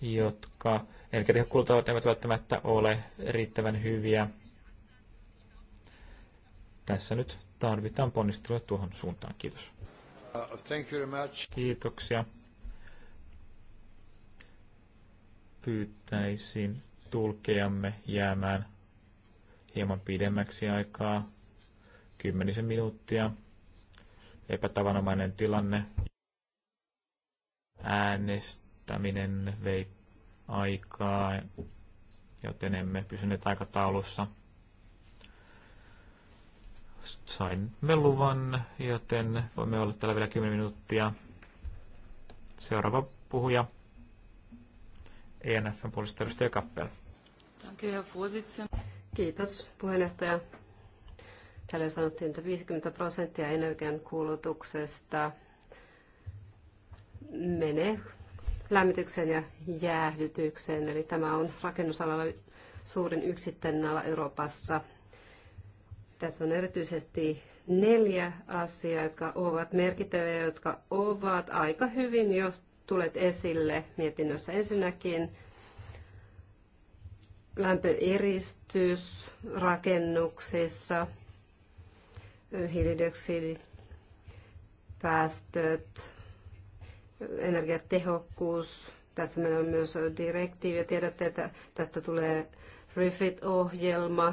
jotka energiatehokkuudelta eivät välttämättä ole riittävän hyviä. Tässä nyt tarvitaan ponnistelua tuohon suuntaan. Kiitos. Kiitoksia. Pyytäisin tulkejamme jäämään hieman pidemmäksi aikaa, kymmenisen minuuttia epätavanomainen tilanne. Äänestäminen vei aikaa, joten emme pysyneet aikataulussa. Saimme luvan, joten voimme olla täällä vielä 10 minuuttia. Seuraava puhuja, ENFn puolesta edustaja Kappel. Kiitos puheenjohtaja. Täällä sanottiin, että 50 prosenttia energian kulutuksesta menee lämmitykseen ja jäähdytykseen. Eli tämä on rakennusalalla suurin yksittäinen ala Euroopassa. Tässä on erityisesti neljä asiaa, jotka ovat merkittäviä, jotka ovat aika hyvin jo tulet esille mietinnössä. Ensinnäkin lämpöeristys rakennuksissa hiilidioksidipäästöt, energiatehokkuus. Tästä meillä on myös direktiivi ja tiedätte, että tästä tulee REFIT-ohjelma.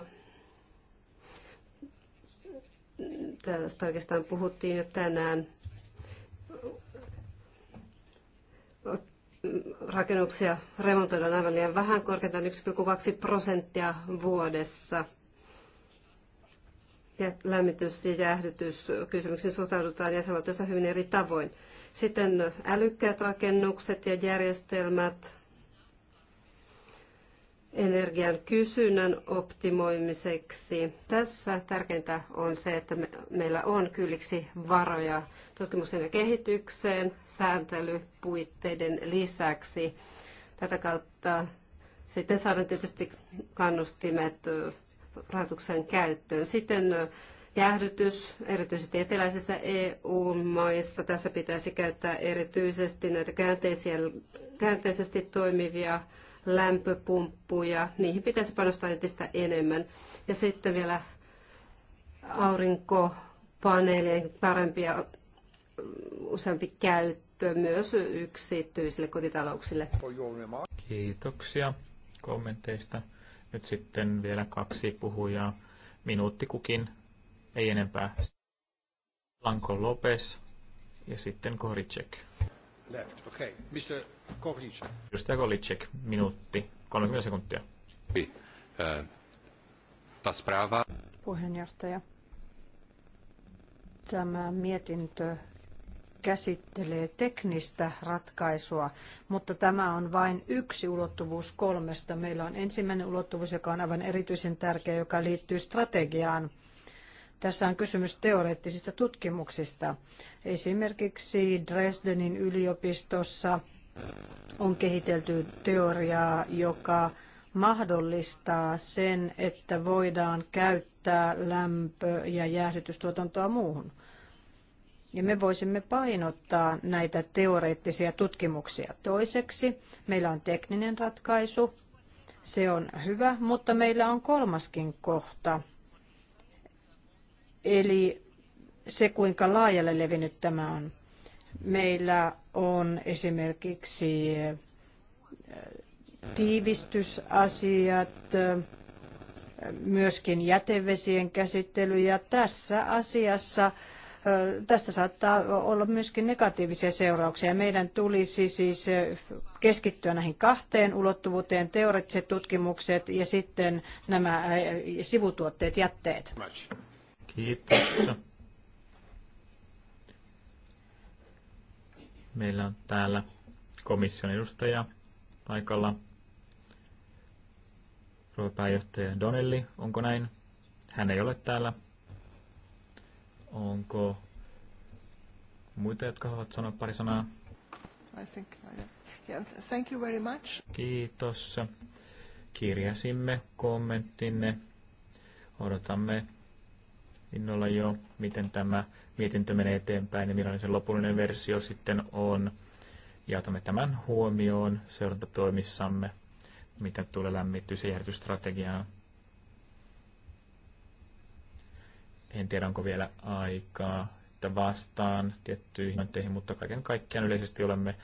Tästä oikeastaan puhuttiin jo tänään. Rakennuksia remontoidaan aivan liian vähän, korkeintaan 1,2 prosenttia vuodessa – lämmitys- ja jäähdytyskysymyksiin suhtaudutaan jäsenvaltiossa hyvin eri tavoin. Sitten älykkäät rakennukset ja järjestelmät, energian kysynnän optimoimiseksi. Tässä tärkeintä on se, että me, meillä on kylliksi varoja tutkimuksen ja kehitykseen sääntelypuitteiden lisäksi. Tätä kautta sitten saadaan tietysti kannustimet rahoituksen käyttöön. Sitten jäähdytys, erityisesti eteläisissä EU-maissa. Tässä pitäisi käyttää erityisesti näitä käänteisiä, käänteisesti toimivia lämpöpumppuja. Niihin pitäisi panostaa entistä enemmän. Ja sitten vielä aurinkopaneelien parempia useampi käyttö myös yksityisille kotitalouksille. Kiitoksia kommenteista. Nyt sitten vielä kaksi puhujaa. Minuutti kukin, ei enempää. Lanko Lopes ja sitten Koricek. Left, okay. Mr. Koricek. Edustaja Kohricek, minuutti, 30 sekuntia. Puheenjohtaja, tämä mietintö käsittelee teknistä ratkaisua, mutta tämä on vain yksi ulottuvuus kolmesta. Meillä on ensimmäinen ulottuvuus, joka on aivan erityisen tärkeä, joka liittyy strategiaan. Tässä on kysymys teoreettisista tutkimuksista. Esimerkiksi Dresdenin yliopistossa on kehitelty teoriaa, joka mahdollistaa sen, että voidaan käyttää lämpö- ja jäähdytystuotantoa muuhun ja me voisimme painottaa näitä teoreettisia tutkimuksia. Toiseksi meillä on tekninen ratkaisu, se on hyvä, mutta meillä on kolmaskin kohta, eli se kuinka laajalle levinnyt tämä on. Meillä on esimerkiksi äh, tiivistysasiat, äh, myöskin jätevesien käsittely ja tässä asiassa Tästä saattaa olla myöskin negatiivisia seurauksia. Meidän tulisi siis keskittyä näihin kahteen ulottuvuuteen, teoreettiset tutkimukset ja sitten nämä sivutuotteet, jätteet. Kiitos. Meillä on täällä komission edustaja paikalla. Rouva pääjohtaja Donelli, onko näin? Hän ei ole täällä. Onko muita, jotka haluavat sanoa pari sanaa? I think, uh, yeah. Thank you very much. Kiitos. Kirjasimme kommenttinne. Odotamme innolla jo, miten tämä mietintö menee eteenpäin ja millainen se lopullinen versio sitten on. Ja otamme tämän huomioon seurantatoimissamme, mitä tulee lämmitys- ja järjestysstrategiaan En tiedä, onko vielä aikaa, että vastaan tiettyihin noitteihin, mutta kaiken kaikkiaan yleisesti olemme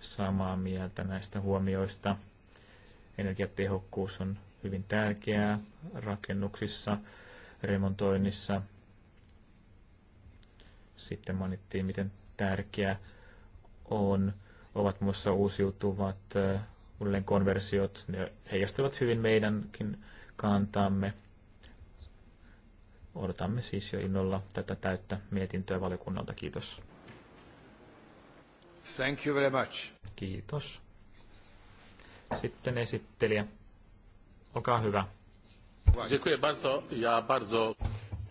samaa mieltä näistä huomioista. Energiatehokkuus on hyvin tärkeää rakennuksissa, remontoinnissa. Sitten mainittiin, miten tärkeää on, ovat muissa uusiutuvat äh, uudelleenkonversiot. Ne heijastavat hyvin meidänkin kantaamme Odotamme siis jo innolla tätä täyttä mietintöä valiokunnalta. Kiitos. Thank you very much. Kiitos. Sitten esittelijä. Olkaa hyvä.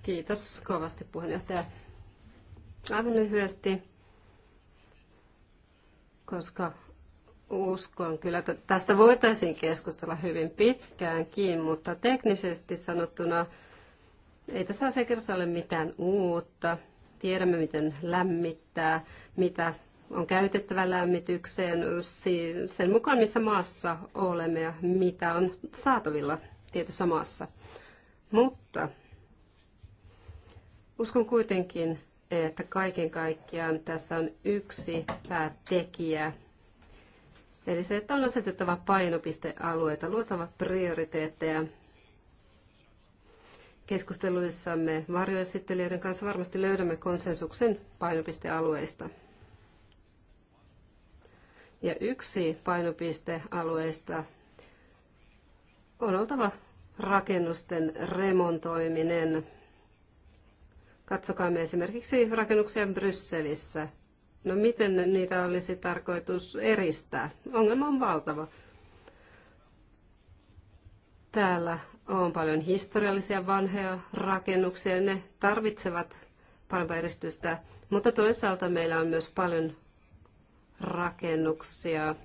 Kiitos kovasti puheenjohtaja. Aivan lyhyesti, koska uskon kyllä, että tästä voitaisiin keskustella hyvin pitkäänkin, mutta teknisesti sanottuna ei tässä asiakirjassa ole mitään uutta. Tiedämme, miten lämmittää, mitä on käytettävä lämmitykseen sen mukaan, missä maassa olemme ja mitä on saatavilla tietyssä maassa. Mutta uskon kuitenkin, että kaiken kaikkiaan tässä on yksi päätekijä. Eli se, että on asetettava painopistealueita, luotava prioriteetteja Keskusteluissamme varjoesittelijöiden kanssa varmasti löydämme konsensuksen painopistealueista. Ja yksi painopistealueista on oltava rakennusten remontoiminen. Katsokaamme esimerkiksi rakennuksia Brysselissä. No miten niitä olisi tarkoitus eristää? Ongelma on valtava. Täällä on paljon historiallisia vanhoja rakennuksia, ne tarvitsevat paljon eristystä, mutta toisaalta meillä on myös paljon rakennuksia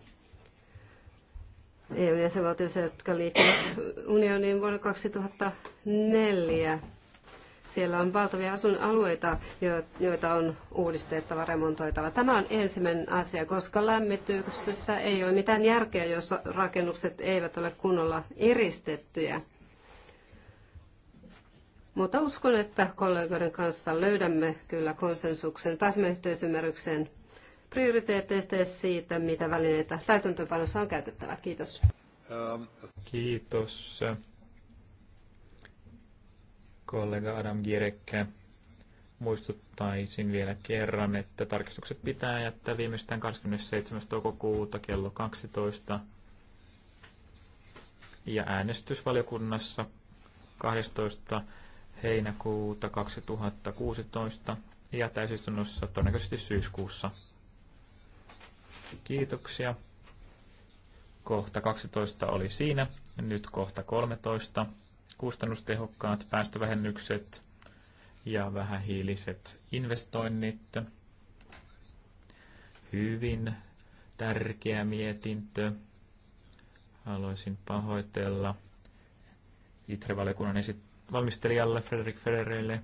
EUn jäsenvaltioissa, jotka liittyvät unioniin vuonna 2004. Siellä on valtavia asuinalueita, joita on uudistettava, remontoitava. Tämä on ensimmäinen asia, koska lämmityksessä ei ole mitään järkeä, jos rakennukset eivät ole kunnolla eristettyjä. Mutta uskon, että kollegoiden kanssa löydämme kyllä konsensuksen, pääsemme yhteisymmärrykseen prioriteetteista ja siitä, mitä välineitä täytäntöönpanossa on käytettävä. Kiitos. Ähm, Kiitos äh, kollega Adam Girek. Muistuttaisin vielä kerran, että tarkistukset pitää jättää viimeistään 27. toukokuuta kello 12. Ja äänestysvaliokunnassa 12 heinäkuuta 2016 ja täysistunnossa todennäköisesti syyskuussa. Kiitoksia. Kohta 12 oli siinä, nyt kohta 13. Kustannustehokkaat päästövähennykset ja vähähiiliset investoinnit. Hyvin tärkeä mietintö. Haluaisin pahoitella. Itre-valiokunnan esittää valmistelijalle Frederik Federeille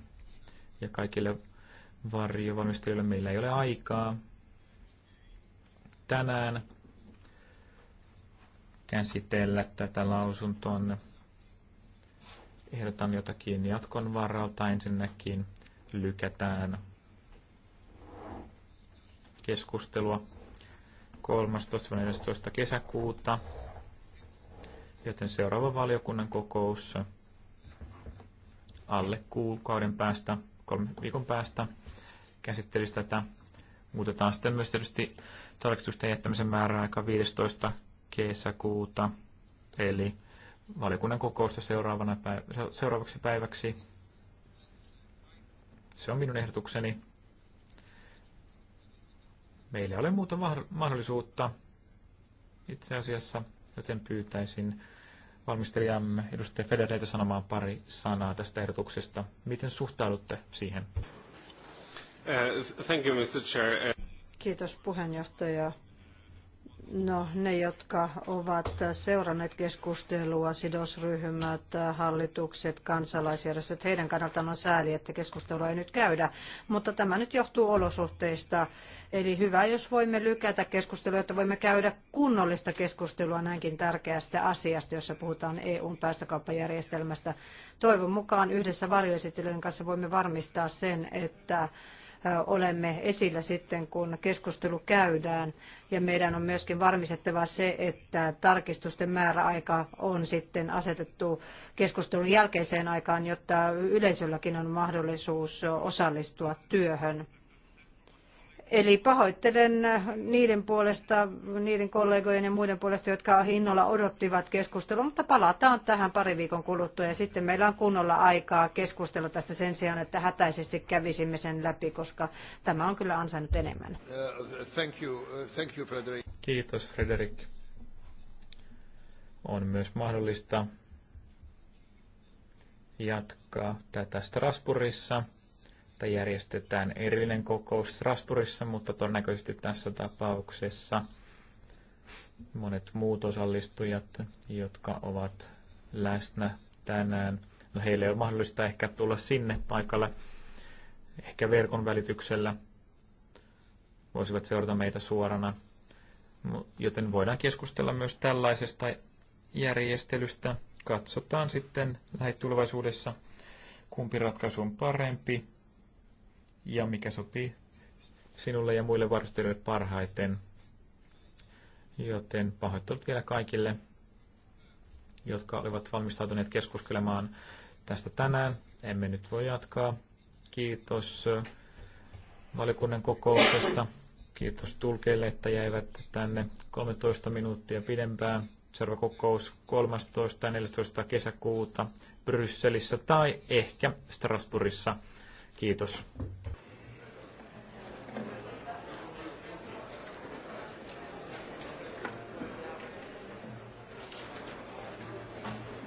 ja kaikille varjovalmistelijoille. Meillä ei ole aikaa tänään käsitellä tätä lausuntoon. Ehdotan jotakin jatkon varalta. Ensinnäkin lykätään keskustelua 13.14. kesäkuuta, joten seuraava valiokunnan kokous alle kuukauden päästä, kolme viikon päästä käsittelisi tätä. Muutetaan sitten myös tietysti tarkistusten jättämisen määräaika 15. kesäkuuta, eli valiokunnan kokousta seuraavana päiv- seuraavaksi päiväksi. Se on minun ehdotukseni. Meillä ei ole muuta mahdollisuutta itse asiassa, joten pyytäisin valmistelijamme edustaja Federeitä sanomaan pari sanaa tästä ehdotuksesta. Miten suhtaudutte siihen? Uh, thank you, Mr. Chair. Kiitos puheenjohtaja. No, ne, jotka ovat seuranneet keskustelua, sidosryhmät, hallitukset, kansalaisjärjestöt, heidän kannaltaan on sääli, että keskustelua ei nyt käydä. Mutta tämä nyt johtuu olosuhteista. Eli hyvä, jos voimme lykätä keskustelua, että voimme käydä kunnollista keskustelua näinkin tärkeästä asiasta, jossa puhutaan EUn päästökauppajärjestelmästä. Toivon mukaan yhdessä varjoesittelyiden kanssa voimme varmistaa sen, että olemme esillä sitten, kun keskustelu käydään. Ja meidän on myöskin varmistettava se, että tarkistusten määräaika on sitten asetettu keskustelun jälkeiseen aikaan, jotta yleisölläkin on mahdollisuus osallistua työhön. Eli pahoittelen niiden puolesta, niiden kollegojen ja muiden puolesta, jotka innolla odottivat keskustelua, mutta palataan tähän pari viikon kuluttua ja sitten meillä on kunnolla aikaa keskustella tästä sen sijaan, että hätäisesti kävisimme sen läpi, koska tämä on kyllä ansainnut enemmän. Uh, thank you, uh, thank you, Frederick. Kiitos, Frederik. On myös mahdollista jatkaa tätä Strasbourgissa että järjestetään erillinen kokous Strasbourgissa, mutta todennäköisesti tässä tapauksessa monet muut osallistujat, jotka ovat läsnä tänään, no heille on mahdollista ehkä tulla sinne paikalle, ehkä verkon välityksellä, voisivat seurata meitä suorana, joten voidaan keskustella myös tällaisesta järjestelystä. Katsotaan sitten lähitulevaisuudessa, kumpi ratkaisu on parempi ja mikä sopii sinulle ja muille varustelijoille parhaiten. Joten pahoittelut vielä kaikille, jotka olivat valmistautuneet keskustelemaan tästä tänään. Emme nyt voi jatkaa. Kiitos eh, valikunnan kokouksesta. Kiitos tulkeille, että jäivät tänne 13 minuuttia pidempään. Seuraava kokous 13. ja 14. kesäkuuta Brysselissä tai ehkä Strasbourgissa. Kiitos.